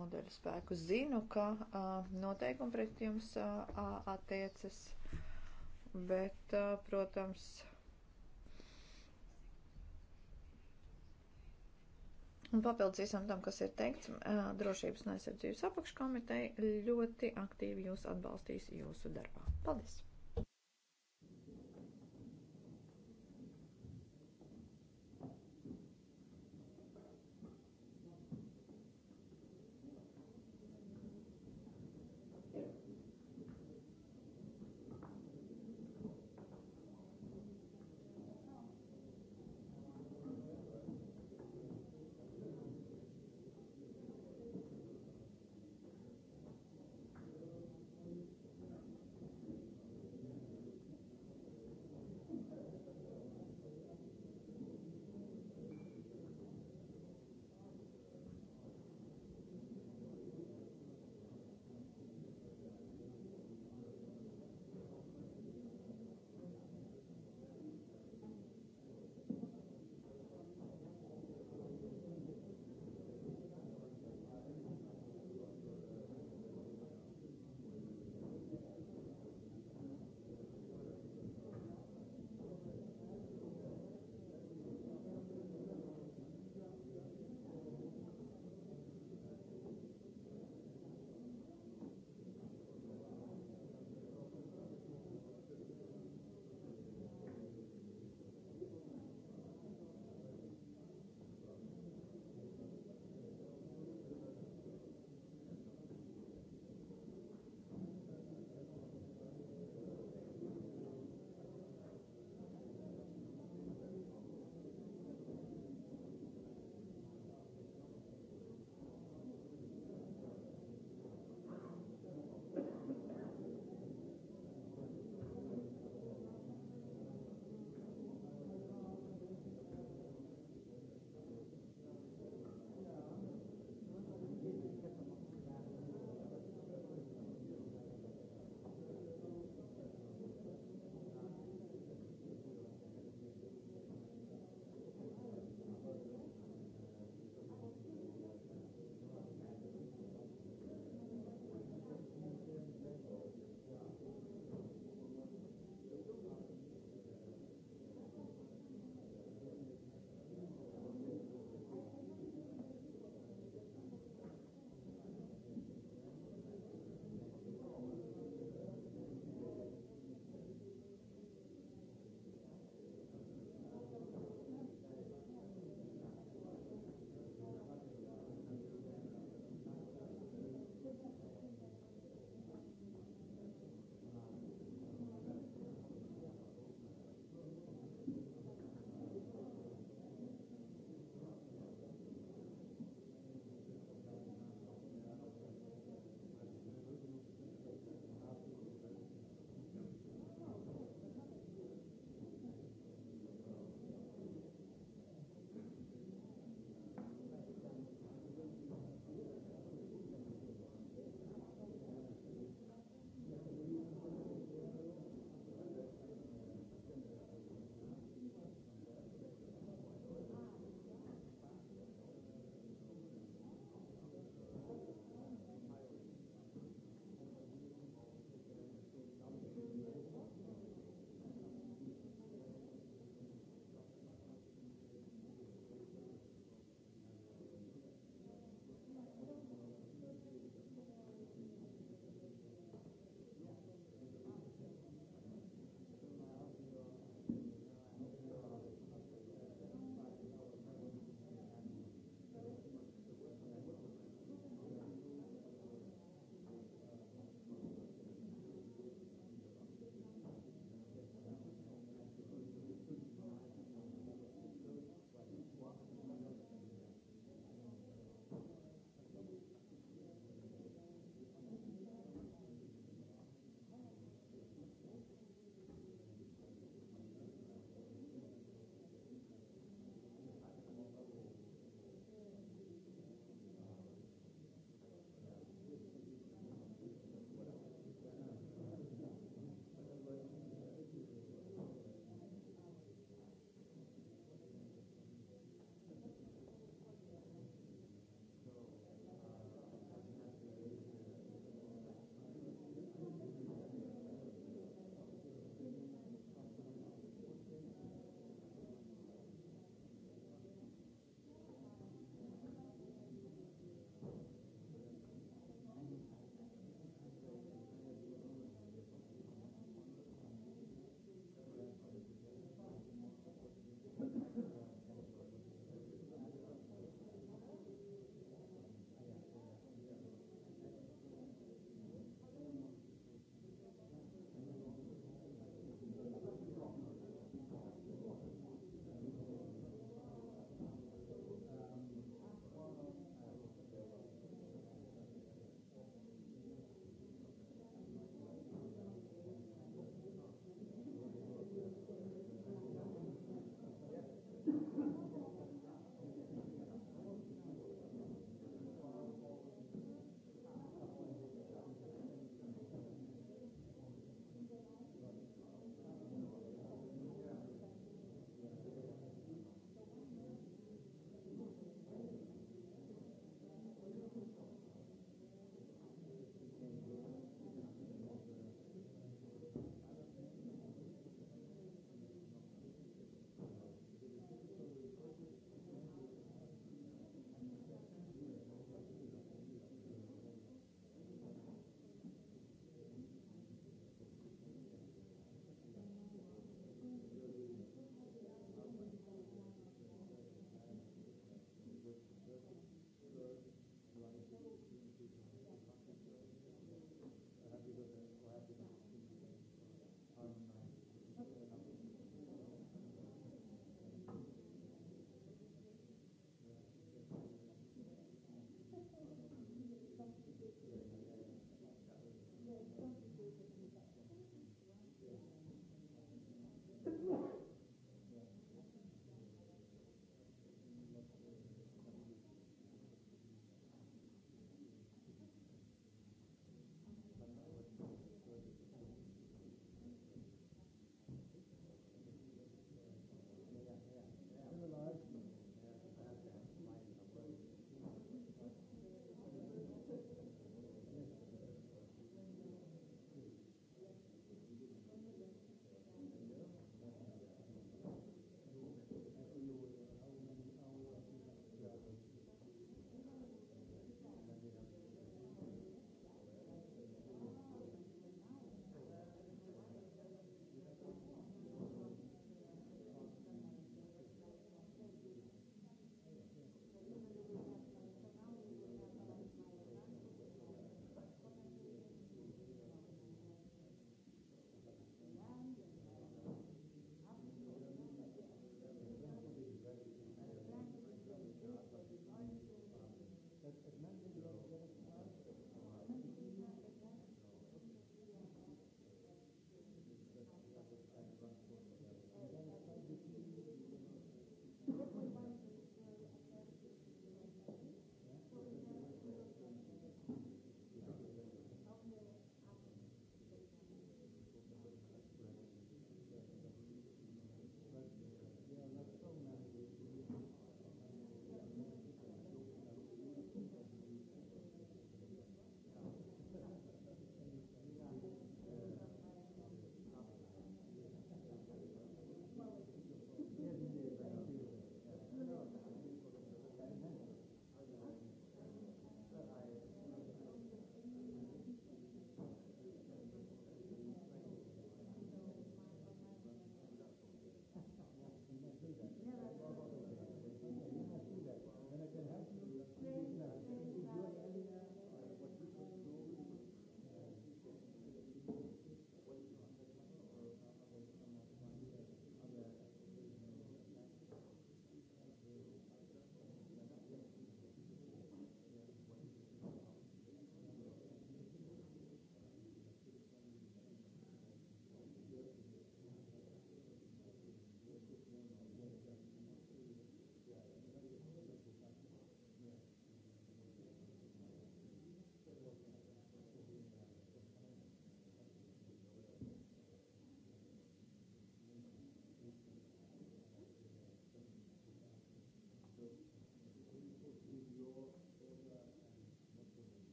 modeļu spēku. Zinu, ka noteikumi pret jums attiecas, bet, protams, Un papildus visam tam, kas ir teikts, drošības un aizsardzības apakškomiteja ļoti aktīvi jūs atbalstīs jūsu darbā. Paldies!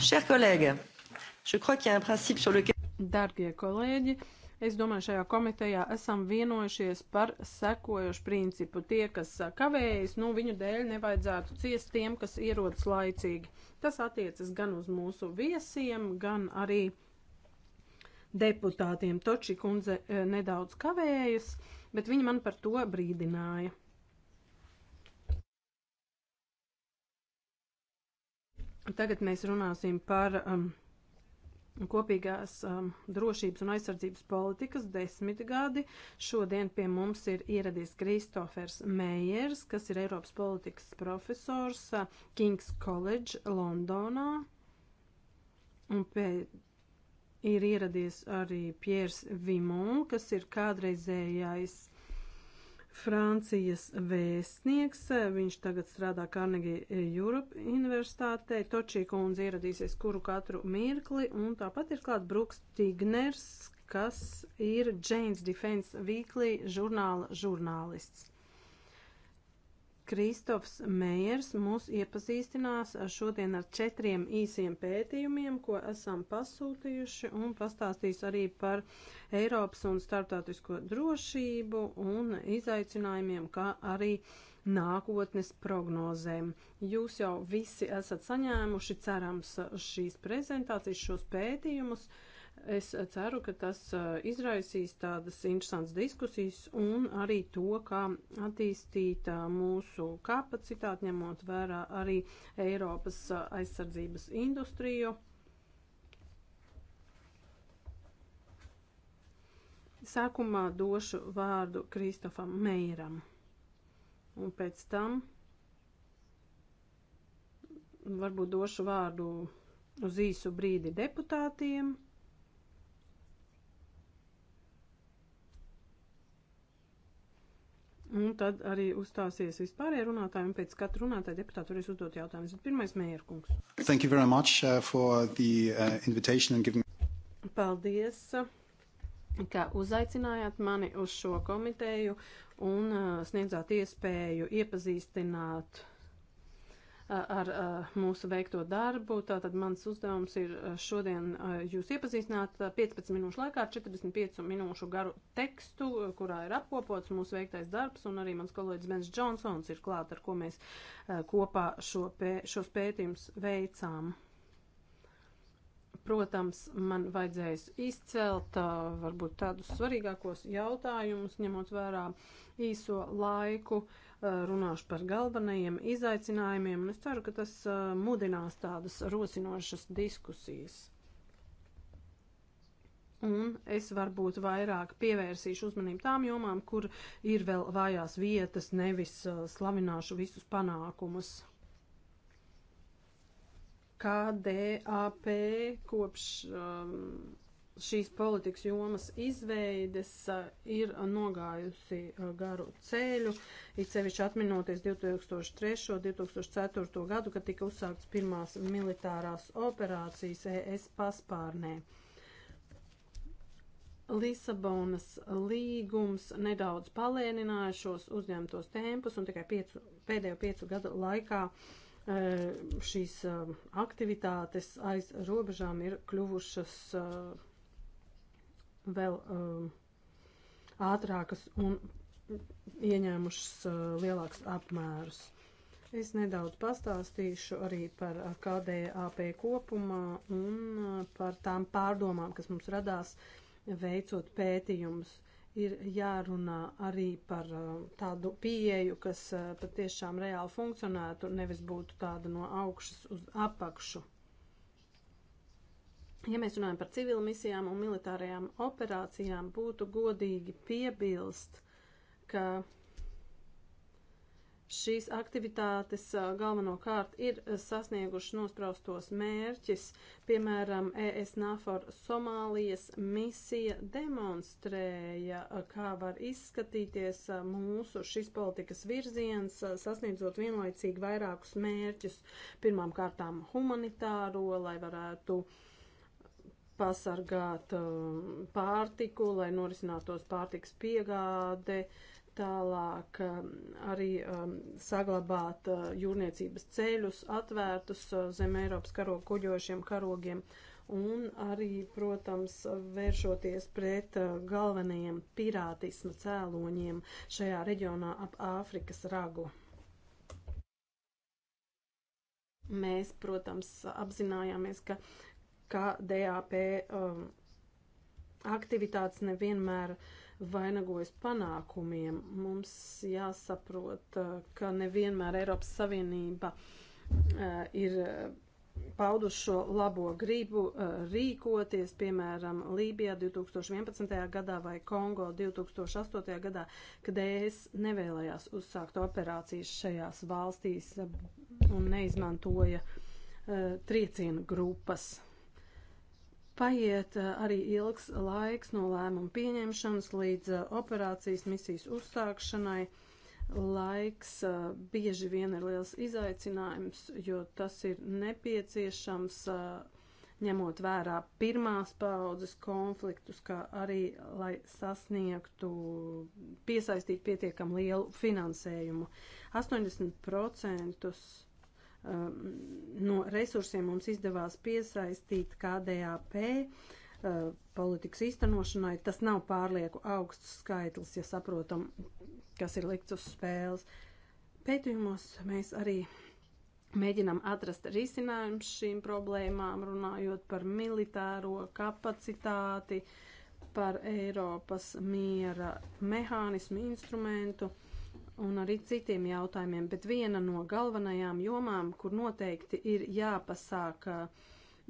Chers collègues, je crois qu'il y a un principe sur lequel. Darbie kolēģi, es domāju, šajā komitejā esam vienojušies par sekojušu principu. Tie, kas kavējas, nu viņu dēļ nevajadzētu ciest tiem, kas ierodas laicīgi. Tas attiecas gan uz mūsu viesiem, gan arī deputātiem. Toči kundze eh, nedaudz kavējas, bet viņa man par to brīdināja. Tagad mēs runāsim par um, kopīgās um, drošības un aizsardzības politikas desmitgadi. Šodien pie mums ir ieradies Kristofers Meijers, kas ir Eiropas politikas profesors uh, King's College Londonā. Un pēc ir ieradies arī Piers Vimon, kas ir kādreizējais Francijas vēstnieks, viņš tagad strādā Carnegie Europe universitātē, Točī kundze ieradīsies kuru katru mirkli, un tāpat ir klāt Bruks Tigners, kas ir Jane's Defense Weekly žurnāla žurnālists. Kristofs Mējers mūs iepazīstinās šodien ar četriem īsiem pētījumiem, ko esam pasūtījuši, un pastāstīs arī par Eiropas un starptautisko drošību un izaicinājumiem, kā arī nākotnes prognozēm. Jūs jau visi esat saņēmuši, cerams, šīs prezentācijas, šos pētījumus. Uh, Es ceru, ka tas izraisīs tādas interesantas diskusijas un arī to, kā attīstīt mūsu kapacitāti, ņemot vērā arī Eiropas aizsardzības industriju. Sākumā došu vārdu Kristofam Meiram, un pēc tam varbūt došu vārdu uz īsu brīdi deputātiem. Un tad arī uzstāsies vispārējie runātāji, un pēc katra runātāja deputāta varēs uzdot jautājumus. Pirmais mērkungs. Thank you very much uh, for the uh, invitation and giving. Paldies, uh, ka uzaicinājāt mani uz šo komiteju un sniedzāt iespēju iepazīstināt uh, ar mūsu veikto darbu. Tātad mans uzdevums ir šodien jūs iepazīstināt 15 minūšu laikā ar 45 minūšu garu tekstu, kurā ir apkopots mūsu veiktais darbs, un arī mans kolēģis Bens Džonsons ir klāt, ar ko mēs kopā šo pē, šos pētījumus veicām. Protams, man vajadzēs izcelt varbūt tādus svarīgākos jautājumus, ņemot vērā īso laiku. Uh, Eh, runāšu par galvenajiem izaicinājumiem, un es ceru, ka tas eh, mudinās tādas rosinošas diskusijas. Un es varbūt vairāk pievērsīšu uzmanību tām jomām, kur ir vēl vājās vietas, nevis eh, slavināšu visus panākumus. KDAP kopš um, šīs politikas jomas izveides ir nogājusi garu ceļu, it sevišķi atminoties 2003. un 2004. gadu, kad tika uzsākts pirmās militārās operācijas ES paspārnē. Lisabonas līgums nedaudz palēnināja šos uzņemtos tempus un tikai piecu, pēdējo piecu gadu laikā e, šīs aktivitātes aiz robežām ir kļuvušas vēl um, ātrākas un ieņēmušas uh, lielākus apmērus. Es nedaudz pastāstīšu arī par uh, KDAP kopumā un uh, par tām pārdomām, kas mums radās veicot pētījumus. Ir jārunā arī par uh, tādu pieeju, kas uh, patiešām reāli funkcionētu, nevis būtu tāda no augšas uz apakšu ja mēs runājam par civil misijām un militārajām operācijām, būtu godīgi piebilst, ka šīs aktivitātes galvenokārt ir sasniegušas nospraustos mērķis. Piemēram, ES NAFOR Somālijas misija demonstrēja, kā var izskatīties mūsu šis politikas virziens, sasniedzot vienlaicīgi vairākus mērķus. Pirmām kārtām humanitāro, lai varētu uh, pasargāt um, pārtiku, lai norisinātos pārtiks piegāde, tālāk um, arī um, saglabāt uh, jūrniecības ceļus atvērtus uh, zem Eiropas karogu kuģošiem karogiem un arī, protams, vēršoties pret uh, galvenajiem pirātisma cēloņiem šajā reģionā ap Āfrikas ragu. Mēs, protams, apzinājāmies, ka uh, ka DAP um, aktivitātes nevienmēr vainagojas panākumiem. Mums jāsaprot, uh, ka nevienmēr Eiropas Savienība uh, ir uh, pauduši šo labo gribu uh, rīkoties, piemēram, Lībijā 2011. gadā vai Kongo 2008. gadā, kad es nevēlējās uzsākt operācijas šajās valstīs uh, un neizmantoja uh, triecienu grupas Paiet eh, arī ilgs laiks no lēmuma pieņemšanas līdz eh, operācijas misijas uzsākšanai. Laiks eh, bieži vien ir liels izaicinājums, jo tas ir nepieciešams ņemot vērā pirmās paudzes konfliktus, kā arī, lai sasniegtu, piesaistīt pietiekam lielu finansējumu. 80% No resursiem mums izdevās piesaistīt KDAP eh, politikas īstenošanai. Tas nav pārlieku augsts skaitlis, ja saprotam, kas ir likts uz spēles. Pētījumos mēs arī mēģinām atrast risinājumu šīm problēmām, runājot par militāro kapacitāti, par Eiropas miera mehānismu, instrumentu. Uh, un arī citiem jautājumiem, bet viena no galvenajām jomām, kur noteikti ir jāpasāk,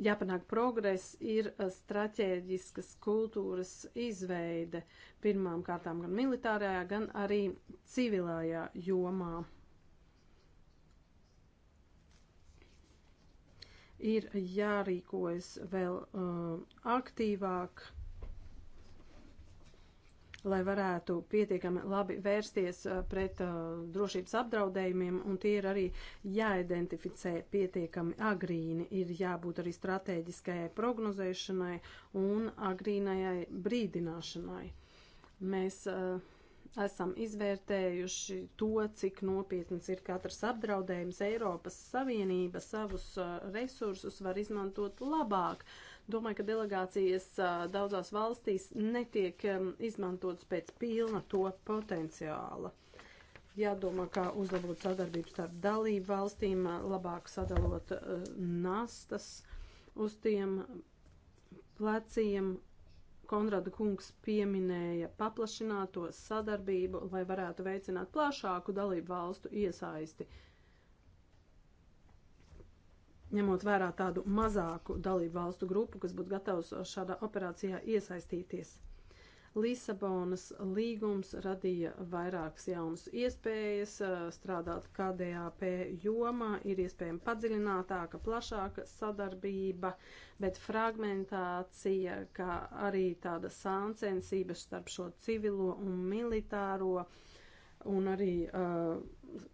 jāpanāk progress, ir strateģiskas kultūras izveide pirmām kārtām gan militārajā, gan arī civilajā jomā. Ir jārīkojas vēl uh, aktīvāk lai varētu pietiekami labi vērsties uh, pret uh, drošības apdraudējumiem, un tie ir arī jāidentificē pietiekami agrīni, ir jābūt arī strateģiskajai prognozēšanai un agrīnajai brīdināšanai. Mēs uh, esam izvērtējuši to, cik nopietns ir katrs apdraudējums. Eiropas Savienība savus uh, resursus var izmantot labāk. Uh, Domāju, ka delegācijas daudzās valstīs netiek izmantotas pēc pilna to potenciāla. Jādomā, kā uzlabot sadarbību starp dalību valstīm, labāk sadalot nastas uz tiem pleciem Konrada kungs pieminēja paplašināto sadarbību, lai varētu veicināt plašāku dalību valstu iesaisti ņemot vērā tādu mazāku dalību valstu grupu, kas būtu gatavs šādā operācijā iesaistīties. Lisabonas līgums radīja vairākas jaunas iespējas strādāt KDAP jomā, ir iespējama padziļinātāka, plašāka sadarbība, bet fragmentācija, kā arī tāda sāncensības starp šo civilo un militāro un arī uh,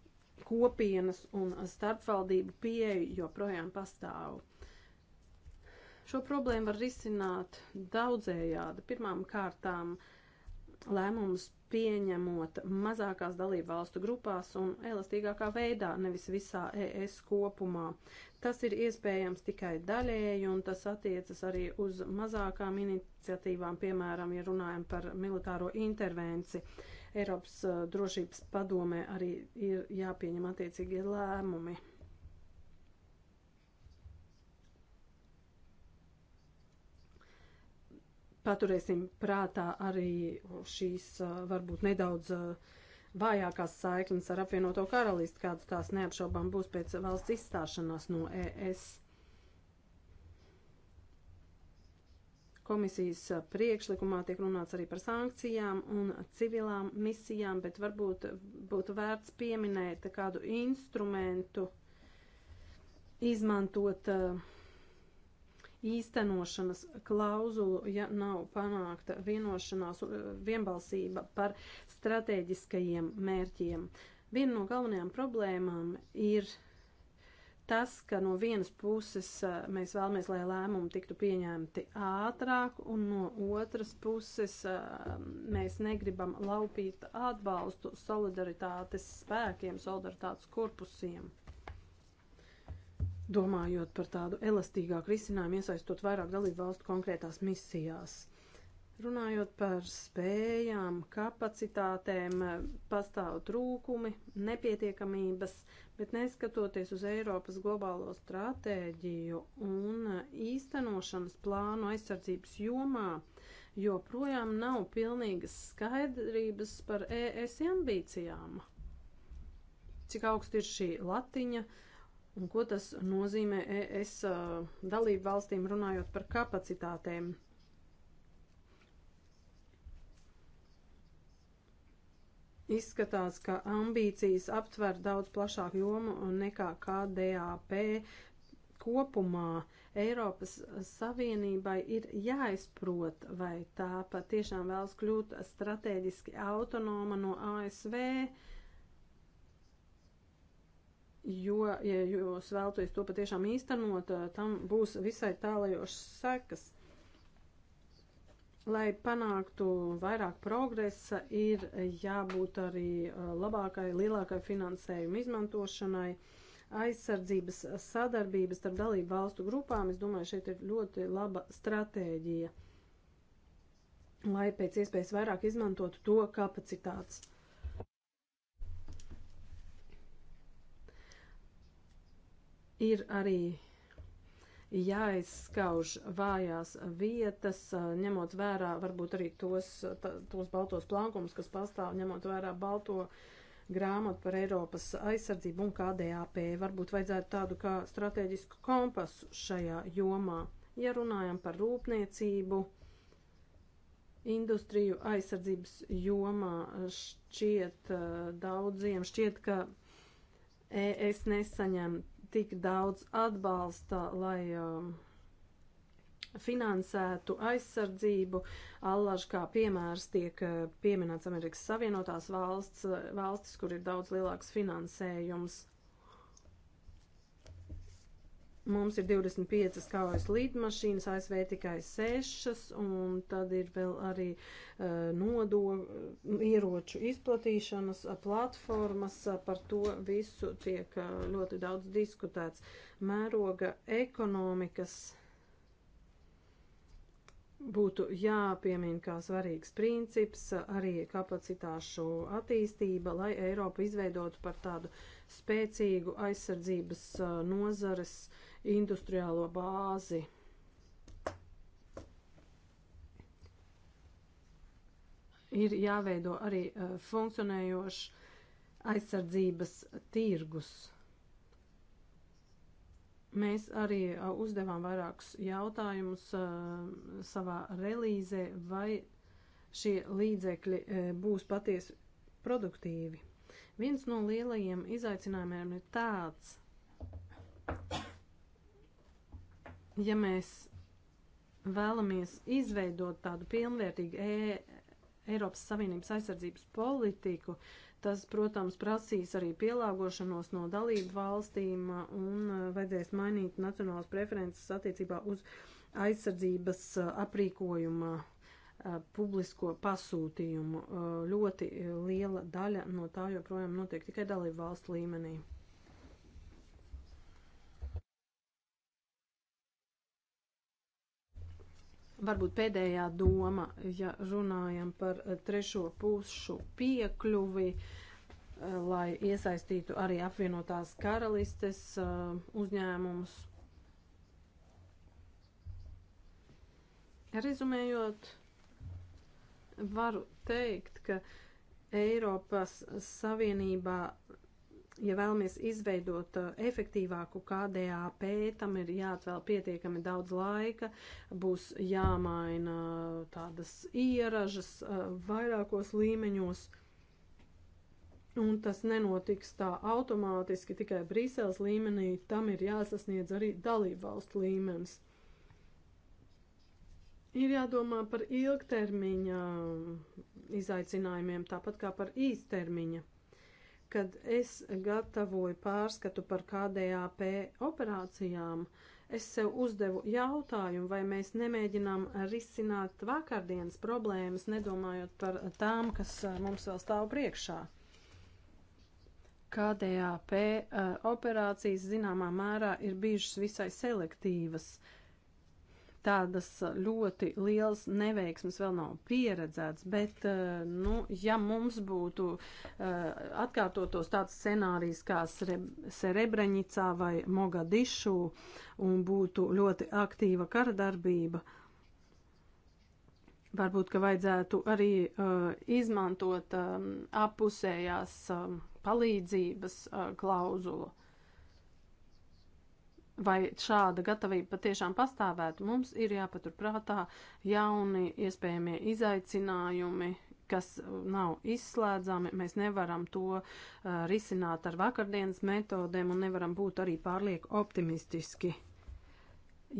kopienas un starpvaldību pieeju joprojām pastāv. Šo problēmu var risināt daudzējādi. Pirmām kārtām lēmumus pieņemot mazākās dalību valstu grupās un elastīgākā veidā, nevis visā ES kopumā. Tas ir iespējams tikai daļēji, un tas attiecas arī uz mazākām iniciatīvām, piemēram, ja runājam par militāro intervenciju. Eiropas uh, drošības padomē arī ir jāpieņem attiecīgie lēmumi. Paturēsim prātā arī šīs uh, varbūt nedaudz uh, vājākās saiknes ar apvienoto karalisti, kādas tās neapšaubām būs pēc valsts izstāšanās no ES. Komisijas uh, priekšlikumā tiek runāts arī par sankcijām un civilām misijām, bet varbūt būtu vērts pieminēt kādu instrumentu, izmantot uh, īstenošanas klauzulu, ja nav panākta vienošanās, uh, vienbalsība par stratēģiskajiem mērķiem. Viena no galvenajām problēmām ir Tas, ka no vienas puses mēs vēlamies, lai lēmumi tiktu pieņemti ātrāk, un no otras puses mēs negribam laupīt atbalstu solidaritātes spēkiem, solidaritātes korpusiem. Domājot par tādu elastīgāku risinājumu, iesaistot vairāk dalību valstu konkrētās misijās. Runājot par spējām, kapacitātēm, eh, pastāv trūkumi, nepietiekamības, bet neskatoties uz Eiropas globālo stratēģiju un eh, īstenošanas plānu aizsardzības jomā, joprojām nav pilnīgas skaidrības par ES ambīcijām. Cik augsta ir šī latiņa un ko tas nozīmē ES eh, dalību valstīm runājot par kapacitātēm? Izskatās, ka ambīcijas aptver daudz plašāku jomu nekā KDAP kopumā. Eiropas Savienībai ir jāizprot, vai tā patiešām vēlas kļūt strateģiski autonoma no ASV, jo, ja jūs vēlaties to patiešām īstenot, tam būs visai tālajošas sekas lai panāktu vairāk progresa, ir jābūt arī uh, labākai, lielākai finansējuma izmantošanai, aizsardzības sadarbības starp dalību valstu grupām. Es domāju, šeit ir ļoti laba stratēģija, lai pēc iespējas vairāk izmantotu to kapacitātes. Ir arī jāizskauž vājās vietas, ņemot vērā varbūt arī tos, tos baltos plankumus, kas pastāv, ņemot vērā balto grāmatu par Eiropas aizsardzību un KDAP. Varbūt vajadzētu tādu kā strateģisku kompasu šajā jomā. Ja runājam par rūpniecību, industriju aizsardzības jomā, šķiet daudziem, šķiet, ka es nesaņem tik daudz atbalsta, lai. Um, finansētu aizsardzību. Allaž kā piemērs tiek uh, pieminēts Amerikas Savienotās valsts, valstis, kur ir daudz lielāks finansējums. Mums ir 25 kaujas līdmašīnas, ASV tikai 6, un tad ir vēl arī uh, nodo, eh, ieroču izplatīšanas eh, platformas. Par to visu tiek uh, ļoti daudz diskutēts. Mēroga ekonomikas būtu jāpiemina kā svarīgs princips arī kapacitāšu attīstība, lai Eiropa izveidotu par tādu spēcīgu aizsardzības nozares uh, industriālo bāzi. Ir jāveido arī uh, funkcionējošs aizsardzības tirgus. Mēs arī uh, uzdevām vairākus jautājumus uh, savā relīzē, vai šie līdzekļi uh, būs patiesi produktīvi. Viens no lielajiem izaicinājumiem ir tāds, ja mēs vēlamies izveidot tādu pilnvērtīgu e Eiropas Savienības aizsardzības politiku, tas, protams, prasīs arī pielāgošanos no dalību valstīm un e, vajadzēs mainīt nacionālas preferences attiecībā uz aizsardzības e, aprīkojuma e, publisko pasūtījumu. Ļoti liela daļa no tā joprojām notiek tikai dalību valstu līmenī. Varbūt pēdējā doma, ja runājam par eh, trešo pušu piekļuvi, eh, lai iesaistītu arī apvienotās karalistes eh, uzņēmumus. Rezumējot, varu teikt, ka Eiropas Savienībā ja vēlamies izveidot uh, efektīvāku KDAP, tam ir jāatvēl pietiekami daudz laika, būs jāmaina tādas ieražas uh, vairākos līmeņos. Un tas nenotiks tā automātiski tikai Brīseles līmenī, tam ir jāsasniedz arī dalību valstu līmenis. Ir jādomā par ilgtermiņa um, izaicinājumiem, tāpat kā par īstermiņa Kad es gatavoju pārskatu par KDAP operācijām, es sev uzdevu jautājumu, vai mēs nemēģinām risināt vakardienas problēmas, nedomājot par tām, kas eh, mums vēl stāv priekšā. KDAP eh, operācijas zināmā mērā ir bijušas visai selektīvas. Uh, tādas ļoti liels neveiksmes vēl nav pieredzēts, bet, eh, nu, ja mums būtu eh, atkārtotos tāds scenārijs kā Serebreņicā vai Mogadišu un būtu ļoti aktīva karadarbība, varbūt, ka vajadzētu arī eh, izmantot apusējās palīdzības klauzulu. Vai šāda gatavība patiešām pastāvētu? Mums ir jāpaturprātā jauni iespējamie izaicinājumi, kas nav izslēdzami. Mēs nevaram to uh, risināt ar vakardienas metodēm un nevaram būt arī pārlieku optimistiski.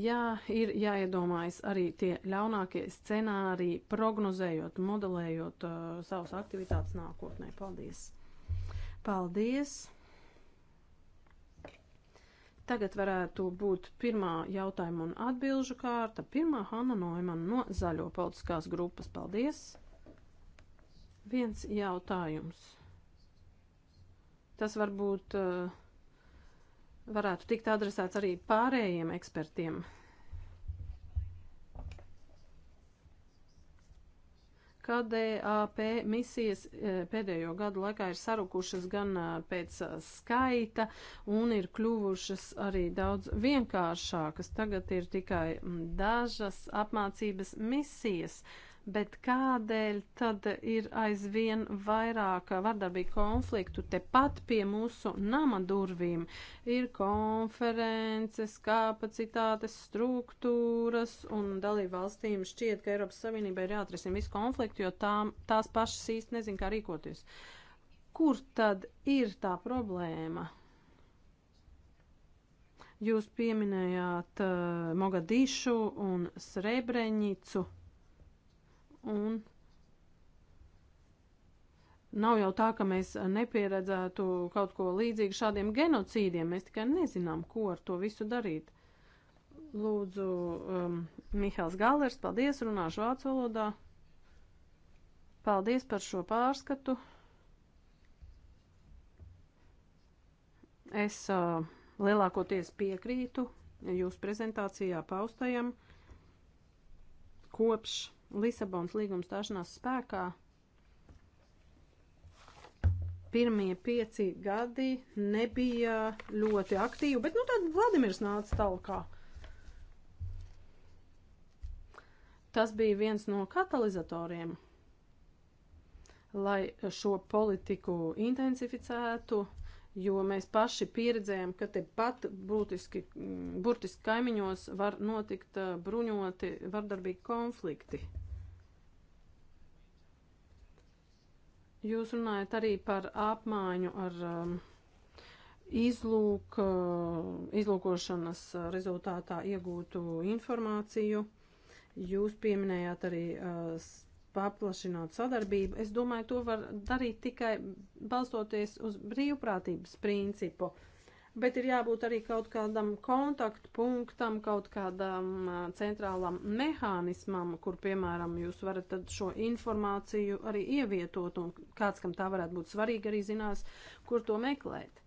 Jā, ir jāiedomājas arī tie ļaunākie scenāriji, prognozējot, modelējot uh, savas aktivitātes nākotnē. Paldies! Paldies! Tagad varētu būt pirmā jautājuma un atbilžu kārta. Pirmā Hanna Noimana no Zaļo politiskās grupas. Paldies! Viens jautājums. Tas varbūt eh, varētu tikt adresēts arī pārējiem ekspertiem. ka DAP misijas eh, pēdējo gadu laikā ir sarukušas gan eh, pēc eh, skaita un ir kļuvušas arī daudz vienkāršākas. Tagad ir tikai mm, dažas apmācības misijas. Uh, bet kādēļ tad ir aizvien vairāk vardarbīgu konfliktu tepat pie mūsu nama durvīm? Ir konferences, kapacitātes, struktūras, un dalību valstīm šķiet, ka Eiropas Savienībai ir jāatrisina visu konfliktu, jo tām, tās pašas īsti nezin, kā rīkoties. Kur tad ir tā problēma? Jūs pieminējāt uh, eh, Mogadišu un Srebrenicu. Uh, Un nav jau tā, ka mēs nepieredzētu kaut ko līdzīgu šādiem genocīdiem. Mēs tikai nezinām, ko ar to visu darīt. Lūdzu, um, Mihāls Gallers, paldies, runāšu vācu valodā. Paldies par šo pārskatu. Es uh, lielākoties piekrītu jūsu prezentācijā paustajam kopš Lisabonas līguma stāšanās spēkā pirmie pieci gadi nebija ļoti aktīvi, bet nu tad Vladimirs nāca talkā. Tas bija viens no katalizatoriem, lai šo politiku intensificētu, jo mēs paši pieredzējām, ka te pat būtiski, burtiski kaimiņos var notikt uh, bruņoti vardarbīgi konflikti. Jūs runājat arī par apmaiņu ar um, izlūk, uh, izlūkošanas rezultātā iegūtu informāciju. Jūs pieminējāt arī uh, paplašināt sadarbību. Es domāju, to var darīt tikai balstoties uz brīvprātības principu. Uh, bet ir jābūt arī kaut kādam kontaktpunktam, kaut kādam centrālam mehānismam, kur, piemēram, jūs varat tad šo informāciju arī ievietot un kāds, kam tā varētu būt svarīga, arī zinās, kur to meklēt.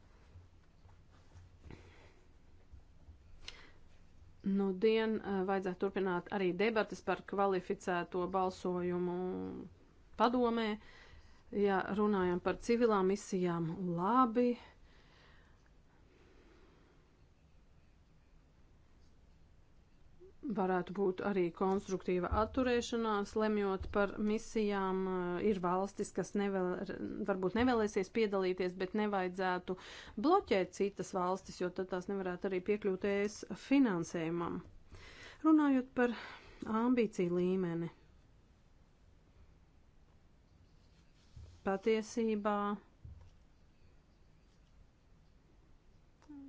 Nu, dien vajadzētu turpināt arī debatas par kvalificēto balsojumu padomē. Ja runājam par civilām misijām, labi. Uh, varētu būt arī konstruktīva atturēšanās, lemjot par misijām. Ir valstis, kas nevēl, varbūt nevēlēsies piedalīties, bet nevajadzētu bloķēt citas valstis, jo tad tās nevarētu arī piekļūt ES finansējumam. Runājot par ambīciju līmeni. Patiesībā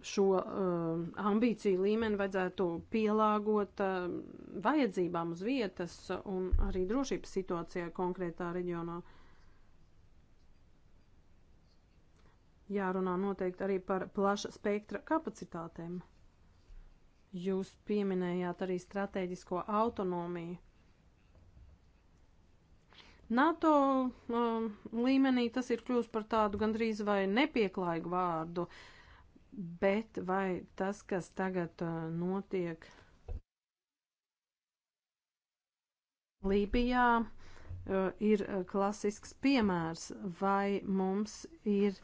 šo um, ambīciju līmeni vajadzētu pielāgot uh, vajadzībām uz vietas un arī drošības situācijā konkrētā reģionā. Jārunā noteikti arī par plaša spektra kapacitātēm. Jūs pieminējāt arī strateģisko autonomiju. NATO um, līmenī tas ir kļūst par tādu gandrīz vai nepieklājīgu vārdu. Uh, Bet vai tas, kas tagad uh, notiek Lībijā, uh, ir uh, klasisks piemērs, vai mums ir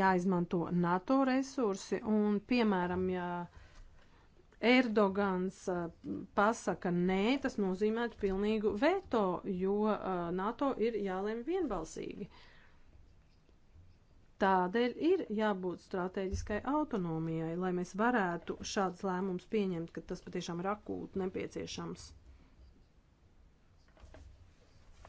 jāizmanto NATO resursi un, piemēram, ja Erdogans pasaka nē, tas nozīmētu pilnīgu veto, jo NATO ir jālem vienbalsīgi. Uh, Tādēļ ir jābūt strateģiskai autonomijai, lai mēs varētu šāds lēmums pieņemt, ka tas patiešām ir akūti nepieciešams.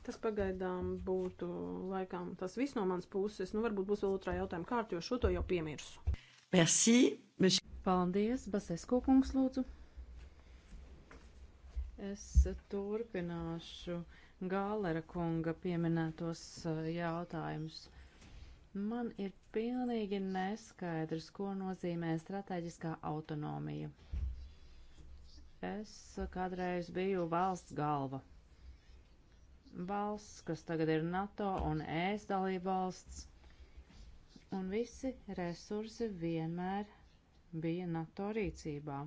Tas pagaidām būtu laikam tas viss no manas puses. Nu, varbūt būs vēl otrā jautājuma kārta, jo šo to jau piemirsu. Merci, monsieur. Paldies, Basesko kungs, lūdzu. Es turpināšu Gālera kunga pieminētos eh, jautājumus. Man ir pilnīgi neskaidrs, ko nozīmē strateģiskā autonomija. Es kādreiz biju valsts galva. Valsts, kas tagad ir NATO un ES dalība valsts, un visi resursi vienmēr bija NATO rīcībā.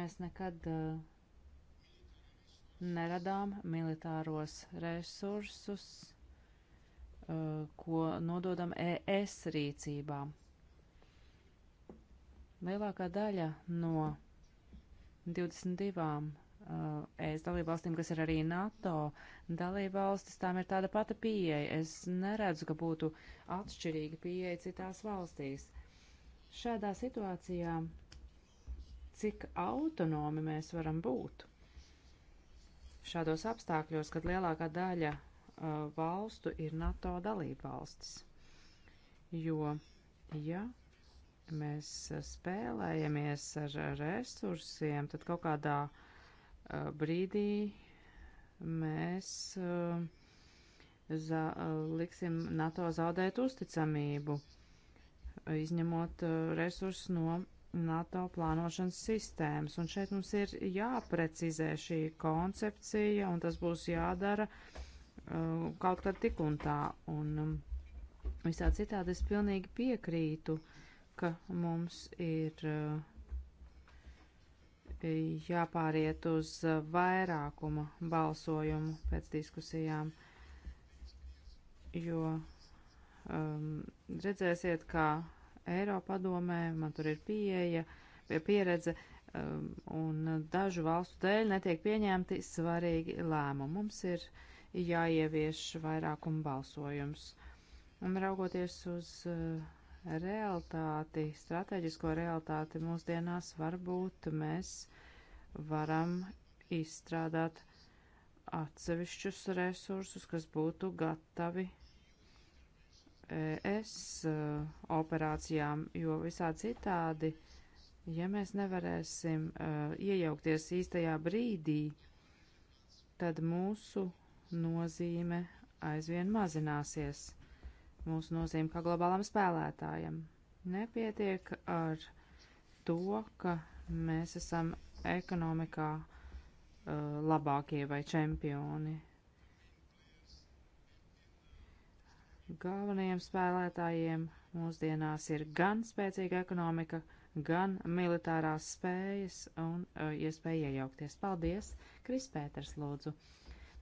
Mēs nekad uh, neradām militāros resursus Eh, ko nododam ES rīcībā. Lielākā daļa no 22 ES eh, e dalībvalstīm, kas ir arī NATO dalībvalstis, tām ir tāda pata pieeja. Es neredzu, ka būtu atšķirīga pieeja citās valstīs. Šādā situācijā, cik autonomi mēs varam būt? Šādos apstākļos, kad lielākā daļa valstu ir NATO dalībvalstis. Jo, ja mēs spēlējamies ar resursiem, tad kaut kādā brīdī mēs liksim NATO zaudēt uzticamību, izņemot resursus no NATO plānošanas sistēmas. Un šeit mums ir jāprecizē šī koncepcija, un tas būs jādara uh, Uh, kaut kad tik un tā. Un um, visā citādi es pilnīgi piekrītu, ka mums ir uh, jāpāriet uz uh, vairākuma balsojumu pēc diskusijām, jo um, redzēsiet, kā Eiropadomē man tur ir pieeja, pieredze, um, un dažu valstu dēļ netiek pieņemti svarīgi lēmumi. Mums ir uh, jāievieš vairākuma balsojums. Un raugoties uz eh, realitāti, strateģisko realitāti mūsdienās, varbūt mēs varam izstrādāt atsevišķus resursus, kas būtu gatavi eh, es eh, operācijām, jo visā citādi, ja mēs nevarēsim iejaukties īstajā brīdī, tad mūsu nozīme aizvien mazināsies. Mūsu nozīme kā globālam spēlētājam. Nepietiek ar to, ka mēs esam ekonomikā uh, labākie vai čempioni. Galvenajiem spēlētājiem mūsdienās ir gan spēcīga ekonomika, gan militārās spējas un uh, iespēja iejaukties. Paldies, Kris Pēters, lūdzu!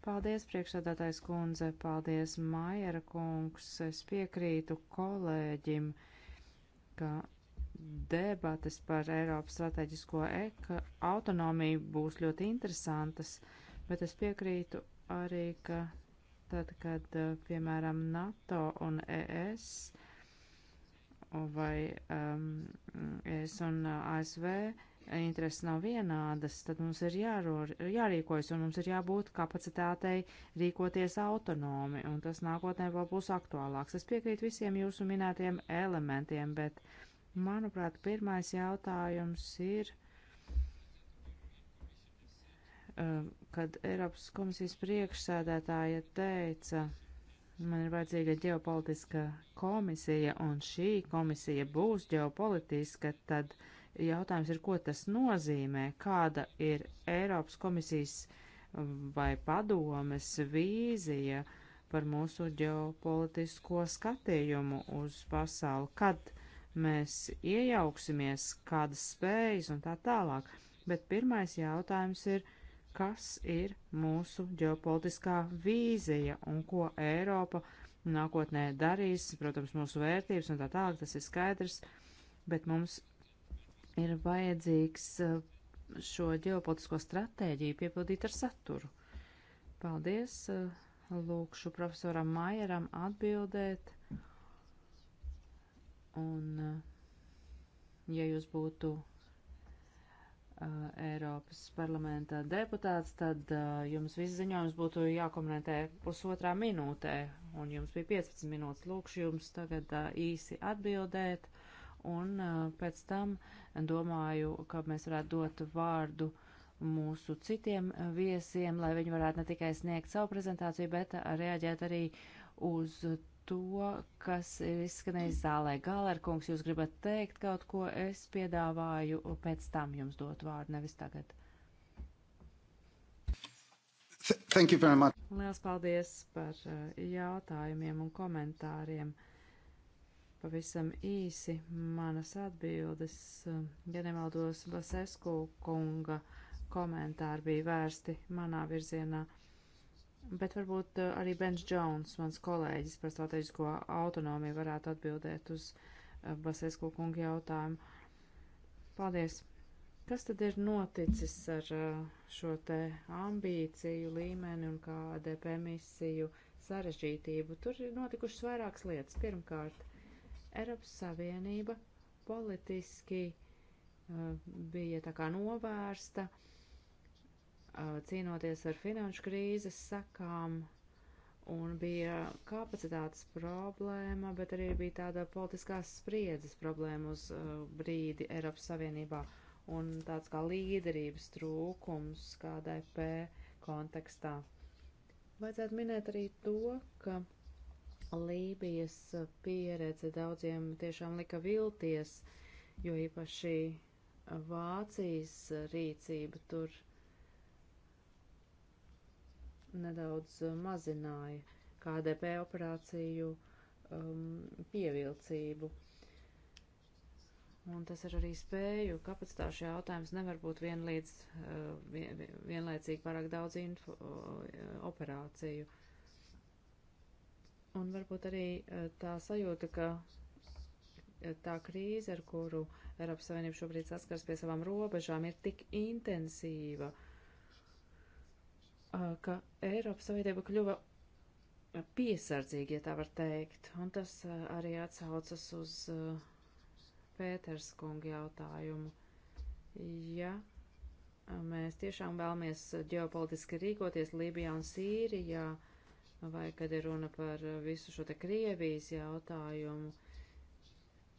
Paldies, priekšsēdētājs kundze, paldies, Maiera kungs. Es piekrītu kolēģim, ka debates par Eiropas strateģisko eka autonomiju būs ļoti interesantas, bet es piekrītu arī, ka tad, kad, piemēram, NATO un ES vai um, ES un ASV intereses nav vienādas, tad mums ir jāror, jārīkojas un mums ir jābūt kapacitātei rīkoties autonomi, un tas nākotnē vēl būs aktuālāks. Es piekrītu visiem jūsu minētiem elementiem, bet, manuprāt, pirmais jautājums ir, um, kad Eiropas komisijas priekšsēdētāja teica, man ir vajadzīga ģeopolitiska komisija, un šī komisija būs ģeopolitiska, tad uh, Jautājums ir, ko tas nozīmē, kāda ir Eiropas komisijas um, vai padomes vīzija par mūsu ģeopolitisko skatījumu uz pasauli, kad mēs iejauksimies, kādas spējas un tā tālāk. Bet pirmais jautājums ir, kas ir mūsu ģeopolitiskā vīzija un ko Eiropa nākotnē darīs, protams, mūsu vērtības un tā tālāk, tas ir skaidrs, bet mums ir vajadzīgs eh, šo ģeopolitisko stratēģiju piepildīt ar saturu. Paldies! Eh, lūkšu profesoram Maieram atbildēt. Un, eh, ja jūs būtu Eiropas parlamenta deputāts, tad uh, jums viss ziņojums būtu jākomentē pusotrā minūtē, un jums bija 15 minūtes. Lūkšu jums tagad uh, īsi atbildēt un eh, pēc tam domāju, ka mēs varētu dot vārdu mūsu citiem eh, viesiem, lai viņi varētu ne tikai sniegt savu prezentāciju, bet eh, reaģēt arī uz to, kas ir izskanējis zālē. Gālērkungs, jūs gribat teikt kaut ko, es piedāvāju pēc tam jums dot vārdu, nevis tagad. Thank you very much. Liels paldies par jautājumiem un komentāriem. Uh, pavisam īsi manas atbildes. Ja nemaldos, Basesku kunga komentāri bija vērsti manā virzienā, bet varbūt eh, arī Bens Jones, mans kolēģis par strateģisko autonomiju, varētu atbildēt uz eh, Basesku kunga jautājumu. Paldies! Kas tad ir noticis ar eh, šo te ambīciju līmeni un KDP misiju sarežģītību? Tur ir notikušas vairākas lietas. Pirmkārt, Eiropas Savienība politiski uh, bija tā kā novērsta, uh, cīnoties ar finanšu krīzes sakām, un bija kapacitātes problēma, bet arī bija tāda politiskās spriedzes problēma uz uh, brīdi Eiropas Savienībā, un tāds kā līderības trūkums kādai P kontekstā. Vajadzētu minēt arī to, ka Lībijas pieredze daudziem tiešām lika vilties, jo īpaši Vācijas rīcība tur nedaudz mazināja KDP operāciju um, pievilcību. Un tas ir arī spēju kapacitāšu jautājums. Nevar būt vienlīdz, uh, vienlaicīgi pārāk daudz info, uh, operāciju. Un varbūt arī e, tā sajūta, ka e, tā krīze, ar kuru Eiropas Savienība šobrīd saskars pie savām robežām, ir tik intensīva, e, ka Eiropas Savienība kļuva piesardzīgi, ja tā var teikt. Un tas arī atsaucas uz Pēters kunga jautājumu. Ja mēs tiešām vēlamies ģeopolitiski rīkoties Lībijā un Sīrijā, ja vai kad ir runa par eh, visu šo te Krievijas jautājumu,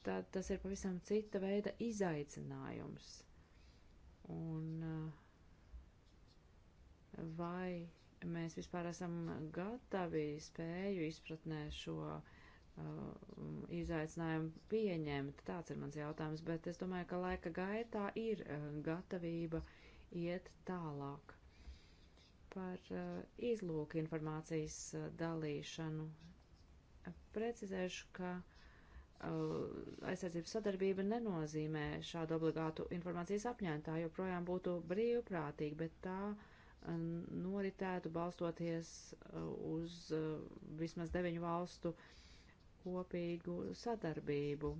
tad tas ir pavisam cita veida izaicinājums. Un eh, vai mēs vispār esam gatavi spēju izpratnē šo uh, izaicinājumu pieņemt, tāds ir mans jautājums, bet es domāju, ka laika gaitā ir uh, gatavība iet tālāk par eh, izlūku informācijas eh, dalīšanu. Precizēšu, ka eh, aizsardzības sadarbība nenozīmē šādu obligātu informācijas apņēmu. Tā joprojām būtu brīvprātīga, bet tā noritētu balstoties uz vismaz deviņu valstu kopīgu sadarbību.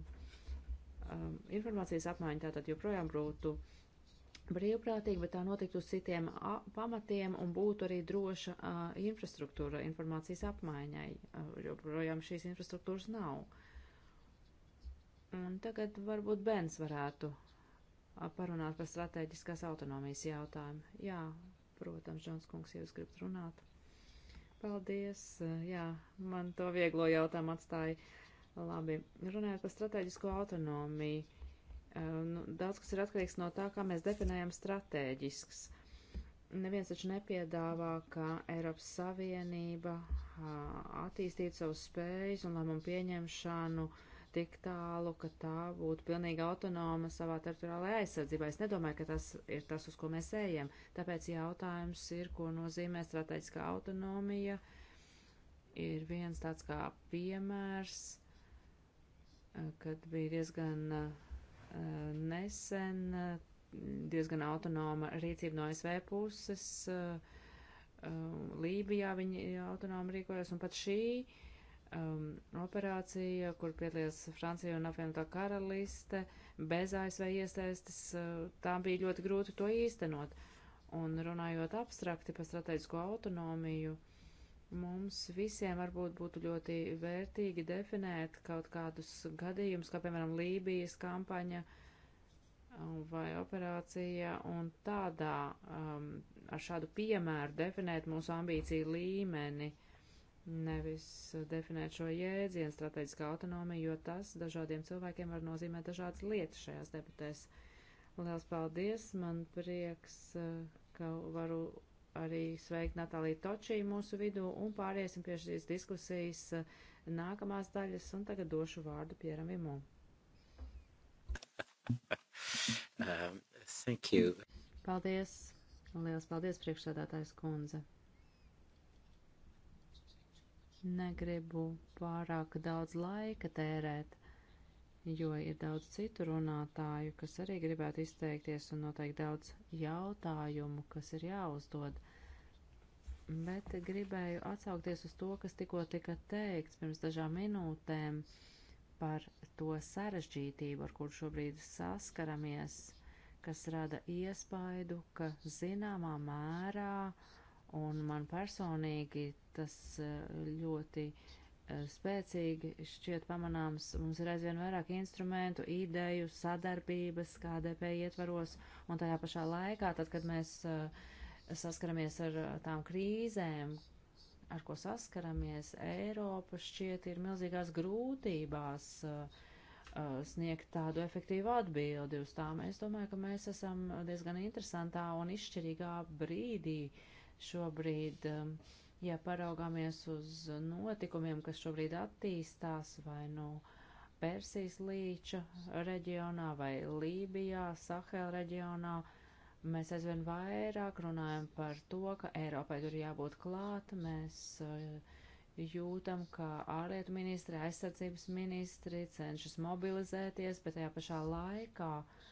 Informācijas apmaiņa tātad joprojām būtu brīvprātīgi, bet tā notiktu uz citiem pamatiem un būtu arī droša a, infrastruktūra informācijas apmaiņai, jo projām šīs infrastruktūras nav. Un tagad varbūt Bens varētu a, parunāt par strateģiskās autonomijas jautājumu. Jā, protams, Džons Kungs, ja jūs gribat runāt. Paldies, jā, man to vieglo jautājumu atstāja. Labi, runājot par strateģisko autonomiju Ehm, nu, daudz kas ir atkarīgs no tā, kā mēs definējam stratēģisks. Neviens taču nepiedāvā, ka Eiropas Savienība attīstītu savus spējas un lēmumu pieņemšanu uh, tik tālu, ka tā būtu pilnīgi autonoma savā teritoriālajā aizsardzībā. Es nedomāju, ka tas ir tas, uz ko mēs ejam. Tāpēc jautājums ir, ko nozīmē strateģiskā autonomija. Ir viens tāds kā piemērs, kad bija diezgan nesen diezgan autonoma rīcība no ASV puses. Lībijā viņi autonomi rīkojas, un pat šī um, operācija, kur piedalījās Francija un apvienotā karaliste, bez ASV iesaistes, tā bija ļoti grūti to īstenot. Un runājot abstrakti par strateģisko autonomiju, uh, Mums visiem varbūt būtu ļoti vērtīgi definēt kaut kādus gadījumus, kā piemēram Lībijas kampaņa um, vai operācija, un tādā, um, ar šādu piemēru definēt mūsu ambīciju līmeni, nevis definēt šo jēdzienu strateģiskā autonomija, jo tas dažādiem cilvēkiem var nozīmēt dažādas lietas šajās debatēs. Liels paldies, man prieks, uh, ka varu arī sveikt Natāliju Točiju mūsu vidū un pāriesim pie šīs diskusijas eh, nākamās daļas un tagad došu vārdu Pieram Imu. um, thank you. Paldies. Liels paldies, priekšsādātājs kundze. Negribu pārāk daudz laika tērēt jo ir daudz citu runātāju, kas arī gribētu izteikties un noteikti daudz jautājumu, kas ir jāuzdod. Bet gribēju atsaukties uz to, kas tikko tika teikts pirms dažām minūtēm par to sarežģītību, ar kuru šobrīd saskaramies, kas rada iespaidu, ka zināmā mērā, un man personīgi tas eh, ļoti uh, spēcīgi šķiet pamanāms. Mums ir aizvien vairāk instrumentu, ideju, sadarbības KDP ietvaros, un tajā pašā laikā, tad, kad mēs eh, saskaramies ar eh, tām krīzēm, ar ko saskaramies, Eiropa šķiet ir milzīgās grūtībās eh, sniegt tādu efektīvu atbildi uz tām. Es domāju, ka mēs esam diezgan interesantā un izšķirīgā brīdī šobrīd. Uh, Ja paraugāmies uz notikumiem, kas šobrīd attīstās vai nu no Persijas līča reģionā vai Lībijā, Sahel reģionā, mēs aizvien vairāk runājam par to, ka Eiropai tur jābūt klāt. Mēs eh, jūtam, ka ārlietu ministri, aizsardzības ministri cenšas mobilizēties, bet tajā pašā laikā uh,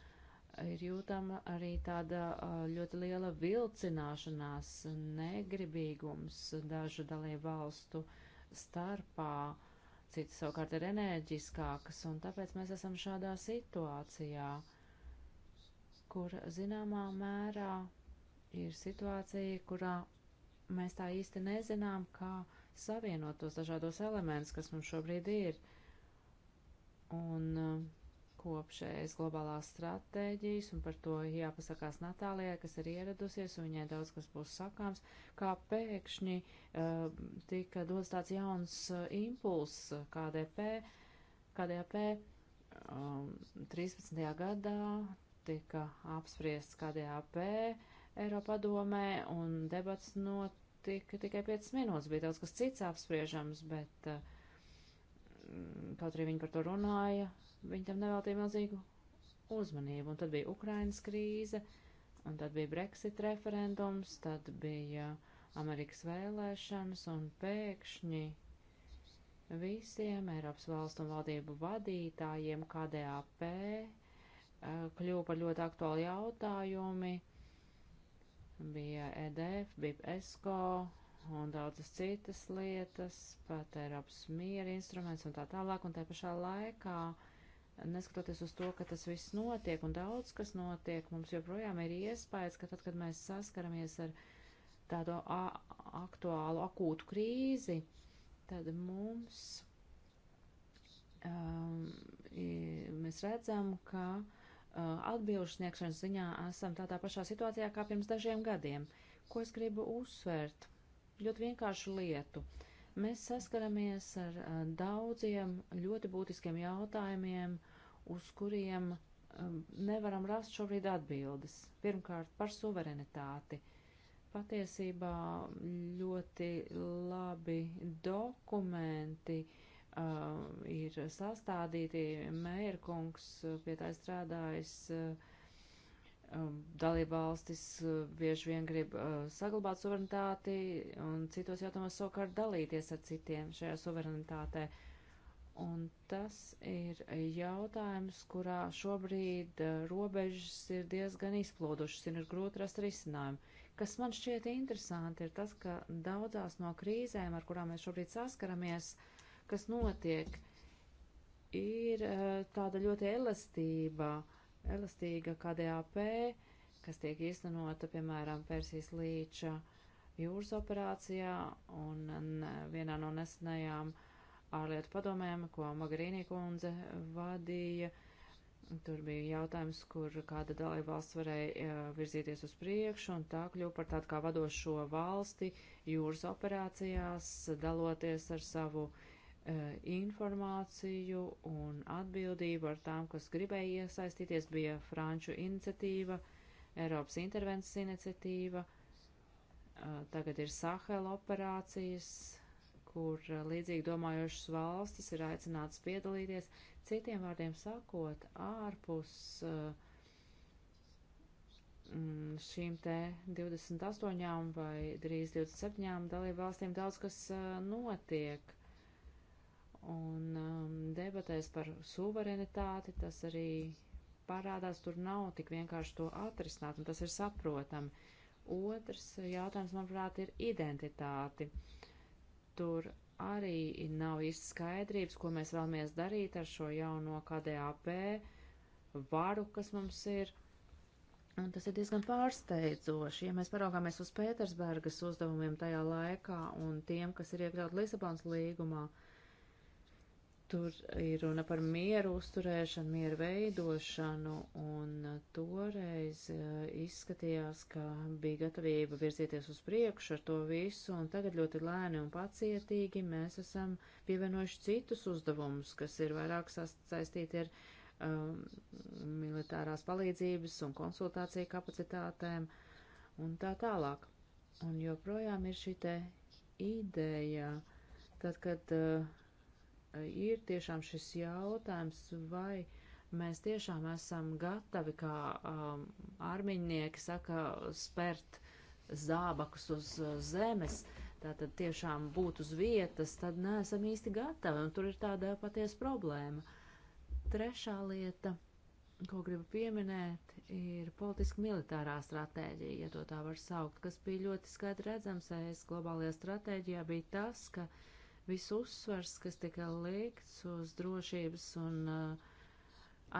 ir jūtama arī tāda ļoti liela vilcināšanās, negribīgums dažu dalību valstu starpā. Citas savukārt ir enerģiskākas, un tāpēc mēs esam šādā situācijā, kur zināmā mērā ir situācija, kurā mēs tā īsti nezinām, kā savienot tos dažādos elementus, kas mums šobrīd ir. Un uh, kopšējas globālās stratēģijas, un par to jāpasakās Natālijai, kas ir ieradusies, un viņai daudz kas būs sakāms, kā pēkšņi uh, tika dos tāds jauns uh, impuls KDP, KDP um, 13. gadā tika apspriests KDAP Eiropadomē, un debats notika tikai 5 minūtes, bija daudz kas cits apspriežams, bet uh, kaut arī viņi par to runāja, Viņi tam nevēltīja milzīgu uzmanību. Un tad bija Ukrainas krīze, un tad bija Brexit referendums, tad bija Amerikas vēlēšanas, un pēkšņi visiem Eiropas valstu un valdību vadītājiem KDAP eh, kļuva par ļoti aktuāli jautājumi. Bija EDF, bija ESCO un daudzas citas lietas, pat Eiropas miera instruments un tā tālāk, un te pašā laikā uh, neskatoties uz to, ka tas viss notiek un daudz kas notiek, mums joprojām ir iespējas, ka tad, kad mēs saskaramies ar tādu aktuālu, akūtu krīzi, tad mums, um, mēs redzam, ka uh, atbilžu sniegšanas ziņā esam tādā pašā situācijā kā pirms dažiem gadiem. Ko es gribu uzsvērt? Ļoti vienkāršu lietu. Uh, Mēs saskaramies ar daudziem ļoti būtiskiem jautājumiem, uz kuriem nevaram rast šobrīd atbildes. Pirmkārt, par suverenitāti. Patiesībā ļoti labi dokumenti uh, ir sastādīti. Mērkungs pie tā strādājis. Uh, Um, dalībvalstis uh, bieži vien grib uh, saglabāt suverenitāti un citos jautājumos savukārt dalīties ar citiem šajā suverenitātē. Un tas ir jautājums, kurā šobrīd uh, robežas ir diezgan izplodušas un ir grūti rast risinājumu. Kas man šķiet interesanti, ir tas, ka daudzās no krīzēm, ar kurām mēs šobrīd saskaramies, kas notiek, ir uh, tāda ļoti elastība uh, elastīga KDAP, kas tiek īstenota, piemēram, Persijas līča jūras operācijā un vienā no nesenajām ārlietu padomēm, ko Magarīnī kundze vadīja. Tur bija jautājums, kur kāda dalība valsts varēja e, virzīties uz priekšu, un tā kļuva par tādu kā vadošo valsti jūras operācijās, daloties ar savu uh, E, informāciju un atbildību ar tām, kas gribēja iesaistīties, bija Franču iniciatīva, Eiropas intervences iniciatīva, e, tagad ir Sahela operācijas, kur e, līdzīgi domājošas valstis ir aicināts piedalīties, citiem vārdiem sakot, ārpus mm, šīm te 28 vai drīz 27 dalību valstīm daudz kas notiek Un um, debatēs par suverenitāti tas arī parādās, tur nav tik vienkārši to atrisināt, un tas ir saprotami. Otrs jautājums, manuprāt, ir identitāti. Tur arī nav īsti skaidrības, ko mēs vēlamies darīt ar šo jauno KDAP varu, kas mums ir. Un tas ir diezgan pārsteidzoši, ja mēs paraugāmies uz Pētersbergas uzdevumiem tajā laikā un tiem, kas ir iekļaut Lisabonas līgumā. Uh, Tur ir runa par mieru uzturēšanu, mieru veidošanu, un toreiz eh, izskatījās, ka bija gatavība virzieties uz priekšu ar to visu, un tagad ļoti lēni un pacietīgi mēs esam pievienojuši citus uzdevumus, kas ir vairāk saistīti ar um, militārās palīdzības un konsultāciju kapacitātēm un tā tālāk. Un joprojām ir šī te ideja, tad, kad uh, ir tiešām šis jautājums, vai mēs tiešām esam gatavi, kā um, armiņnieki saka, spērt zābakus uz uh, zemes, tātad tiešām būt uz vietas, tad neesam īsti gatavi, un tur ir tāda patiesa problēma. Trešā lieta, ko gribu pieminēt, ir politiski militārā stratēģija, ja to tā var saukt, kas bija ļoti skaidri redzams, es globālajā stratēģijā bija tas, ka uh, Viss uzsvars, kas tika liekts uz drošības un uh,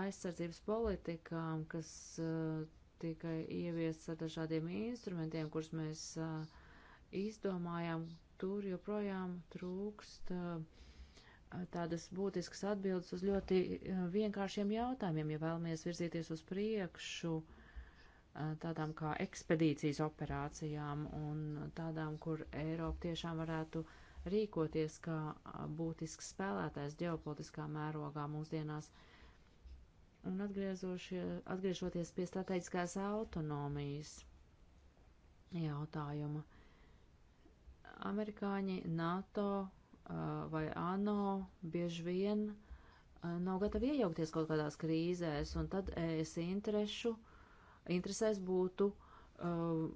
aizsardzības politikām, kas uh, tika ieviests ar dažādiem instrumentiem, kurus mēs uh, izdomājām, tur joprojām trūkst uh, tādas būtiskas atbildes uz ļoti uh, vienkāršiem jautājumiem, ja vēlamies virzīties uz priekšu uh, tādām kā ekspedīcijas operācijām un tādām, kur Eiropa tiešām varētu uh, rīkoties kā būtisks spēlētājs ģeopolitiskā mērogā mūsdienās. Un atgriežoties pie strateģiskās autonomijas jautājuma, amerikāņi, NATO vai ANO bieži vien nav gatavi iejaukties kaut kādās krīzēs, un tad es interešu, interesēs būtu uh, Uh,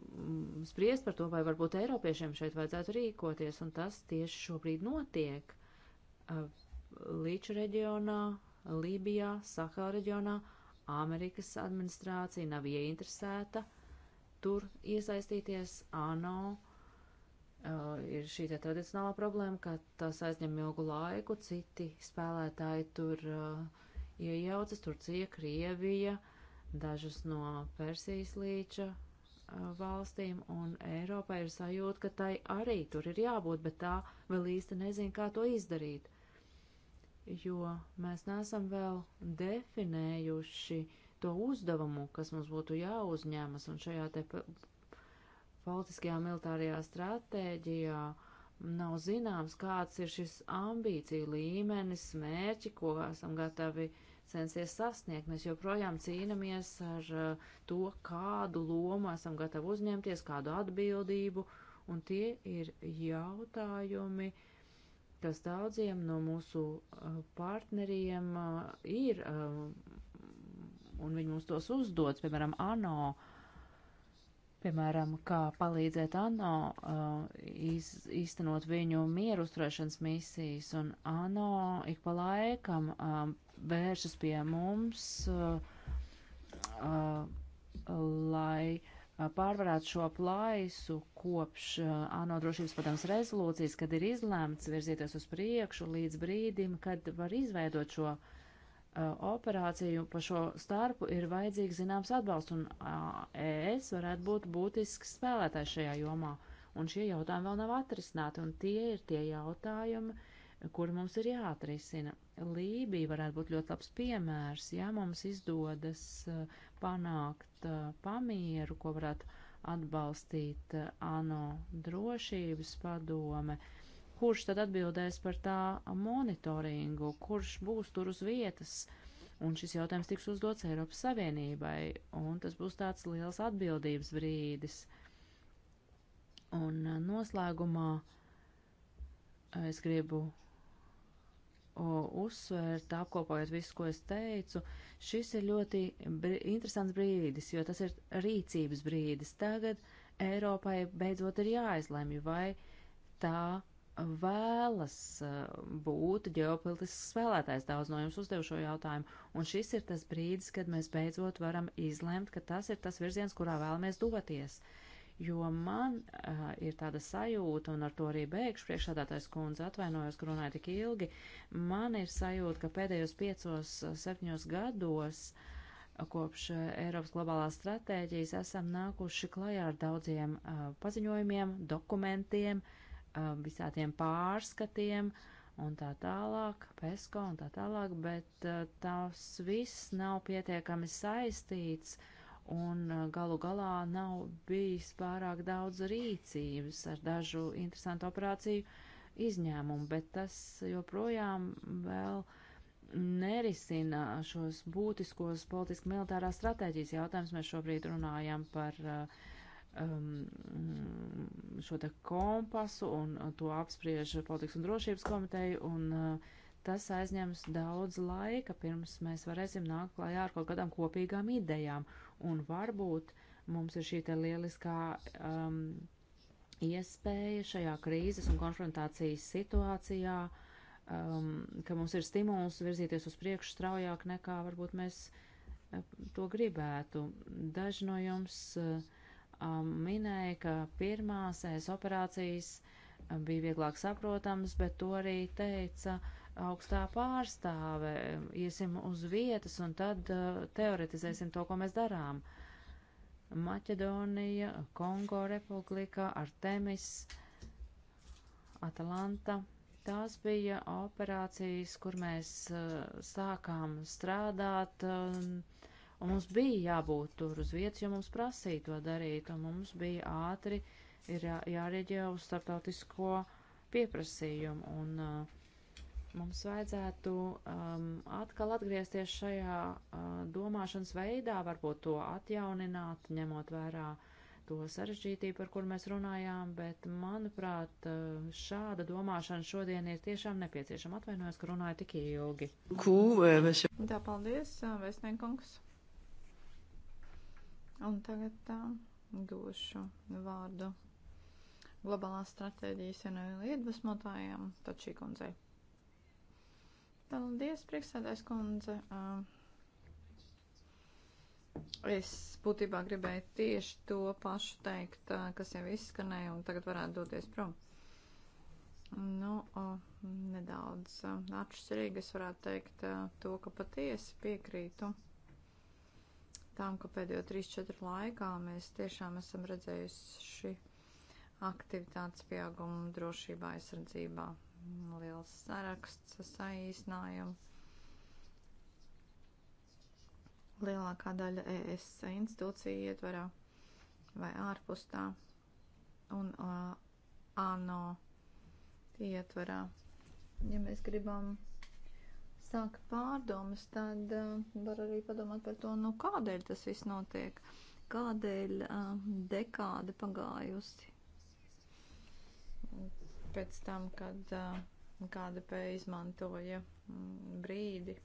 spriest par to, vai varbūt Eiropiešiem šeit vajadzētu rīkoties, un tas tieši šobrīd notiek uh, Līča reģionā, Lībijā, Sahara reģionā. Amerikas administrācija nav ieinteresēta tur iesaistīties. ANO uh, ir šī tā tradicionālā problēma, ka tas aizņem ilgu laiku, citi spēlētāji tur iejaucas, Turcija, Krievija, dažas no Persijas līča valstīm, un Eiropai ir sajūta, ka tai arī tur ir jābūt, bet tā vēl īsti nezin, kā to izdarīt, jo mēs neesam vēl definējuši to uzdevumu, kas mums būtu jāuzņemas, un šajā te politiskajā militārajā stratēģijā nav zināms, kāds ir šis ambīcija līmenis, mērķi, ko esam gatavi uh, censies sasniegt. Mēs joprojām cīnamies ar eh, to, kādu lomu esam gatavi uzņemties, kādu atbildību, un tie ir jautājumi, kas daudziem no mūsu eh, partneriem eh, ir, un viņi mums tos uzdodas, piemēram, ANO. Piemēram, kā palīdzēt ANO uh, iz, īstenot viņu mieru uzturēšanas misijas, un ANO ik pa laikam um, vēršas pie mums, uh, uh, lai uh, pārvarētu šo plaisu kopš ANO drošības padomas rezolūcijas, kad ir izlēmts virzīties uz priekšu līdz brīdim, kad var izveidot šo operāciju pa šo starpu ir vajadzīgs zināms atbalsts, un ES varētu būt būtisks spēlētājs šajā jomā. Un šie jautājumi vēl nav atrisināti, un tie ir tie jautājumi, kur mums ir jāatrisina. Lībija varētu būt ļoti labs piemērs, ja mums izdodas uh, panākt uh, pamieru, ko varētu atbalstīt uh, ANO drošības padome. Kurš tad atbildēs par tā monitoringu, kurš būs tur uz vietas? Un šis jautājums tiks uzdots Eiropas Savienībai, un tas būs tāds liels atbildības brīdis. Un noslēgumā es gribu uzsvērt, apkopojot visu, ko es teicu, šis ir ļoti br interesants brīdis, jo tas ir rīcības brīdis. Tagad Eiropai beidzot ir jāizlemj, vai tā vēlas e, būt ģeopolitisks spēlētājs. Daudz no jums uzdev šo jautājumu. Un šis ir tas brīdis, kad mēs beidzot varam izlemt, ka tas ir tas virziens, kurā vēlamies doties. Uh, jo man uh, ir tāda sajūta, un ar to arī beigšu priekšādātais kundze atvainojos, ka runāju tik ilgi, man ir sajūta, ka pēdējos piecos, eh, septņos gados eh, kopš Eiropas globālās stratēģijas esam nākuši klajā ar daudziem uh, paziņojumiem, dokumentiem, uh, visādiem pārskatiem un tā tālāk, PESCO un tā tālāk, bet uh, tas viss nav pietiekami saistīts uh, un uh, galu galā nav bijis pārāk daudz rīcības ar dažu interesantu operāciju izņēmumu, bet tas joprojām vēl nerisina šos būtiskos politiski-militārās stratēģijas jautājumus. Mēs šobrīd runājam par uh, um, šo te kompasu un to apspriež politikas un drošības komiteja, un uh, tas aizņems daudz laika, pirms mēs varēsim nākt klājā ar kaut kādām kopīgām idejām. Uh, Un varbūt mums ir šī te lieliskā um, iespēja šajā krīzes un konfrontācijas situācijā, um, ka mums ir stimuls virzīties uz priekšu straujāk nekā varbūt mēs uh, to gribētu. Daži no jums uh, um, minēja, ka pirmās ES operācijas uh, bija vieglāk saprotams, bet to arī teica uh, augstā pārstāve, iesim uz vietas un tad uh, teoretizēsim to, ko mēs darām. Maķedonija, Kongo republika, Artemis, Atalanta. Tās bija operācijas, kur mēs uh, sākām strādāt, um, un mums bija jābūt tur uz vietas, jo mums prasīja to darīt, un mums bija ātri ir jā, jārieģē uz starptautisko pieprasījumu. Un, uh, Mums vajadzētu um, atkal atgriezties šajā uh, domāšanas veidā, varbūt to atjaunināt, ņemot vērā to sarežģītību, par kur mēs runājām, bet, manuprāt, uh, šāda domāšana šodien ir tiešām nepieciešama. Atvainojos, ka runāju tik ilgi. Tā, e, paldies, e, vēstniekungs. Un tagad tā, e, došu vārdu globālās stratēģijas vienai iedvesmotājiem, Tačī kundzei. Paldies, priekšsēdājs kundze. Es būtībā gribēju tieši to pašu teikt, kas jau izskanēja un tagad varētu doties prom. Nu, o, nedaudz atšķirīgi es varētu teikt to, ka patiesi piekrītu tām, ka pēdējo 3-4 laikā mēs tiešām esam redzējuši aktivitātes pieaugumu drošībā, aizsardzībā liels saraksts, saīsinājumu. Lielākā daļa ES institūcija ietvarā vai ārpus tā un uh, ANO ietvarā. Ja mēs gribam sākt pārdomas, tad uh, var arī padomāt par to, nu kādēļ tas viss notiek, kādēļ uh, dekāde pagājusi pēc tam, kad kāda pēja izmantoja mm, brīdi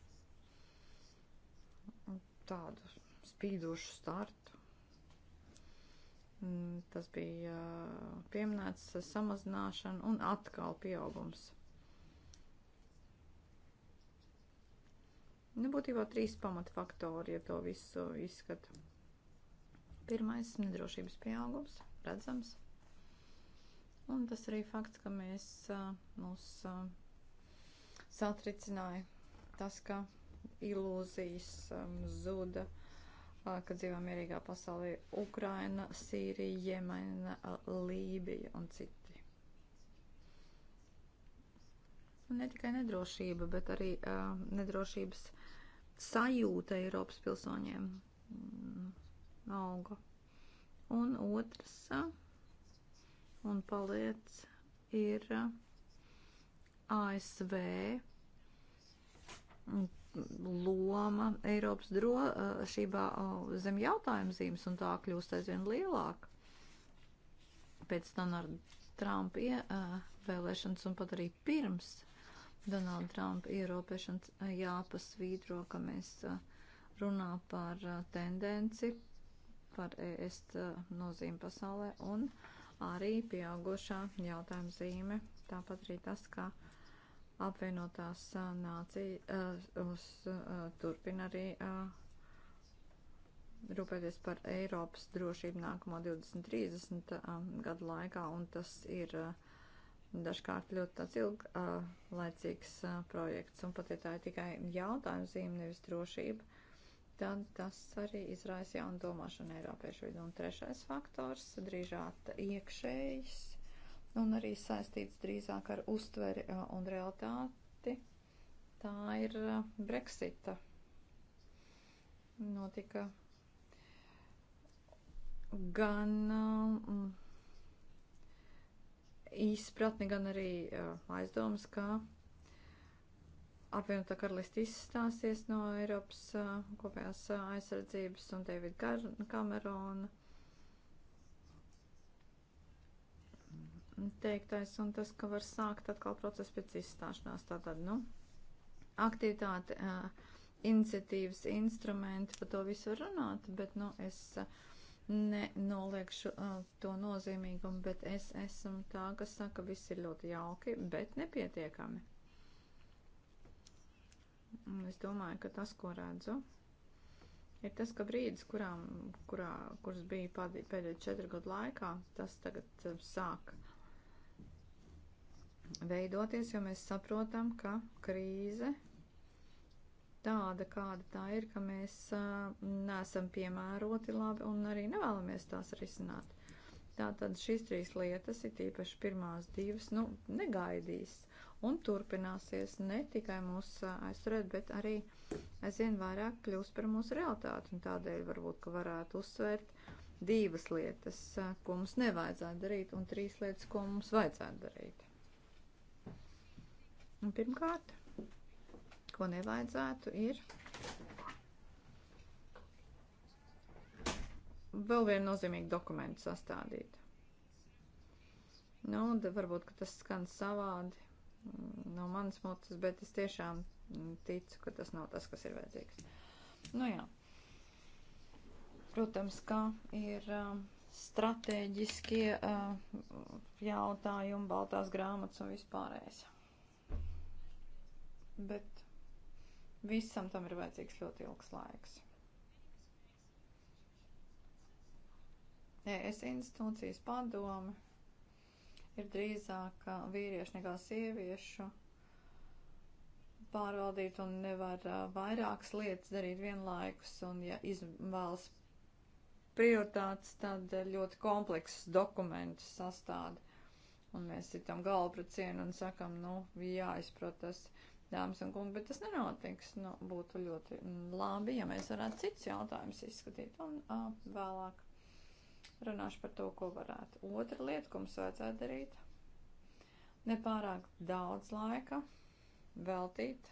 tādu spīdošu startu. Mm, tas bija pieminēts samazināšana un atkal pieaugums. Nu, būtībā trīs pamatfaktori, ja to visu izskatu. Pirmais - nedrošības pieaugums, redzams. Un tas arī fakts, ka mēs mūs satricināja tas, ka ilūzijas zuda, ka dzīvām mierīgā pasaulē Ukraina, Sīrija, Jemena, Lībija un citi. Un ne tikai nedrošība, bet arī uh, nedrošības sajūta Eiropas pilsoņiem mm, auga. Un otrs. Uh, un paliec ir uh, ASV loma Eiropas drošībā uh, uh, zem jautājumzīmes, un tā kļūst aizvien lielāka. Pēc Donalda Trumpa ievēlēšanas un pat arī pirms Donalda Trumpa ierobežošanas jāpasvītro, ka mēs runā par tendenci, par ES nozīmi pasaulē un uh, arī pieaugušā jautājuma zīme. Tāpat arī tas, ka apvienotās nācijas turpina arī rūpēties par Eiropas drošību nākamo 20-30 gadu laikā, un tas ir dažkārt ļoti tāds ilglaicīgs projekts, un pat ja tā ir tikai jautājums zīme, nevis drošība, tad tas arī izraisa jaunu domāšanu Eiropiešu vidu. Un trešais faktors - drīzāk iekšējs un arī saistīts drīzāk ar uztveri uh, un realitāti. Tā ir uh, Brexita. Notika gan um, izpratni, gan arī uh, aizdomas, ka apvienotā karalista izstāsies no Eiropas kopējās aizsardzības un Davida Kamerona teiktais un tas, ka var sākt atkal procesu pēc izstāšanās. Tātad, nu, aktivitāte, iniciatīvas, instrumenti, par to visu var runāt, bet, nu, es nenoliekšu to nozīmīgumu, bet es esmu tā, kas saka, viss ir ļoti jauki, bet nepietiekami. Es domāju, ka tas, ko redzu, ir tas, ka brīdis, kurām, kurā, kurš bija pēdējo četru gadu laikā, tas tagad eh, sāk veidoties, jo mēs saprotam, ka krīze tāda, kāda tā ir, ka mēs uh, neesam piemēroti labi un arī nevēlamies tās risināt. Tātad šīs trīs lietas, ir tīpaši pirmās divas, nu, negaidīs un turpināsies ne tikai mūs aizturēt, bet arī aizvien vairāk kļūs par mūsu realitāti. Un tādēļ varbūt, ka varētu uzsvērt divas lietas, ko mums nevajadzētu darīt, un trīs lietas, ko mums vajadzētu darīt. Un pirmkārt, ko nevajadzētu, ir vēl vienu nozīmīgu dokumentu sastādīt. Nu, varbūt, ka tas skan savādi, no manas mutes, bet es tiešām ticu, ka tas nav tas, kas ir vajadzīgs. Nu jā. Protams, ka ir uh, um, stratēģiskie uh, jautājumi, baltās grāmatas un vispārējais. Bet visam tam ir vajadzīgs ļoti ilgs laiks. ES institūcijas padomi ir drīzāk vīriešu nekā sieviešu pārvaldīt un nevar vairākas lietas darīt vienlaikus. Un, ja izvēlas prioritātes, tad ļoti kompleksus dokumentus sastāda. Un mēs citam galvu pret cienu un sakam, nu, jāizprot tas, dāmas un kungi, bet tas nenotiks. Nu, būtu ļoti labi, ja mēs varētu cits jautājums izskatīt un uh, vēlāk runāšu par to, ko varētu. Otra lieta, ko mums vajadzētu darīt, nepārāk daudz laika veltīt,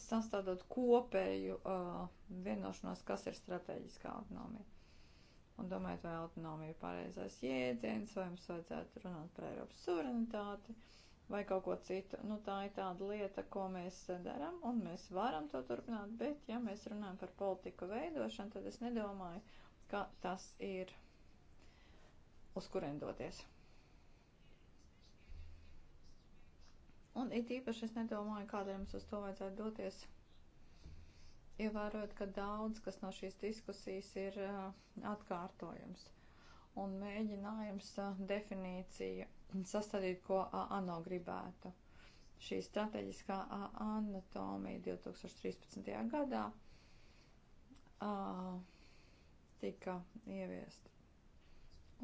sastādot kopēju uh, vienošanos, kas ir strateģiskā autonomija. Un domājot, vai autonomija ir pareizais jēdziens, vai mums vajadzētu runāt par Eiropas suverenitāti. Uh, vai kaut ko citu. Nu, tā ir tāda lieta, ko mēs darām, un mēs varam to turpināt, bet, ja mēs runājam par politiku veidošanu, tad es nedomāju, ka tas ir uz kurien doties. Un it īpaši es nedomāju, kādēļ mums uz to vajadzētu doties. Ievērojot, ka daudz kas no šīs diskusijas ir uh, atkārtojums un mēģinājums uh, definīciju sastādīt, ko ANO gribētu. Šī strateģiskā anatomija 2013. gadā tika ieviesta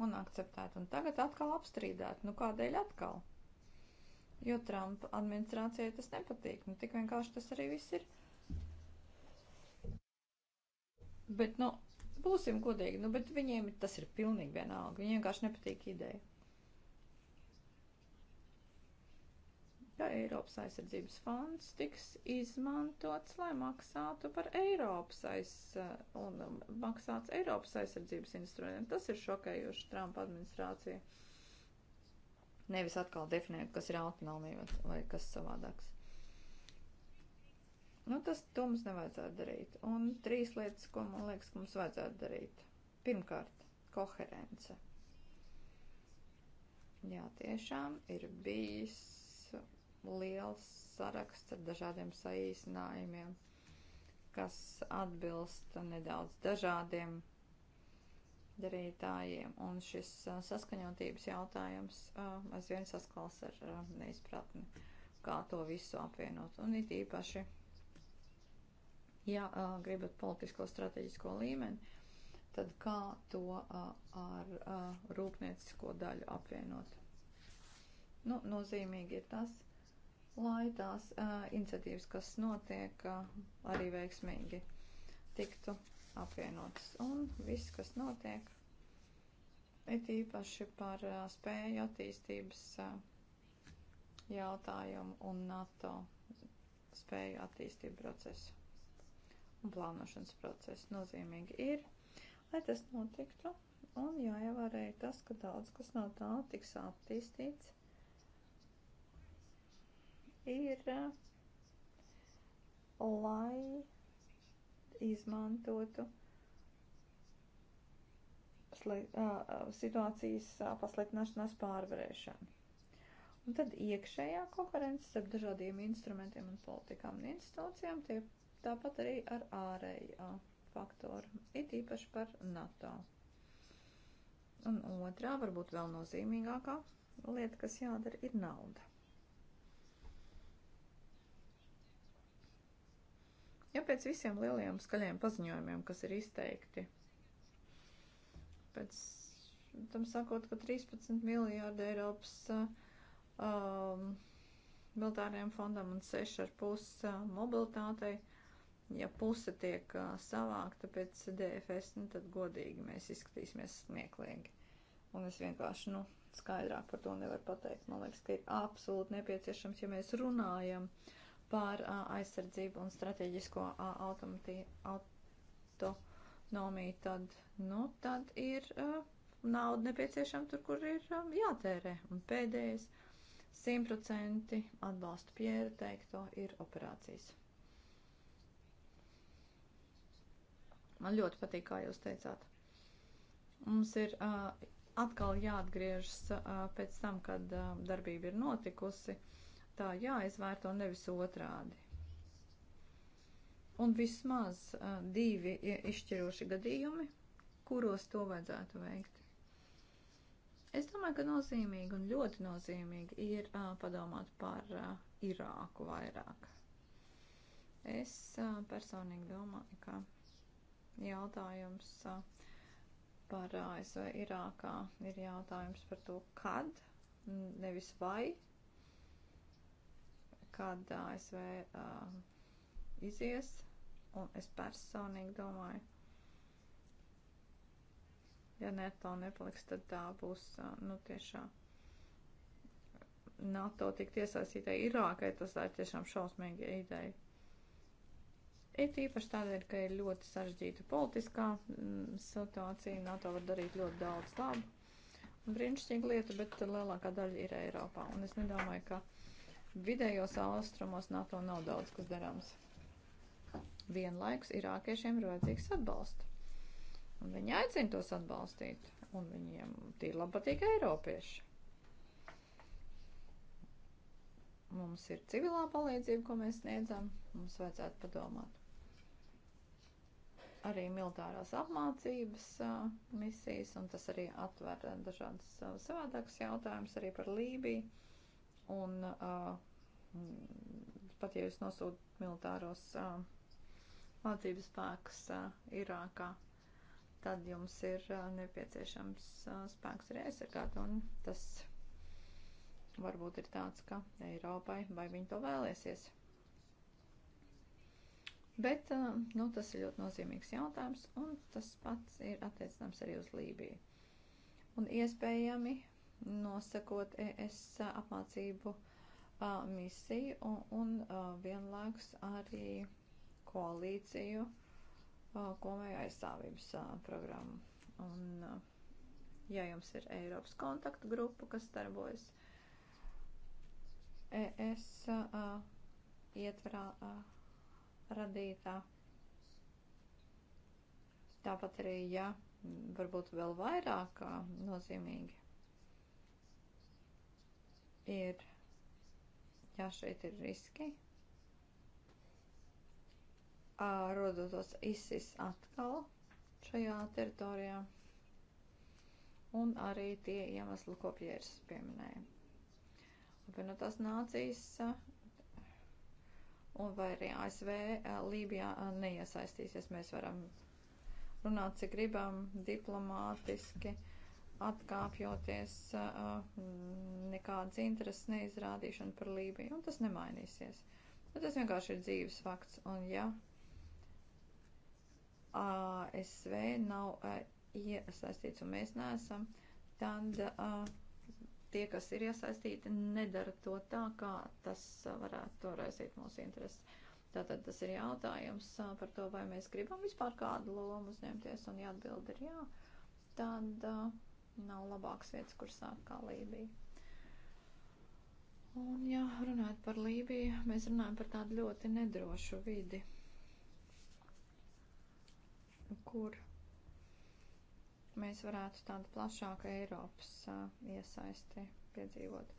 un akceptēta, un tagad atkal apstrīdēta. Nu, kādēļ atkal? Jo Trumpa administrācijai tas nepatīk. Nu, tik vienkārši tas arī viss ir. Bet, nu, būsim godīgi, nu, bet viņiem tas ir pilnīgi vienalga. Viņiem vienkārši nepatīk ideja. ka Eiropas aizsardzības fonds tiks izmantots, lai maksātu par Eiropas aiz, eh, un um, maksāts Eiropas aizsardzības instrumentiem. Tas ir šokējoši Trumpa administrācija. Nevis atkal definēt, kas ir autonomija vai kas savādāks. Nu, tas to mums nevajadzētu darīt. Un trīs lietas, ko man liekas, ka mums vajadzētu darīt. Pirmkārt, koherence. Jā, tiešām ir bijis liels saraksts ar dažādiem saīsinājumiem, kas atbilst nedaudz dažādiem darītājiem. Un šis saskaņotības jautājums aizvien saskals ar neizpratni, kā to visu apvienot. Un it īpaši, ja gribat politisko strateģisko līmeni, tad kā to ar rūpniecisko daļu apvienot. Nu, nozīmīgi ir tas, lai tās uh, iniciatīvas, kas notiek, uh, arī veiksmīgi tiktu apvienotas. Un viss, kas notiek, ir īpaši par uh, spēju attīstības uh, jautājumu un NATO spēju attīstību procesu un plānošanas procesu nozīmīgi ir, lai tas notiktu un jāievarēja tas, ka daudz kas no tā tiks attīstīts ir, lai izmantotu sli, uh, situācijas uh, pasliktināšanās pārvarēšanu. Un tad iekšējā koherences ar dažādiem instrumentiem un politikām un institūcijām, tie tāpat arī ar ārējo faktoru, it īpaši par NATO. Un otrā, varbūt vēl nozīmīgākā lieta, kas jādara, ir nauda. Ja pēc visiem lielajiem skaļiem paziņojumiem, kas ir izteikti, pēc tam sakot, ka 13 miljārdi Eiropas uh, um, militāriem fondam un 6,5 uh, mobilitātei, ja puse tiek uh, savākta pēc DFS, nu, tad godīgi mēs izskatīsimies smieklīgi. Un es vienkārši, nu, skaidrāk par to nevaru pateikt. Man liekas, ka ir absolūti nepieciešams, ja mēs runājam. Uh, par a, aizsardzību un strateģisko a, automatī, autonomiju, tad, nu, tad ir a, nauda nepieciešama tur, kur ir a, jātērē. Un pēdējais - simtprocenti atbalstu pieru teikto ir operācijas. Man ļoti patīk, kā jūs teicāt. Mums ir uh, atkal jāatgriežas uh, pēc tam, kad uh, darbība ir notikusi. Uh, tā jāizvērto nevis otrādi. Un vismaz uh, divi izšķiroši gadījumi, kuros to vajadzētu veikt. Es domāju, ka nozīmīgi un ļoti nozīmīgi ir uh, padomāt par uh, Irāku vairāk. Es uh, personīgi domāju, ka jautājums uh, par ASV Irākā ir jautājums par to, kad, nevis vai kad ASV uh, izies, un es personīgi domāju, ja NATO nepaliks, tad tā būs, uh, nu, tiešām NATO tik iesaistītai Irākai, tas tā ir tiešām šausmīga ideja. It īpaši tādēļ, ka ir ļoti sarežģīta politiskā mm, situācija, NATO var darīt ļoti daudz labu. Brīnišķīga lieta, bet lielākā daļa ir Eiropā. Un es nedomāju, ka Vidējos austrumos NATO nav daudz, kas darāms. Vienlaikus irākiešiem ir vajadzīgs atbalsts. Un viņi aicina tos atbalstīt, un viņiem tīri labi patīk Eiropieši. Mums ir civilā palīdzība, ko mēs sniedzam, mums vajadzētu padomāt. Arī militārās apmācības uh, misijas, un tas arī atver dažādas uh, savādākas jautājumas arī par Lībiju Un uh, pat ja jūs nosūtat militāros uh, mācības spēkus uh, Irākā, tad jums ir uh, nepieciešams uh, spēks arī aizsargāt. Un tas varbūt ir tāds, ka Eiropai vai viņi to vēlēsies. Bet nu, tas ir ļoti nozīmīgs jautājums, un tas pats ir attiecināms arī uz Lībiju. Un iespējami nosakot ES apmācību misiju un, un vienlaikus arī koalīciju komēju aizstāvības programmu. Un, ja jums ir Eiropas kontaktu grupa, kas darbojas ES ietvarā radītā, tāpat arī, ja varbūt vēl vairāk nozīmīgi ir, jā, šeit ir riski. Rodotos ISIS atkal šajā teritorijā. Un arī tie iemesli, ko Pjērs pieminēja. Apvienotās nu nācijas un vai arī ASV Lībijā neiesaistīsies. Mēs varam runāt, cik gribam, diplomātiski atkāpjoties uh, mm, nekādas intereses neizrādīšana par Lībiju, un tas nemainīsies. Nu, tas vienkārši ir dzīves fakts, un ja ASV nav uh, iesaistīts un mēs neesam, tad uh, tie, kas ir iesaistīti, nedara to tā, kā tas varētu to raisīt mūsu intereses. Tātad tas ir jautājums par to, vai mēs gribam vispār kādu lomu uzņemties, un ja atbildi ir jā, tad uh, nav labāks vietas, kur sākt kā Lībija. Un, ja runājot par Lībiju, mēs runājam par tādu ļoti nedrošu vidi, kur mēs varētu tādu plašāku Eiropas uh, iesaisti piedzīvot.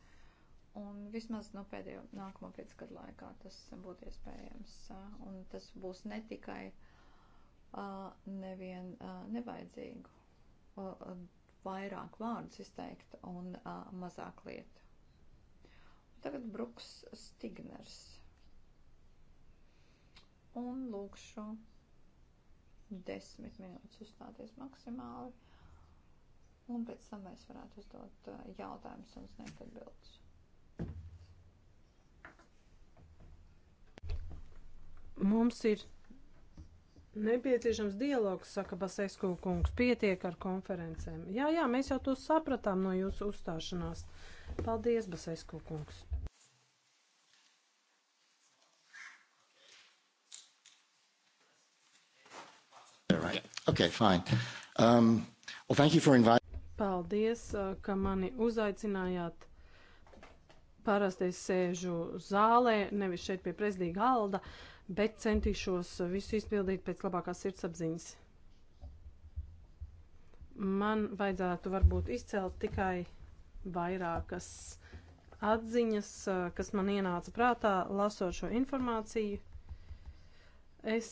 Un vismaz no nu, pēdējo nākamo pēc gadu laikā tas būtu iespējams. Uh, un tas būs ne tikai uh, nevien uh, nevajadzīgu. Uh, vairāk vārdus izteikt un uh, mazāk lietu. Un tagad Bruks Stigners. Un lūkšu desmit minūtes uzstāties maksimāli. Un pēc tam mēs varētu uzdot uh, jautājumus un sniegt atbildus. Mums ir Nepieciešams dialogs, saka Basesko kungs, pietiek ar konferencēm. Jā, jā, mēs jau to sapratām no jūsu uzstāšanās. Paldies, Basesko kungs. Right. Okay, fine. Um, well, thank you for inviting. Paldies, uh, ka mani uzaicinājāt. Parasti es sēžu zālē, nevis šeit pie prezidija galda. Uh, bet centīšos visu izpildīt pēc labākās sirdsapziņas. Man vajadzētu varbūt izcelt tikai vairākas atziņas, eh, kas man ienāca prātā, lasot šo informāciju. Es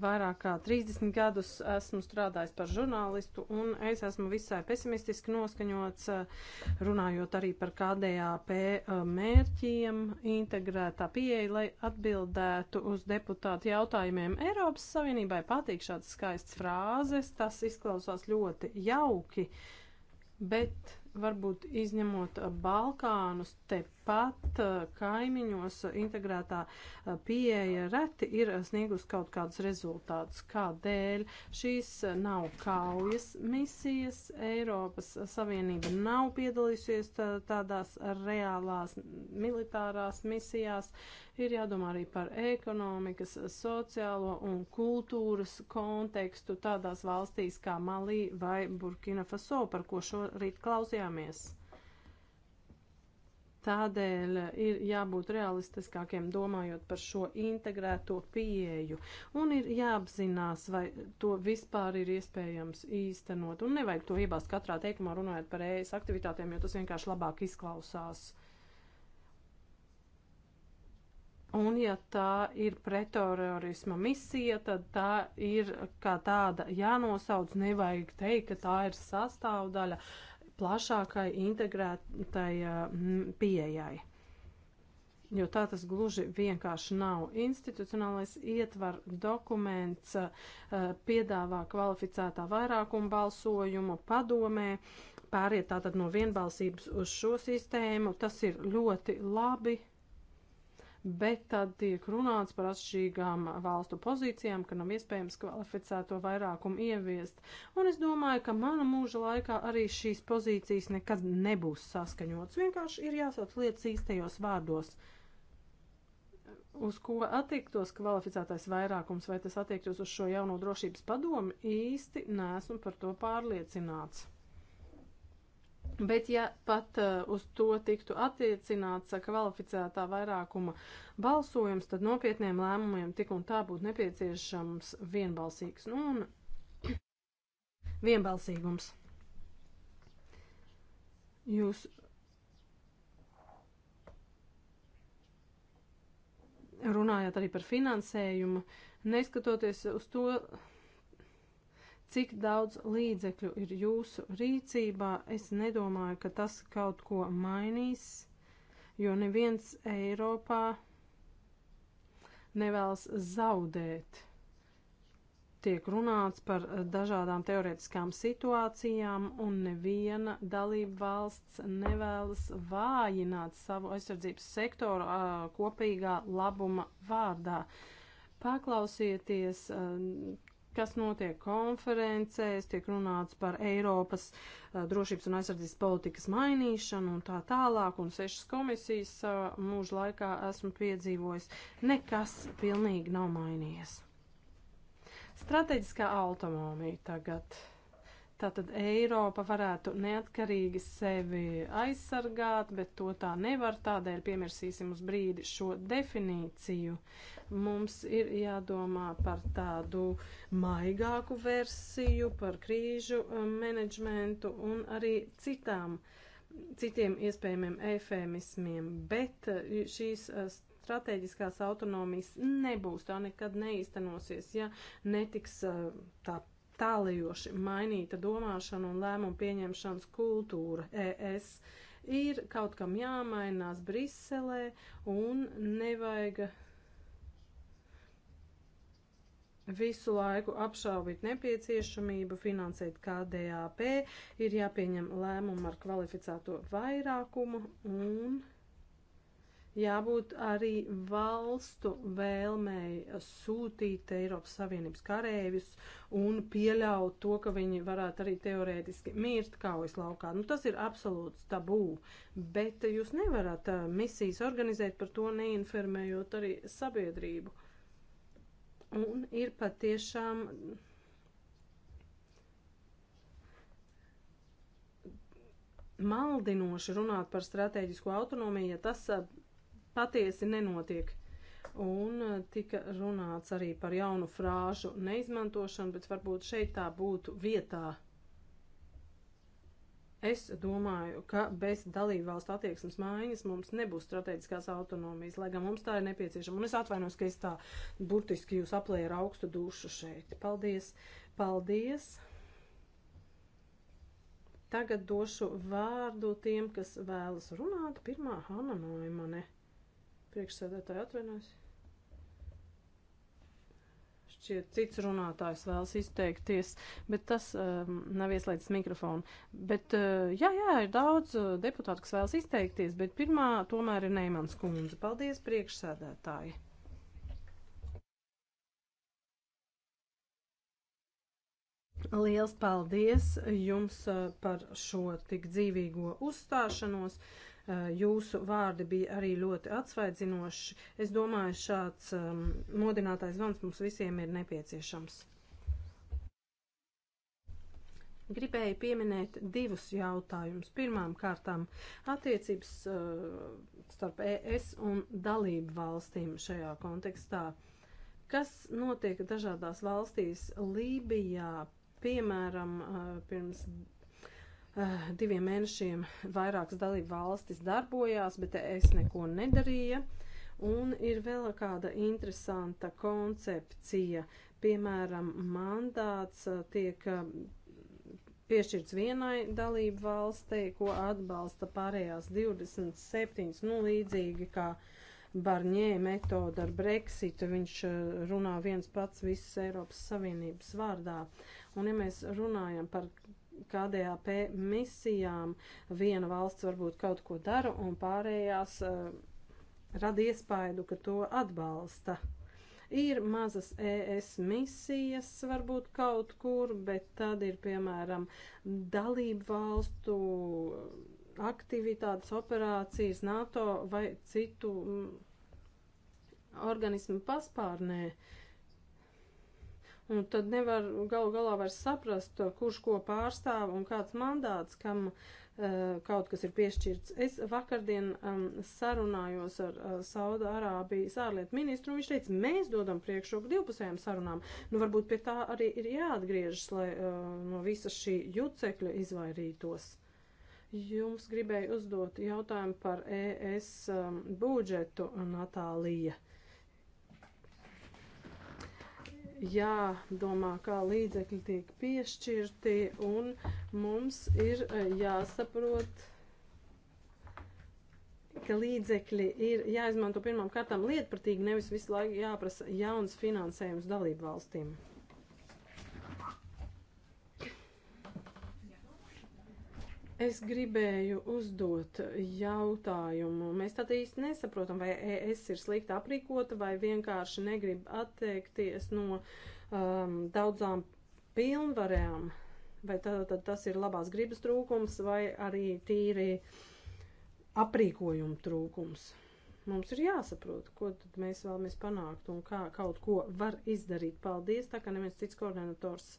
vairāk kā 30 gadus esmu strādājis par žurnālistu, un es esmu visai pesimistiski noskaņots, eh, runājot arī par KDAP eh, mērķiem, integrētā pieeja, lai atbildētu uz deputātu jautājumiem. Eiropas Savienībai patīk šāds skaists frāzes, tas izklausās ļoti jauki, bet varbūt izņemot Balkānus, te pat uh, kaimiņos uh, integrētā uh, pieeja reti ir sniegus kaut kādus rezultātus. Kādēļ šīs nav kaujas misijas? Eiropas Savienība nav piedalījusies tādās reālās militārās misijās. Ir jādomā arī par ekonomikas, sociālo un kultūras kontekstu tādās valstīs kā Malī vai Burkina Faso, par ko šorīt klausījāmies. Tādēļ ir jābūt realistiskākiem domājot par šo integrēto pieeju un ir jāapzinās, vai to vispār ir iespējams īstenot. Un nevajag to iebāzt katrā teikumā runājot par ēs aktivitātēm, jo tas vienkārši labāk izklausās. Un ja tā ir pretterorisma misija, tad tā ir kā tāda jānosauc, nevajag teikt, ka tā ir sastāvdaļa. Uh, plašākai integrētai eh, pieejai. Jo tā tas gluži vienkārši nav. Institucionālais ietvar dokuments eh, piedāvā kvalificētā vairākuma balsojumu padomē, pāriet tātad no vienbalsības uz šo sistēmu. Tas ir ļoti labi bet tad tiek runāts par atšķirīgām valstu pozīcijām, ka nav iespējams kvalificēto vairākumu ieviest. Un es domāju, ka mana mūža laikā arī šīs pozīcijas nekad nebūs saskaņotas. Vienkārši ir jāsauc lietas īstajos vārdos uz ko attiektos kvalificētais vairākums, vai tas attiektos uz šo jauno drošības padomu, īsti nesmu par to pārliecināts. Bet, ja pat eh, uz to tiktu attiecināts kvalificētā vairākuma balsojums, tad nopietniem lēmumiem tik un tā būtu nepieciešams vienbalsīgs nu, un vienbalsīgums. Jūs runājāt arī par finansējumu, neskatoties uz to cik daudz līdzekļu ir jūsu rīcībā, es nedomāju, ka tas kaut ko mainīs, jo neviens Eiropā nevēlas zaudēt. Tiek runāts par dažādām teorētiskām situācijām, un neviena dalība valsts nevēlas vājināt savu aizsardzības sektoru kopīgā labuma vārdā. Paklausieties, kas notiek konferencēs, tiek runāts par Eiropas uh, drošības un aizsardzības politikas mainīšanu un tā tālāk, un sešas komisijas uh, mūža laikā esmu piedzīvojis. Nekas pilnīgi nav mainījies. Strateģiskā autonomija tagad. Tātad Eiropa varētu neatkarīgi sevi aizsargāt, bet to tā nevar, tādēļ piemirsīsim uz brīdi šo definīciju. Mums ir jādomā par tādu maigāku versiju, par krīžu um, menedžmentu un arī citām, citiem iespējamiem efēmismiem, bet uh, šīs uh, strateģiskās autonomijas nebūs, tā nekad neīstenosies, ja netiks uh, tā tālajoši mainīta domāšana un lēmumu pieņemšanas kultūra ES. Ir kaut kam jāmainās Briselē un nevajag visu laiku apšaubīt nepieciešamību finansēt KDAP, ir jāpieņem lēmumu ar kvalificēto vairākumu un jābūt arī valstu vēlmēji sūtīt Eiropas Savienības karēvis un pieļaut to, ka viņi varētu arī teorētiski mirt kaujas laukā. Nu, tas ir absolūts tabū, bet jūs nevarat misijas organizēt par to neinformējot arī sabiedrību. Un ir patiešām maldinoši runāt par strateģisko autonomiju, ja tas patiesi nenotiek. Un eh, tika runāts arī par jaunu frāžu neizmantošanu, bet varbūt šeit tā būtu vietā. Es domāju, ka bez dalību valstu attieksmes mājas mums nebūs strateģiskās autonomijas, lai gan mums tā ir nepieciešama. Un es atvainos, ka es tā burtiski jūs aplēju ar augstu dušu šeit. Paldies! Paldies! Tagad došu vārdu tiem, kas vēlas runāt. Pirmā Hanna Noimane. No Priekšsēdētāji atvainojas. Šķiet, cits runātājs vēlas izteikties, bet tas um, nav ieslēdzis mikrofonu. Bet, uh, jā, jā, ir daudz uh, deputātu, kas vēlas izteikties, bet pirmā tomēr ir Neimans kundze. Paldies, priekšsēdētāji! Liels paldies jums uh, par šo tik dzīvīgo uzstāšanos. Uh, Eh, jūsu vārdi bija arī ļoti atsvaidzinoši. Es domāju, šāds um, modinātais zvans mums visiem ir nepieciešams. Gribēju pieminēt divus jautājumus. Pirmām kārtām attiecības uh, starp ES un dalību valstīm šajā kontekstā. Kas notiek dažādās valstīs? Lībijā, piemēram, uh, pirms Eh, diviem mēnešiem vairākas dalību valstis darbojās, bet es neko nedarīju. Un ir vēl kāda interesanta koncepcija. Piemēram, mandāts eh, tiek eh, piešķirts vienai dalību valstī, ko atbalsta pārējās 27, nu līdzīgi kā Barņē metoda ar Brexitu. Viņš runā viens pats visas Eiropas Savienības vārdā. Un ja mēs runājam par KDAP misijām viena valsts varbūt kaut ko dara un pārējās uh, rada iespaidu, ka to atbalsta. Ir mazas ES misijas varbūt kaut kur, bet tad ir piemēram dalību valstu aktivitātes, operācijas NATO vai citu mm, organismu paspārnē. Uh, Un tad nevar galu galā vairs saprast, kurš ko pārstāv un kāds mandāts, kam uh, kaut kas ir piešķirts. Es vakardien um, sarunājos ar uh, Saudārābijas ārlietu ministru, un viņš teica, mēs dodam priekšroku divpusējām sarunām. Nu, varbūt pie tā arī ir jāatgriežas, lai uh, no visa šī jucekļa izvairītos. Jums gribēju uzdot jautājumu par ES um, budžetu, Natālija. Uh, jādomā, kā līdzekļi tiek piešķirti, un mums ir e, jāsaprot, ka līdzekļi ir jāizmanto pirmām kārtām lietpratīgi, nevis visu laiku jāprasa jauns finansējums dalību valstīm. Es gribēju uzdot jautājumu. Mēs tad īsti nesaprotam, vai es ir slikti aprīkota, vai vienkārši negrib atteikties no um, daudzām pilnvarēm. Vai tad, tad tas ir labās gribas trūkums, vai arī tīri aprīkojuma trūkums. Mums ir jāsaprot, ko tad mēs vēlamies panākt un kā kaut ko var izdarīt. Paldies, tā kā neviens cits koordinators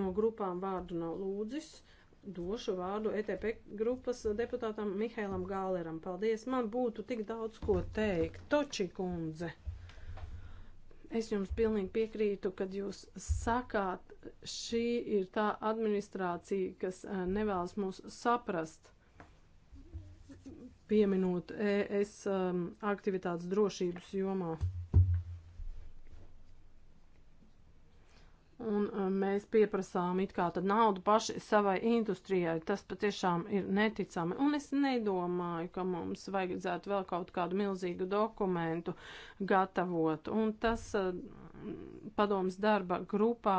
no grupām vārdu nav lūdzis. Uh, došu vārdu ETP grupas deputātam Mihailam Gāleram. Paldies, man būtu tik daudz ko teikt. Toči kundze, es jums pilnīgi piekrītu, kad jūs sakāt, šī ir tā administrācija, kas eh, nevēlas mūs saprast, pieminot ES um, aktivitātes drošības jomā. un e, mēs pieprasām it kā tad naudu paši savai industrijai. Tas patiešām ir neticami. Un es nedomāju, ka mums vajadzētu vēl kaut kādu milzīgu dokumentu gatavot. Un tas e, padoms darba grupā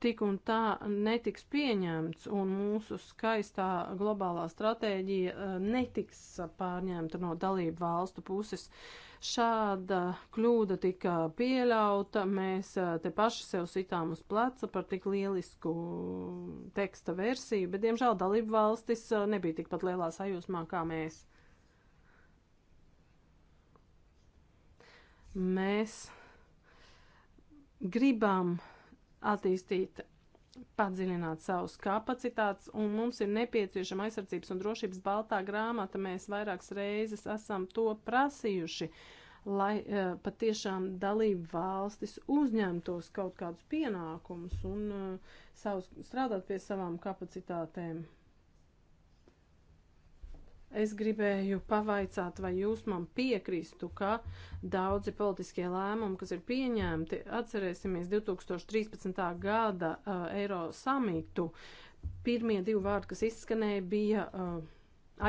tik un tā netiks pieņemts, un mūsu skaistā globālā stratēģija e, netiks pārņemta no dalību valstu puses. Uh, Šāda kļūda tika pieļauta, mēs eh, te paši sev sitām uz pleca par tik lielisku teksta versiju, bet, diemžēl, dalību valstis eh, nebija tikpat lielā sajūsmā kā mēs. Mēs gribam attīstīt padziļināt savus kapacitātes, un mums ir nepieciešama aizsardzības un drošības baltā grāmata. Mēs vairākas reizes esam to prasījuši, lai uh, patiešām dalību valstis uzņemtos kaut kādus pienākumus un uh, savus, strādāt pie savām kapacitātēm. Es gribēju pavaicāt, vai jūs man piekrīstu, ka daudzi politiskie lēmumi, kas ir pieņemti, atcerēsimies 2013. gada uh, Eiro samitu, pirmie divi vārdi, kas izskanēja, bija uh,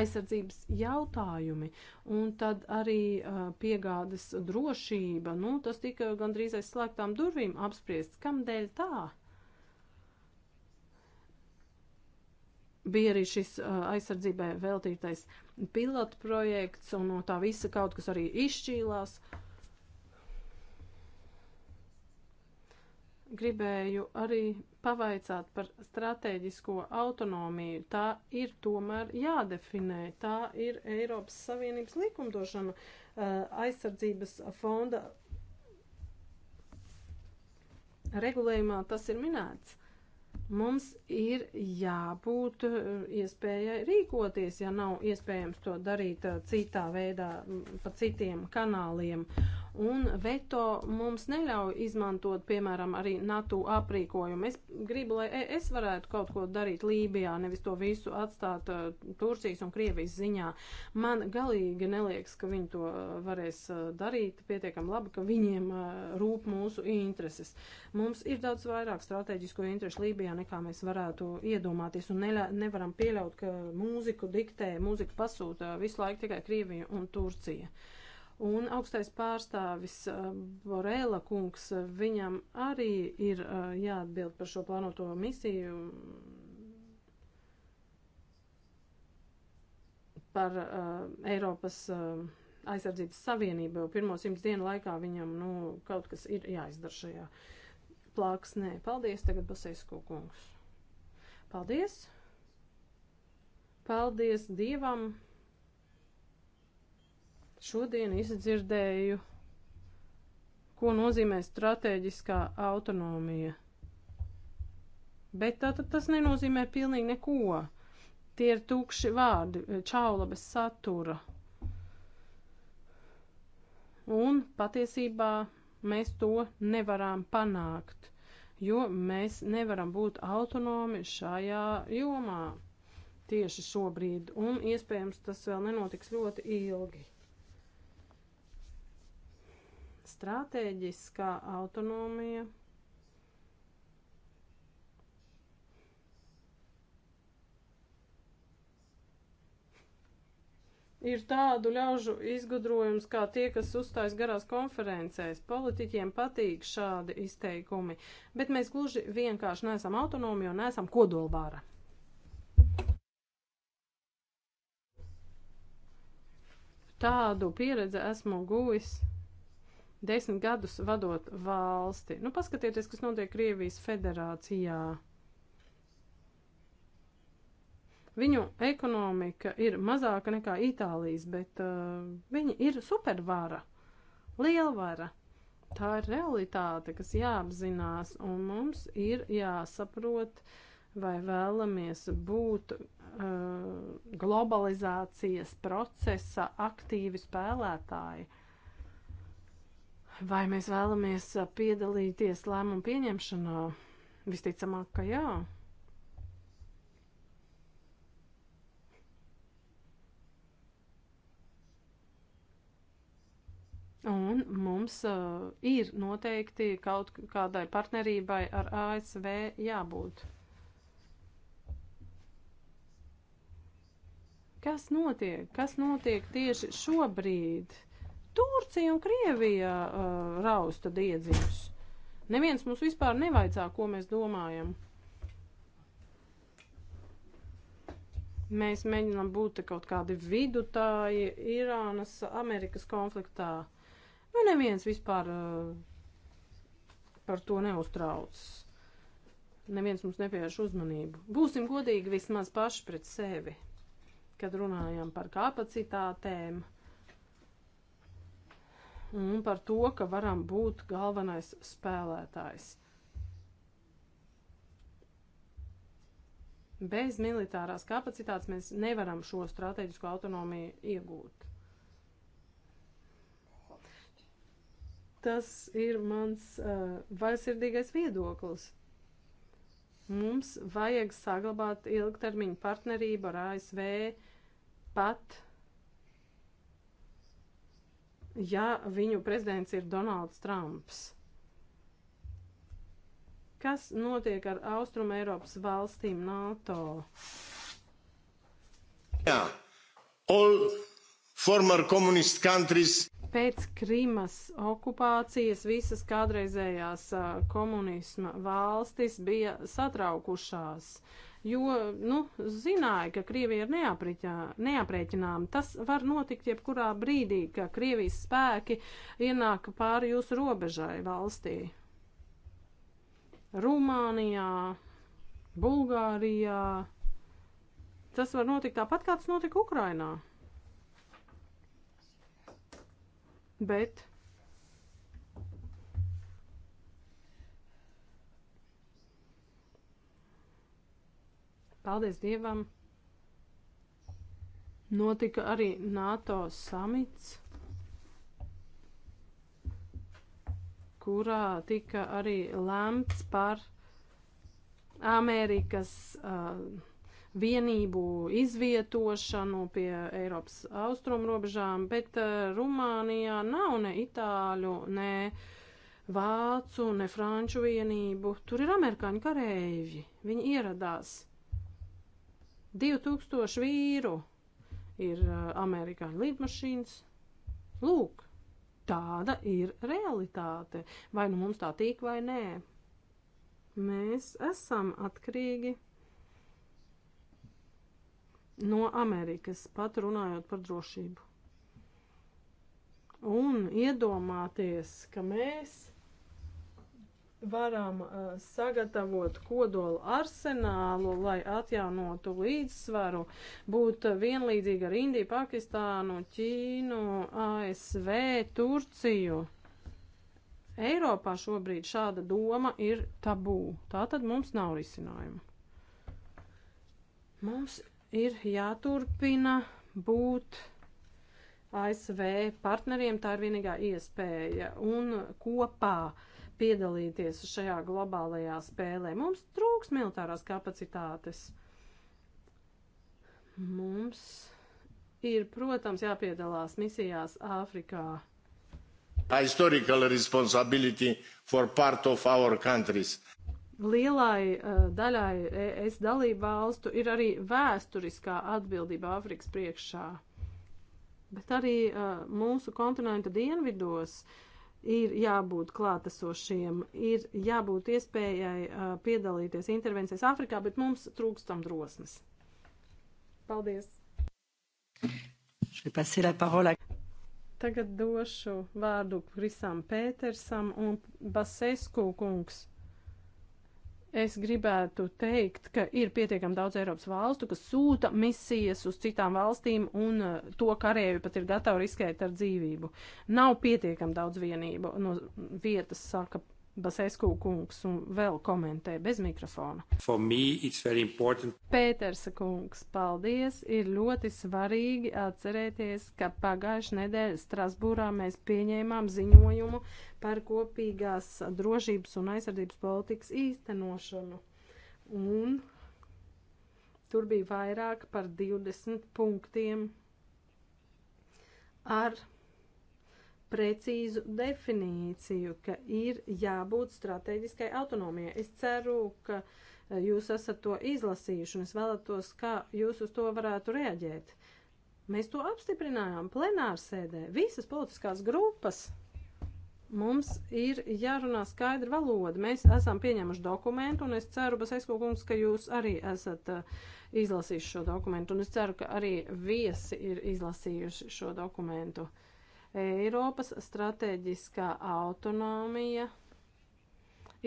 aizsardzības jautājumi, un tad arī uh, piegādes drošība, nu, tas tika gandrīz aizslēgtām durvīm apspriests, kamdēļ tā? bija arī šis uh, aizsardzībai veltītais pilotu projekts, un no tā visa kaut kas arī izšķīlās. Gribēju arī pavaicāt par strateģisko autonomiju. Tā ir tomēr jādefinē. Tā ir Eiropas Savienības likumdošana uh, aizsardzības fonda regulējumā tas ir minēts. Mums ir jābūt eh, iespējai rīkoties, ja nav iespējams to darīt eh, citā veidā, pa citiem kanāliem. Uh, un veto mums neļauj izmantot, piemēram, arī NATO aprīkojumu. Es gribu, lai es varētu kaut ko darīt Lībijā, nevis to visu atstāt uh, Turcijas un Krievijas ziņā. Man galīgi neliekas, ka viņi to uh, varēs uh, darīt pietiekam labi, ka viņiem uh, rūp mūsu intereses. Mums ir daudz vairāk strateģisko interesu Lībijā, nekā mēs varētu iedomāties, un neļa, nevaram pieļaut, ka mūziku diktē, mūziku pasūta visu laiku tikai Krievija un Turcija. Uh, Un augstais pārstāvis eh, Borēla kungs, eh, viņam arī ir eh, jāatbild par šo plānoto misiju, par Eiropas aizsardzības savienību. Pirmo simts dienu laikā viņam nu, kaut kas ir jāizdara šajā plāksnē. Paldies, tagad Basēsku kungs. Paldies! Paldies Dievam! Šodien izdzirdēju, ko nozīmē strateģiskā autonomija. Bet tātad tas nenozīmē pilnīgi neko. Tie ir tukši vārdi, čaula bez satura. Un patiesībā mēs to nevaram panākt, jo mēs nevaram būt autonomi šajā jomā tieši šobrīd, un iespējams tas vēl nenotiks ļoti ilgi. stratēģiskā autonomija. Ir tādu ļaužu izgudrojums, kā tie, kas uzstājas garās konferencēs. Politiķiem patīk šādi izteikumi, bet mēs gluži vienkārši neesam autonomi un neesam kodolvāra. Tādu pieredzi esmu guvis desmit gadus vadot valsti. Nu, paskatieties, kas notiek Krievijas federācijā. Viņu ekonomika ir mazāka nekā Itālijas, bet uh, viņi ir supervara, lielvara. Tā ir realitāte, kas jāapzinās, un mums ir jāsaprot, vai vēlamies būt uh, globalizācijas procesa aktīvi spēlētāji. Uh, Vai mēs vēlamies uh, piedalīties lēmumu pieņemšanā? Visticamāk, ka jā. Un mums uh, ir noteikti kaut kādai partnerībai ar ASV jābūt. Kas notiek? Kas notiek tieši šobrīd? Uh, Turcija un Krievija uh, rausta diedziņus. Neviens mums vispār nevaicā, ko mēs domājam. Mēs mēģinām būt kaut kādi vidutāji Irānas, Amerikas konfliktā. Nu, neviens vispār uh, par to neuztraucas. Neviens mums nepievērš uzmanību. Būsim godīgi vismaz paši pret sevi, kad runājam par kapacitātēm. Uh, un par to, ka varam būt galvenais spēlētājs. Bez militārās kapacitātes mēs nevaram šo strateģisko autonomiju iegūt. Tas ir mans uh, eh, vaisirdīgais viedoklis. Mums vajag saglabāt ilgtermiņu partnerību ar ASV pat ja viņu prezidents ir Donalds Trumps? Kas notiek ar Austrum Eiropas valstīm NATO? Jā, all former communist countries pēc Krimas okupācijas visas kādreizējās komunisma valstis bija satraukušās. Uh, jo, nu, zināja, ka Krievija ir neaprēķināma. Tas var notikt jebkurā brīdī, ka Krievijas spēki ienāk pāri jūsu robežai valstī. Rumānijā, Bulgārijā. Tas var notikt tāpat, kā tas notika Ukrainā. Bet paldies Dievam, notika arī NATO samits, kurā tika arī lemts par Amerikas uh, vienību izvietošanu pie Eiropas austrumu robežām, bet uh, Rumānijā nav ne itāļu, ne vācu, ne franču vienību. Tur ir amerikāņu karēji. Viņi ieradās. 2000 vīru ir amerikāņu lidmašīnas. Lūk, tāda ir realitāte. Vai nu mums tā tīk vai nē. Mēs esam atkarīgi no Amerikas, pat runājot par drošību. Un iedomāties, ka mēs varam uh, sagatavot kodolu arsenālu, lai atjaunotu līdzsvaru, būt vienlīdzīgi ar Indiju, Pakistānu, Ķīnu, ASV, Turciju. Eiropā šobrīd šāda doma ir tabū. Tā tad mums nav risinājuma. Mums ir jāturpina būt ASV partneriem, tā ir vienīgā iespēja, un kopā uh, piedalīties šajā globālajā spēlē. Mums trūks militārās kapacitātes. Mums ir, protams, jāpiedalās misijās Āfrikā. Historical responsibility for part of our countries lielai uh, daļai es dalību valstu ir arī vēsturiskā atbildība Āfrikas priekšā. Bet arī uh, mūsu kontinenta dienvidos ir jābūt klātesošiem, ir jābūt iespējai uh, piedalīties intervencijās Āfrikā, bet mums trūkstam drosmes. Paldies! Tagad došu vārdu Krisam Pētersam un Basesku kungs. Es gribētu teikt, ka ir pietiekami daudz Eiropas valstu, kas sūta misijas uz citām valstīm, un uh, to karēvi pat ir gatavi riskēt ar dzīvību. Nav pietiekami daudz vienību no vietas, saka Basesku kungs un vēl komentē bez mikrofona. Pētersa kungs, paldies! Ir ļoti svarīgi atcerēties, ka pagājušajā nedēļā Strasbūrā mēs pieņēmām ziņojumu par kopīgās drošības un aizsardzības politikas īstenošanu. Un tur bija vairāk par 20 punktiem ar precīzu definīciju, ka ir jābūt strateģiskai autonomijai. Es ceru, ka eh, jūs esat to izlasījuši un es vēlētos, kā jūs uz to varētu reaģēt. Mēs to apstiprinājām plenārsēdē. Visas politiskās grupas mums ir jārunā skaidra valoda. Mēs esam pieņēmuši dokumentu, un es ceru, Basēsko kungs, ka jūs arī esat eh, izlasījuši šo dokumentu, un es ceru, ka arī viesi ir izlasījuši šo dokumentu. Uh, Eiropas stratēģiskā autonomija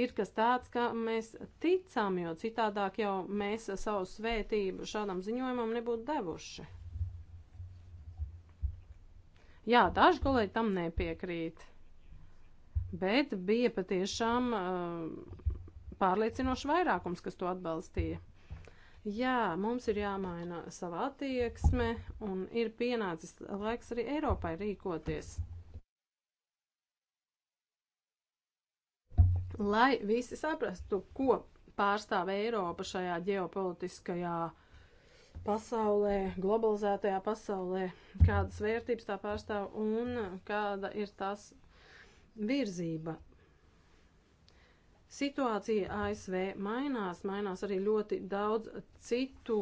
ir kas tāds, ka mēs ticam, jo citādāk jau mēs savu svētību šādam ziņojumam nebūtu devuši. Jā, daži kolēģi tam nepiekrīt, bet bija patiešām uh, pārliecinoši vairākums, kas to atbalstīja. Jā, mums ir jāmaina sava attieksme un ir pienācis laiks arī Eiropai rīkoties. Lai visi saprastu, ko pārstāv Eiropa šajā ģeopolitiskajā pasaulē, globalizētajā pasaulē, kādas vērtības tā pārstāv un kāda ir tās virzība. Situācija ASV mainās, mainās arī ļoti daudz citu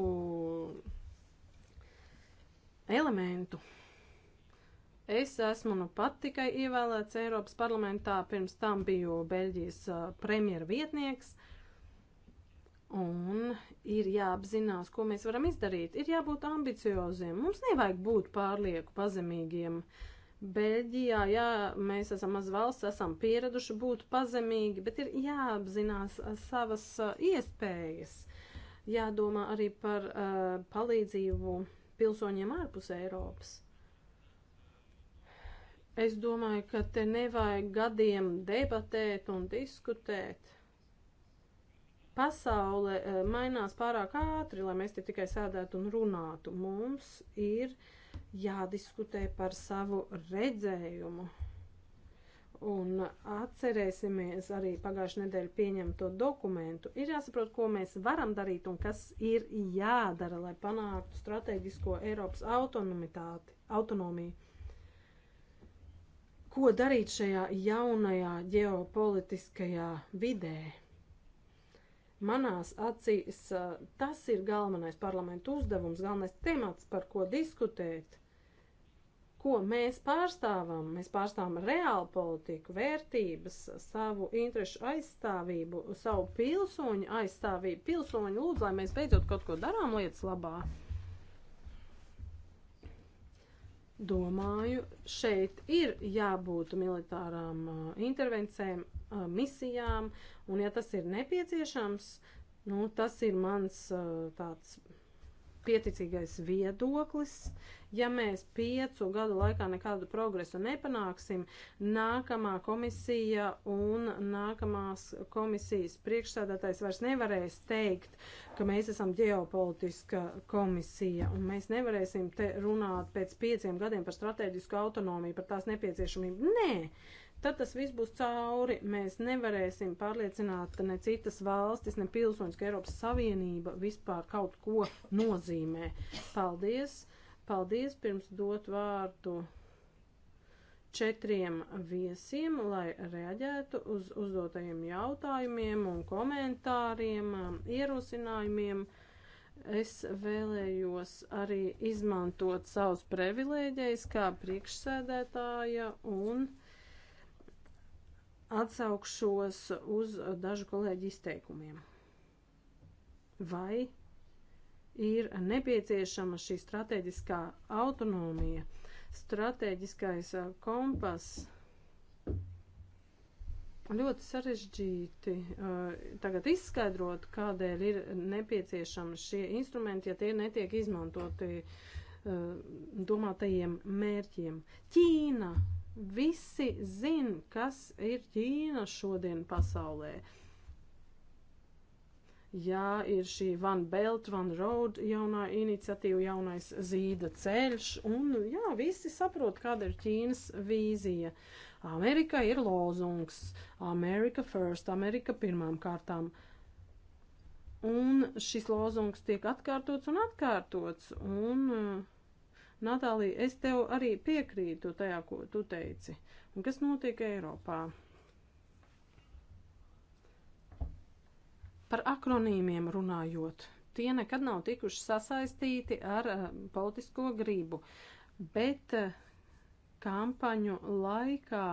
elementu. Es esmu nu pat tikai ievēlēts Eiropas parlamentā, pirms tam biju Beļģijas premjera vietnieks. Un ir jāapzinās, ko mēs varam izdarīt. Ir jābūt ambicioziem. Mums nevajag būt pārlieku pazemīgiem. Uh, Beļģijā, jā, mēs esam maz valsts, esam pieraduši būt pazemīgi, bet ir jāapzinās savas iespējas. Jādomā arī par uh, palīdzību pilsoņiem ārpus Eiropas. Es domāju, ka te nevajag gadiem debatēt un diskutēt. Pasaule mainās pārāk ātri, lai mēs te tikai sēdētu un runātu. Mums ir uh, jādiskutē par savu redzējumu. Un atcerēsimies arī pagājušajā nedēļā pieņemto dokumentu. Ir jāsaprot, ko mēs varam darīt un kas ir jādara, lai panāktu strateģisko Eiropas autonomiju. Ko darīt šajā jaunajā ģeopolitiskajā vidē? Manās acīs uh, tas ir galvenais parlamentu uzdevums, galvenais temats, par ko diskutēt ko mēs pārstāvam. Mēs pārstāvam reālu politiku, vērtības, savu interesu aizstāvību, savu pilsoņu aizstāvību. Pilsoņi lūdzu, lai mēs beidzot kaut ko darām lietas labā. Domāju, šeit ir jābūt militārām intervencēm, misijām, un ja tas ir nepieciešams, nu, tas ir mans tāds pieticīgais viedoklis. Ja mēs piecu gadu laikā nekādu progresu nepanāksim, nākamā komisija un nākamās komisijas priekšsādātais vairs nevarēs teikt, ka mēs esam ģeopolitiska komisija un mēs nevarēsim te runāt pēc pieciem gadiem par strateģisku autonomiju, par tās nepieciešamību. Nē! tad tas viss būs cauri. Mēs nevarēsim pārliecināt ne citas valstis, ne pilsoņus, ka Eiropas Savienība vispār kaut ko nozīmē. Paldies! Paldies pirms dot vārdu četriem viesiem, lai reaģētu uz uzdotajiem jautājumiem un komentāriem, um, ierosinājumiem. Es vēlējos arī izmantot savus privilēģijas kā priekšsēdētāja un uh, atsaukšos uz dažu kolēģu izteikumiem. Vai ir nepieciešama šī strateģiskā autonomija, strateģiskais kompass? Ļoti sarežģīti tagad izskaidrot, kādēļ ir nepieciešami šie instrumenti, ja tie netiek izmantoti domātajiem mērķiem. Ķīna Visi zin, kas ir Ķīna šodien pasaulē. Jā, ir šī Van Belt, Van Road jaunā iniciatīva, jaunais zīda ceļš, un jā, visi saprot, kāda ir Ķīnas vīzija. Amerika ir lozungs, Amerika first, Amerika pirmām kārtām. Un šis lozungs tiek atkārtots un atkārtots, un Natālija, es tev arī piekrītu tajā, ko tu teici. Un kas notiek Eiropā? Par akronīmiem runājot, tie nekad nav tikuši sasaistīti ar uh, politisko gribu, bet uh, kampaņu laikā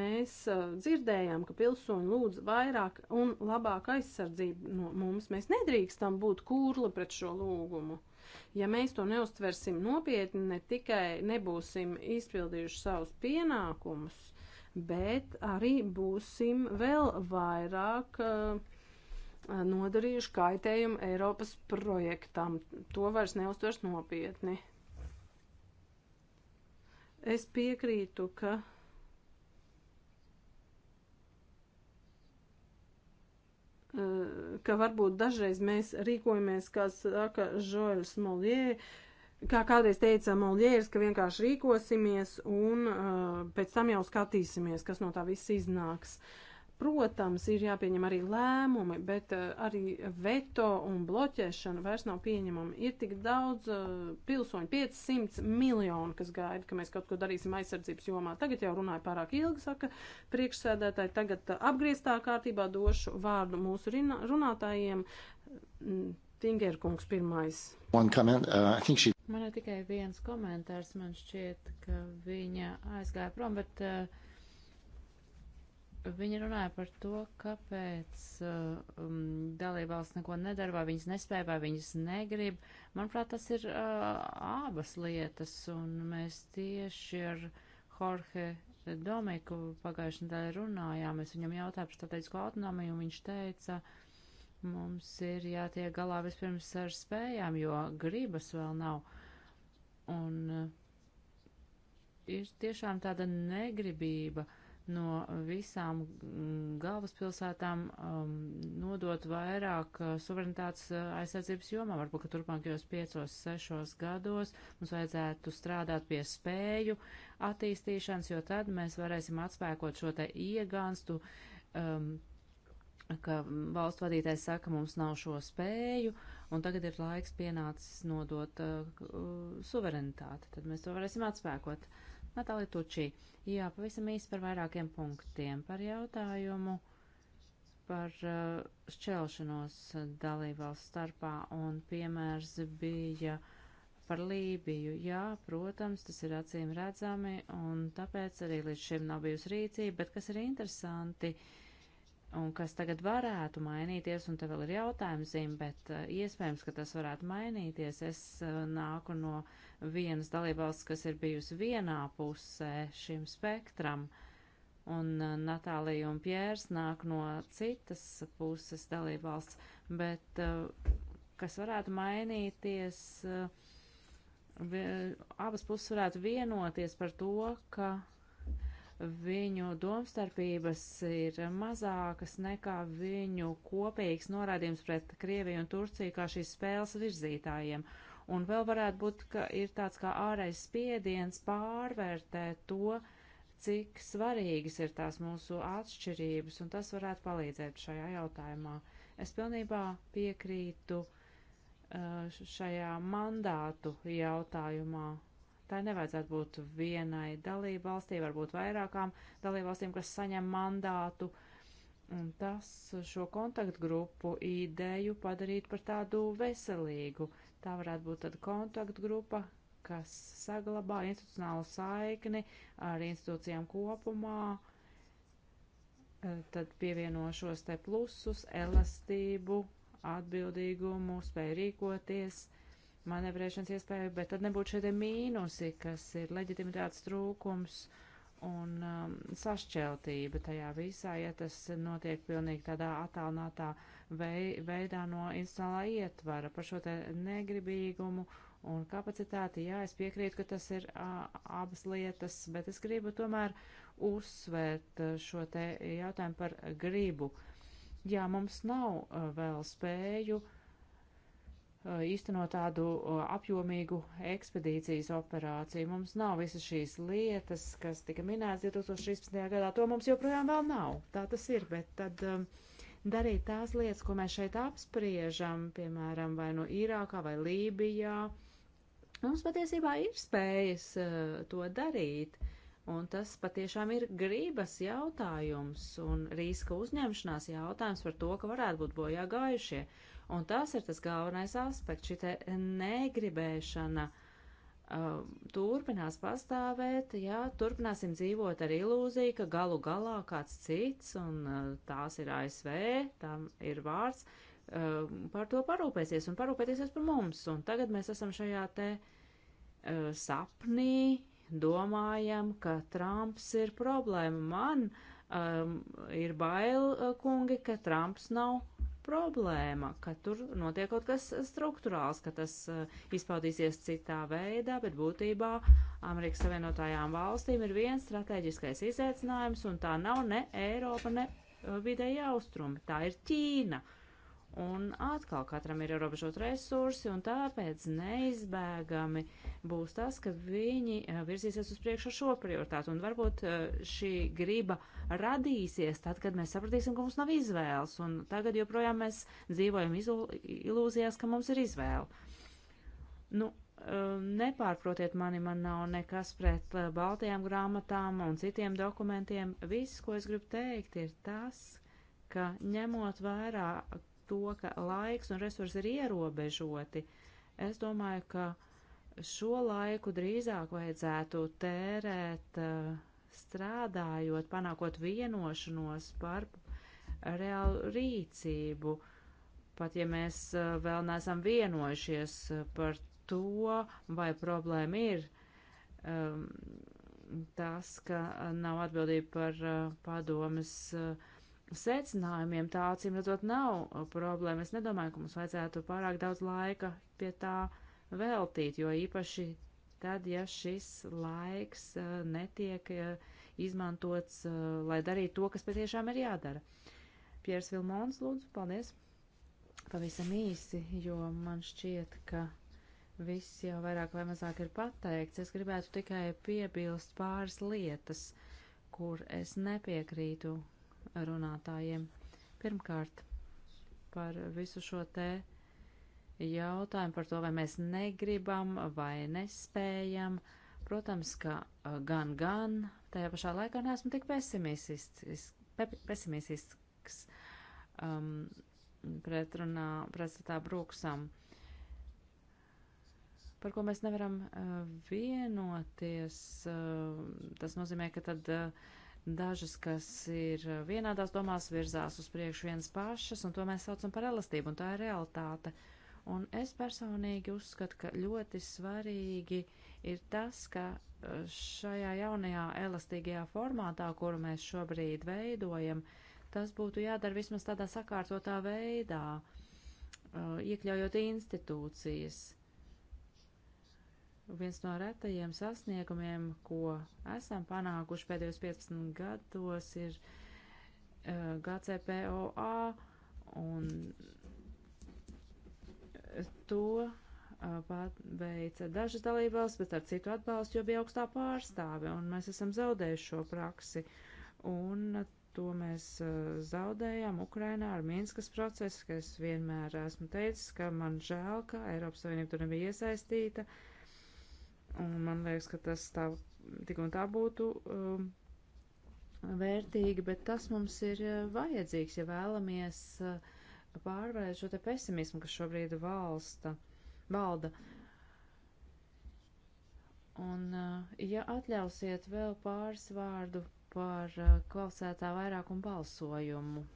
mēs uh, dzirdējām, ka pilsoņi lūdz vairāk un labāk aizsardzību no mums. Mēs nedrīkstam būt kūrli pret šo lūgumu. Ja mēs to neustversim nopietni, ne tikai nebūsim izpildījuši savus pienākumus, bet arī būsim vēl vairāk uh, nodarījuši kaitējumu Eiropas projektam. To vairs neustvers nopietni. Es piekrītu, ka Eh, ka varbūt dažreiz mēs rīkojamies, kā saka Žoļs Moljē, kā kādreiz teica Moljērs, ka vienkārši rīkosimies un uh, pēc tam jau skatīsimies, kas no tā viss iznāks. Uh, Protams, ir jāpieņem arī lēmumi, bet eh, arī veto un bloķēšana vairs nav pieņemama. Ir tik daudz eh, pilsoņu, 500 miljoni, kas gaida, ka mēs kaut ko darīsim aizsardzības jomā. Tagad jau runāju pārāk ilgi, saka priekšsēdētāji. Tagad eh, apgrieztā kārtībā došu vārdu mūsu runātājiem. Mm, Tingerkungs pirmais. Comment, uh, she... Man ir tikai viens komentārs. Man šķiet, ka viņa aizgāja prom, bet. Uh, Viņa runāja par to, kāpēc uh, um, dalībvalsts neko nedara, vai viņas nespēja, vai viņas negrib. Manuprāt, tas ir uh, abas lietas, un mēs tieši ar Jorge Domiku pagājušajā nedēļā runājām. Es viņam jautāju par strateģisko autonomiju, un viņš teica, mums ir jātiek galā vispirms ar spējām, jo gribas vēl nav. Un uh, ir tiešām tāda negribība. Uh, no visām mm, galvaspilsētām um, nodot vairāk uh, suverenitātes uh, aizsardzības jomā. Varbūt, ka turpmākajos piecos, sešos gados mums vajadzētu strādāt pie spēju attīstīšanas, jo tad mēs varēsim atspēkot šo te iegānstu, um, ka valstu vadītājs saka, mums nav šo spēju, un tagad ir laiks pienācis nodot uh, uh suverenitāti. Tad mēs to varēsim atspēkot. Uh, Natālija Tučī. Jā, pavisam īsi par vairākiem punktiem. Par jautājumu par uh, šķelšanos dalībvalsts starpā un piemērs bija par Lībiju. Jā, protams, tas ir acīm redzami un tāpēc arī līdz šim nav bijusi rīcība, bet kas ir interesanti, uh, un kas tagad varētu mainīties, un te vēl ir jautājums, bet eh, iespējams, ka tas varētu mainīties. Es eh, nāku no vienas dalībvalsts, kas ir bijusi vienā pusē šim spektram, un eh, Natālija un Pjērs nāk no citas puses dalībvalsts, bet kas varētu mainīties, abas puses varētu vienoties par to, ka viņu domstarpības ir mazākas nekā viņu kopīgs norādījums pret Krieviju un Turciju kā šīs spēles virzītājiem. Un vēl varētu būt, ka ir tāds kā ārējais spiediens pārvērtēt to, cik svarīgas ir tās mūsu atšķirības, un tas varētu palīdzēt šajā jautājumā. Es pilnībā piekrītu uh, šajā mandātu jautājumā Tā nevajadzētu būt vienai dalību valstī, varbūt vairākām dalību valstīm, kas saņem mandātu. Un tas šo kontaktgrupu ideju padarīt par tādu veselīgu. Tā varētu būt tad kontaktgrupa, kas saglabā institucionālu saikni ar institūcijām kopumā. Eh, tad pievienošos te plusus, elastību, atbildīgumu, spēju rīkoties manevrēšanas iespēju, bet tad nebūtu šie mīnusi, kas ir leģitimitātes trūkums un um, sašķeltība tajā visā, ja tas notiek pilnīgi tādā attālinātā vei, veidā no institucionālā ietvara par šo te negribīgumu un kapacitāti. Jā, es piekrītu, ka tas ir a, abas lietas, bet es gribu tomēr uzsvērt uh, šo te jautājumu par gribu. Jā, mums nav a, uh, vēl spēju uh, Uh, īstenot tādu uh, apjomīgu ekspedīcijas operāciju. Mums nav visas šīs lietas, kas tika minētas 2013. gadā, to mums joprojām vēl nav. Tā tas ir, bet tad um, darīt tās lietas, ko mēs šeit apspriežam, piemēram, vai no nu Irākā vai Lībijā, mums patiesībā ir spējas uh, to darīt. Un tas patiešām ir grības jautājums un riska uzņemšanās jautājums par to, ka varētu būt bojā gājušie. Uh, Un tas ir tas galvenais aspekts, šī negribēšana uh, turpinās pastāvēt, jā, turpināsim dzīvot ar ilūziju, ka galu galā kāds cits, un uh, tās ir ASV, tam ir vārds, uh, par to parūpēsies un parūpēsies par mums. Un tagad mēs esam šajā te uh, sapnī, domājam, ka Trumps ir problēma. Man um, ir bail, uh, kungi, ka Trumps nav problēma, ka tur notiek kaut kas struktūrāls, ka tas uh, izpaudīsies citā veidā, bet būtībā Amerikas Savienotajām valstīm ir viens strateģiskais izaicinājums, un tā nav ne Eiropa, ne eh, vidēja austrumi, tā ir Ķīna. Uh, Un atkal katram ir ierobežot resursi, un tāpēc neizbēgami būs tas, ka viņi eh, virzīsies uz priekšu ar šo prioritātu. Un varbūt eh, šī griba radīsies tad, kad mēs sapratīsim, ka mums nav izvēles. Un tagad joprojām mēs dzīvojam ilūzijās, ka mums ir izvēle. Nu, eh, nepārprotiet mani, man nav nekas pret baltajām grāmatām un citiem dokumentiem. Viss, ko es gribu teikt, ir tas, ka ņemot vērā, to, ka laiks un resursi ir ierobežoti, es domāju, ka šo laiku drīzāk vajadzētu tērēt eh, strādājot, panākot vienošanos par reālu rīcību, pat ja mēs eh, vēl neesam vienojušies eh, par to, vai problēma ir um, tas, ka nav atbildība par uh, padomas uh, secinājumiem. Tā acīm redzot nav uh, problēma. Es nedomāju, ka mums vajadzētu pārāk daudz laika pie tā veltīt, jo īpaši tad, ja šis laiks uh, netiek uh, izmantots, lai darītu to, kas patiešām ir jādara. Piers Vilmons, lūdzu, paldies. Pavisam īsi, jo man šķiet, ka viss jau vairāk vai mazāk ir pateikts. Es gribētu tikai piebilst pāris lietas, kur es nepiekrītu runātājiem. Pirmkārt, par visu šo te jautājumu par to, vai mēs negribam vai nespējam. Protams, ka gan, gan, tajā pašā laikā neesmu tik pesimistiskis, pe, pesimistisks um, pretrunā, pretstatā brūksam, par ko mēs nevaram uh, vienoties. Uh, tas nozīmē, ka tad. Uh, Dažas, kas ir vienādās domās, virzās uz priekšu vienas pašas, un to mēs saucam par elastību, un tā ir realitāte. Un es personīgi uzskatu, ka ļoti svarīgi ir tas, ka eh, šajā jaunajā elastīgajā formātā, kuru mēs šobrīd veidojam, tas būtu jādara vismaz tādā sakārtotā veidā, eh, iekļaujot institūcijas viens no retajiem sasniegumiem, ko esam panākuši pēdējos 15 gados, ir uh, eh, GCPOA un to veica eh, dažas dalībvalsts, bet ar citu atbalstu jau bija augstā pārstāve, un mēs esam zaudējuši šo praksi. Un to mēs eh, zaudējām Ukrainā ar Minskas procesu, ka es vienmēr esmu teicis, ka man žēl, ka Eiropas Savienība tur nebija iesaistīta. Uh, Un man liekas, ka tas tā tik un tā būtu um, vērtīgi, bet tas mums ir uh, vajadzīgs, ja vēlamies uh, pārvarēt šo te pesimismu, kas šobrīd valsta, valda. Un, uh, ja atļausiet vēl pāris vārdu par uh, klausētā vairākumu balsojumu.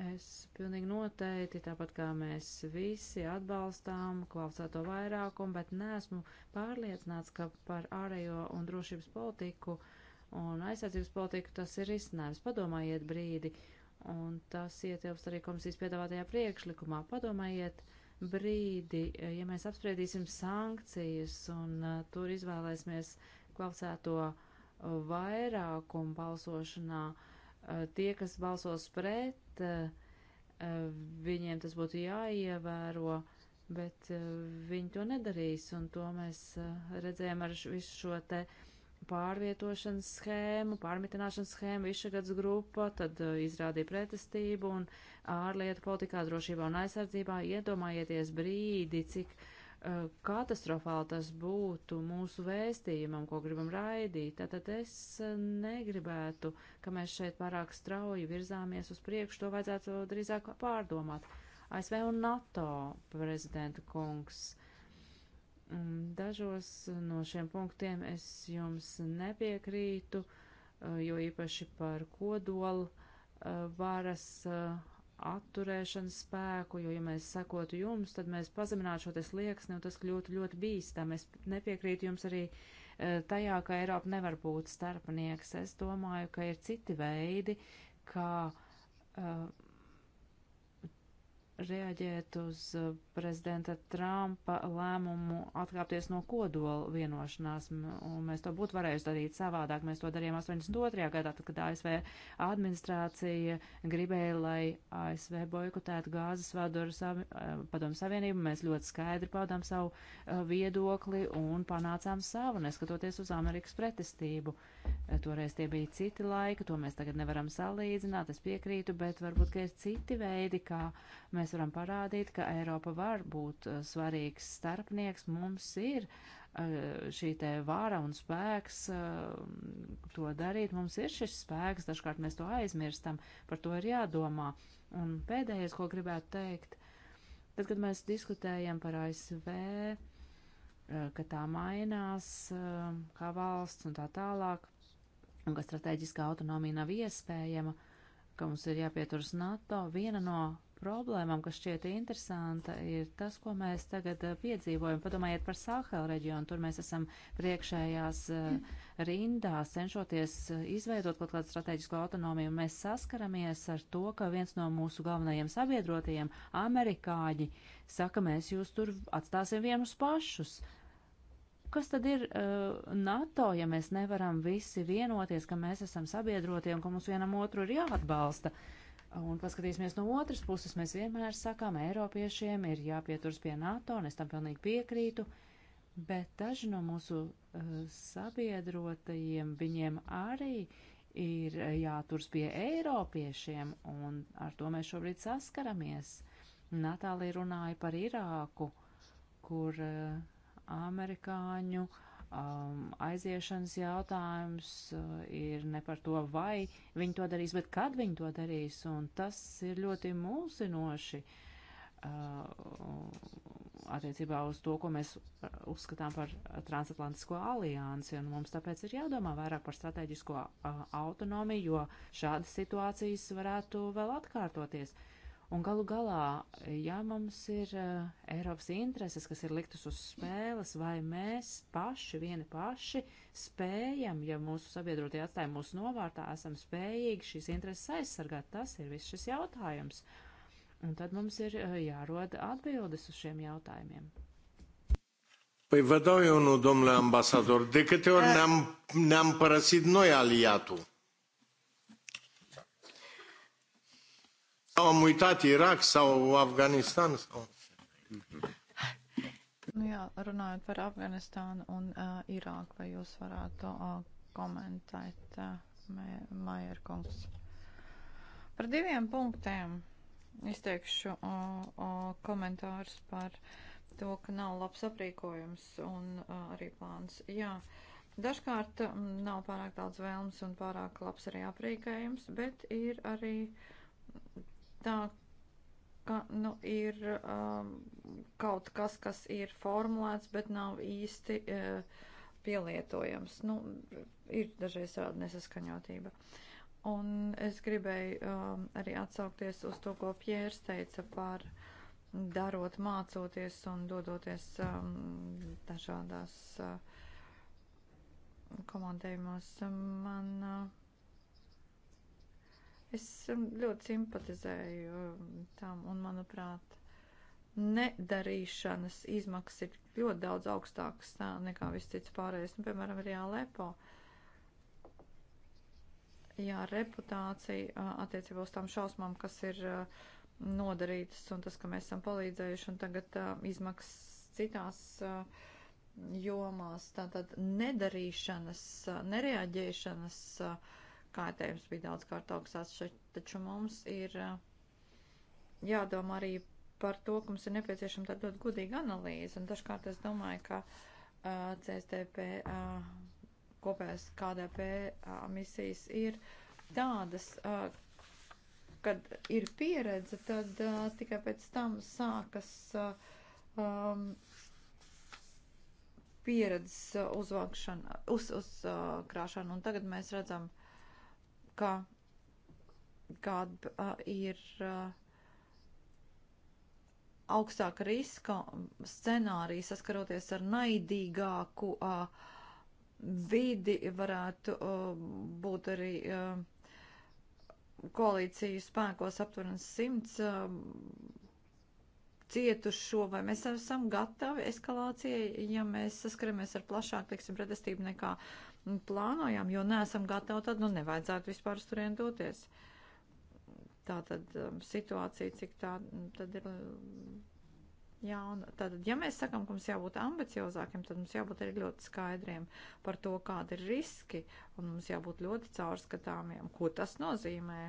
Es pilnīgi noteikti, tāpat kā mēs visi atbalstām klausēto vairākumu, bet neesmu pārliecināts, ka par ārējo un drošības politiku un aizsardzības politiku tas ir izcinājums. Padomājiet brīdi, un tas ietilpst arī komisijas piedāvātajā priekšlikumā. Padomājiet brīdi, ja mēs apspriedīsim sankcijas un uh, tur izvēlēsimies klausēto vairākumu balsošanā. Uh, Eh, tie, kas balsos pret, eh, viņiem tas būtu jāievēro, bet eh, viņi to nedarīs, un to mēs redzējām ar visu šo te pārvietošanas schēmu, pārmitināšanas schēmu, višagads grupa, tad izrādīja pretestību un ārlietu politikā, drošībā un aizsardzībā. Iedomājieties brīdi, cik uh, Eh, katastrofāli tas būtu mūsu vēstījumam, ko gribam raidīt. Tātad es eh, negribētu, ka mēs šeit pārāk strauji virzāmies uz priekšu, to vajadzētu drīzāk pārdomāt. ASV un NATO prezidenta kungs. Mm, dažos no šiem punktiem es jums nepiekrītu, eh, jo īpaši par kodolu varas atturēšanas spēku, jo, ja mēs sekotu jums, tad mēs pazeminātu šo te slieksni un tas kļūtu ļoti bīstam. Es nepiekrītu jums arī e, tajā, ka Eiropa nevar būt starpnieks. Es domāju, ka ir citi veidi, kā uh, reaģēt uz eh, prezidenta Trumpa lēmumu atkāpties no kodola vienošanās, un mēs to būtu varējuši darīt savādāk. Mēs to darījām 82. gadā, tad, kad ASV administrācija gribēja, lai ASV boikotētu gāzes vadu ar savi, eh, padomu savienību. Mēs ļoti skaidri paudām savu eh, viedokli un panācām savu, neskatoties uz Amerikas pretestību. Uh, Toreiz tie bija citi laiki, to mēs tagad nevaram salīdzināt, es piekrītu, bet varbūt, ka ir citi veidi, kā mēs varam parādīt, ka Eiropa var būt eh, svarīgs starpnieks. Mums ir eh, šī te vara un spēks eh, to darīt, mums ir šis spēks, dažkārt mēs to aizmirstam, par to ir jādomā. Un pēdējais, ko gribētu teikt, tad, kad mēs diskutējam par ASV ka tā mainās kā valsts un tā tālāk un ka strateģiskā autonomija nav iespējama, ka mums ir jāpieturas NATO, viena no problēmām, kas šķiet interesanta, ir tas, ko mēs tagad eh, piedzīvojam. Padomājiet par Sāhelu reģionu, tur mēs esam priekšējās eh, rindās, cenšoties eh, izveidot kaut kādu strateģisku autonomiju. Mēs saskaramies ar to, ka viens no mūsu galvenajiem sabiedrotajiem, amerikāņi, saka, mēs jūs tur atstāsim vienus pašus. Kas tad ir uh, NATO, ja mēs nevaram visi vienoties, ka mēs esam sabiedrotie un ka mums vienam otru ir jāatbalsta? Un paskatīsimies no otras puses, mēs vienmēr sakām, Eiropiešiem ir jāpieturas pie NATO, un es tam pilnīgi piekrītu, bet daži no mūsu uh, sabiedrotajiem viņiem arī ir jāturas pie Eiropiešiem, un ar to mēs šobrīd saskaramies. Natālija runāja par Irāku, kur. Uh, amerikāņu um, aiziešanas jautājums uh, ir ne par to, vai viņi to darīs, bet kad viņi to darīs, un tas ir ļoti mulsinoši uh, attiecībā uz to, ko mēs uh, uzskatām par transatlantisko aliansi, un mums tāpēc ir jādomā vairāk par strateģisko uh, autonomiju, jo šādas situācijas varētu vēl atkārtoties. Uh, Un galu galā, ja mums ir uh, Eiropas intereses, kas ir liktas uz spēles, vai mēs paši, vieni paši, spējam, ja mūsu sabiedrotie atstāja mūsu novārtā, esam spējīgi šīs intereses aizsargāt, tas ir viss šis jautājums. Un tad mums ir uh, jārod atbildes uz šiem jautājumiem. Păi vă dau eu unul, domnule ambasador, de câte ori ne-am, ne-am părăsit noi aliatul? Am uitat Irak sau Afganistan? Sau... Nu jā, runājot par Afganistānu un uh, Irāku, vai jūs varētu uh, komentēt, uh, Maier kungs? Par diviem punktiem izteikšu uh, uh, komentārus par to, ka nav labs aprīkojums un uh, arī plāns. Jā, dažkārt um, nav pārāk daudz vēlms un pārāk labs arī aprīkojums, bet ir arī tā, ka nu, ir um, kaut kas, kas ir formulēts, bet nav īsti uh, pielietojams. Nu, ir dažreiz tāda nesaskaņotība. Un es gribēju um, arī atsaukties uz to, ko Pjērs teica par darot, mācoties un dodoties um, dažādās uh, komandējumos. Man, uh, Es um, ļoti simpatizēju um, tam un, manuprāt, nedarīšanas izmaksas ir ļoti daudz augstākas nekā viss cits pārējais. Nu, piemēram, arī Alepo. Jā, reputācija attiecībā uz tām šausmām, kas ir nodarītas un tas, ka mēs esam palīdzējuši un tagad izmaksas citās jomās. Tātad nedarīšanas, nereaģēšanas. Uh, kaitējums bija daudz kārt augstās, taču mums ir jādomā arī par to, ka mums ir nepieciešama tāda ļoti godīga analīze, un dažkārt es domāju, ka uh, CSTP uh, kopējās KDP uh, misijas ir tādas, uh, kad ir pieredze, tad uh, tikai pēc tam sākas uh, um, pieredzes uzvākšana, uz, uzkrāšana, uh, un tagad mēs redzam, uh, ka kāda ir augstāka riska scenārija saskaroties ar naidīgāku vidi, varētu būt arī koalīciju spēkos aptuveni simts cietušo, vai mēs esam gatavi eskalācijai, ja mēs saskaramies ar plašāku, teiksim, pretestību nekā uh, plānojam, jo neesam gatavi, tad nu nevajadzētu vispār uz turien doties. Tā tad um, situācija, cik tā nu, tad ir um, jauna. Tātad, ja mēs sakam, ka mums jābūt ambiciozākiem, tad mums jābūt arī ļoti skaidriem par to, kādi ir riski, un mums jābūt ļoti caurskatāmiem, ko tas nozīmē.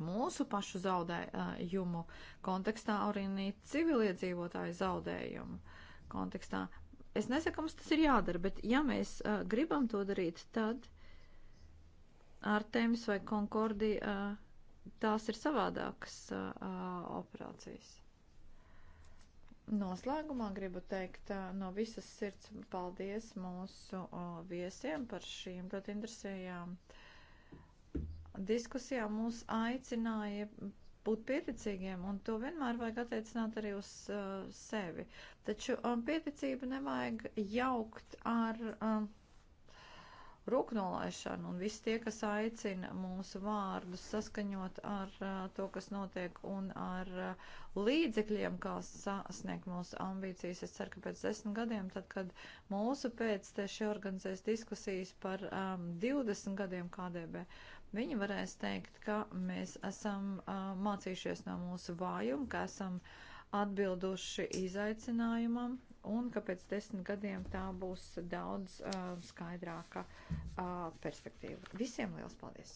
Mūsu pašu zaudējumu uh, kontekstā arī civiliedzīvotāju zaudējumu kontekstā Es nesaku, mums tas ir jādara, bet ja mēs uh, gribam to darīt, tad Artemis vai Konkordija uh, tās ir savādākas uh, operācijas. Noslēgumā gribu teikt uh, no visas sirds paldies mūsu uh, viesiem par šīm ļoti interesējām diskusijām. Mūs aicināja būt pieticīgiem, un to vienmēr vajag attiecināt arī uz uh, sevi. Taču um, pieticību nevajag jaukt ar um, rūknolaišanu, un visi tie, kas aicina mūsu vārdus saskaņot ar uh, to, kas notiek, un ar uh, līdzekļiem, kā sasniegt mūsu ambīcijas. Es ceru, ka pēc desmit gadiem, tad, kad mūsu pēcteši organizēs diskusijas par um, 20 gadiem KDB, uh, Viņi varēs teikt, ka mēs esam uh, mācījušies no mūsu vājuma, ka esam atbilduši izaicinājumam un ka pēc desmit gadiem tā būs daudz uh, skaidrāka uh, perspektīva. Visiem liels paldies!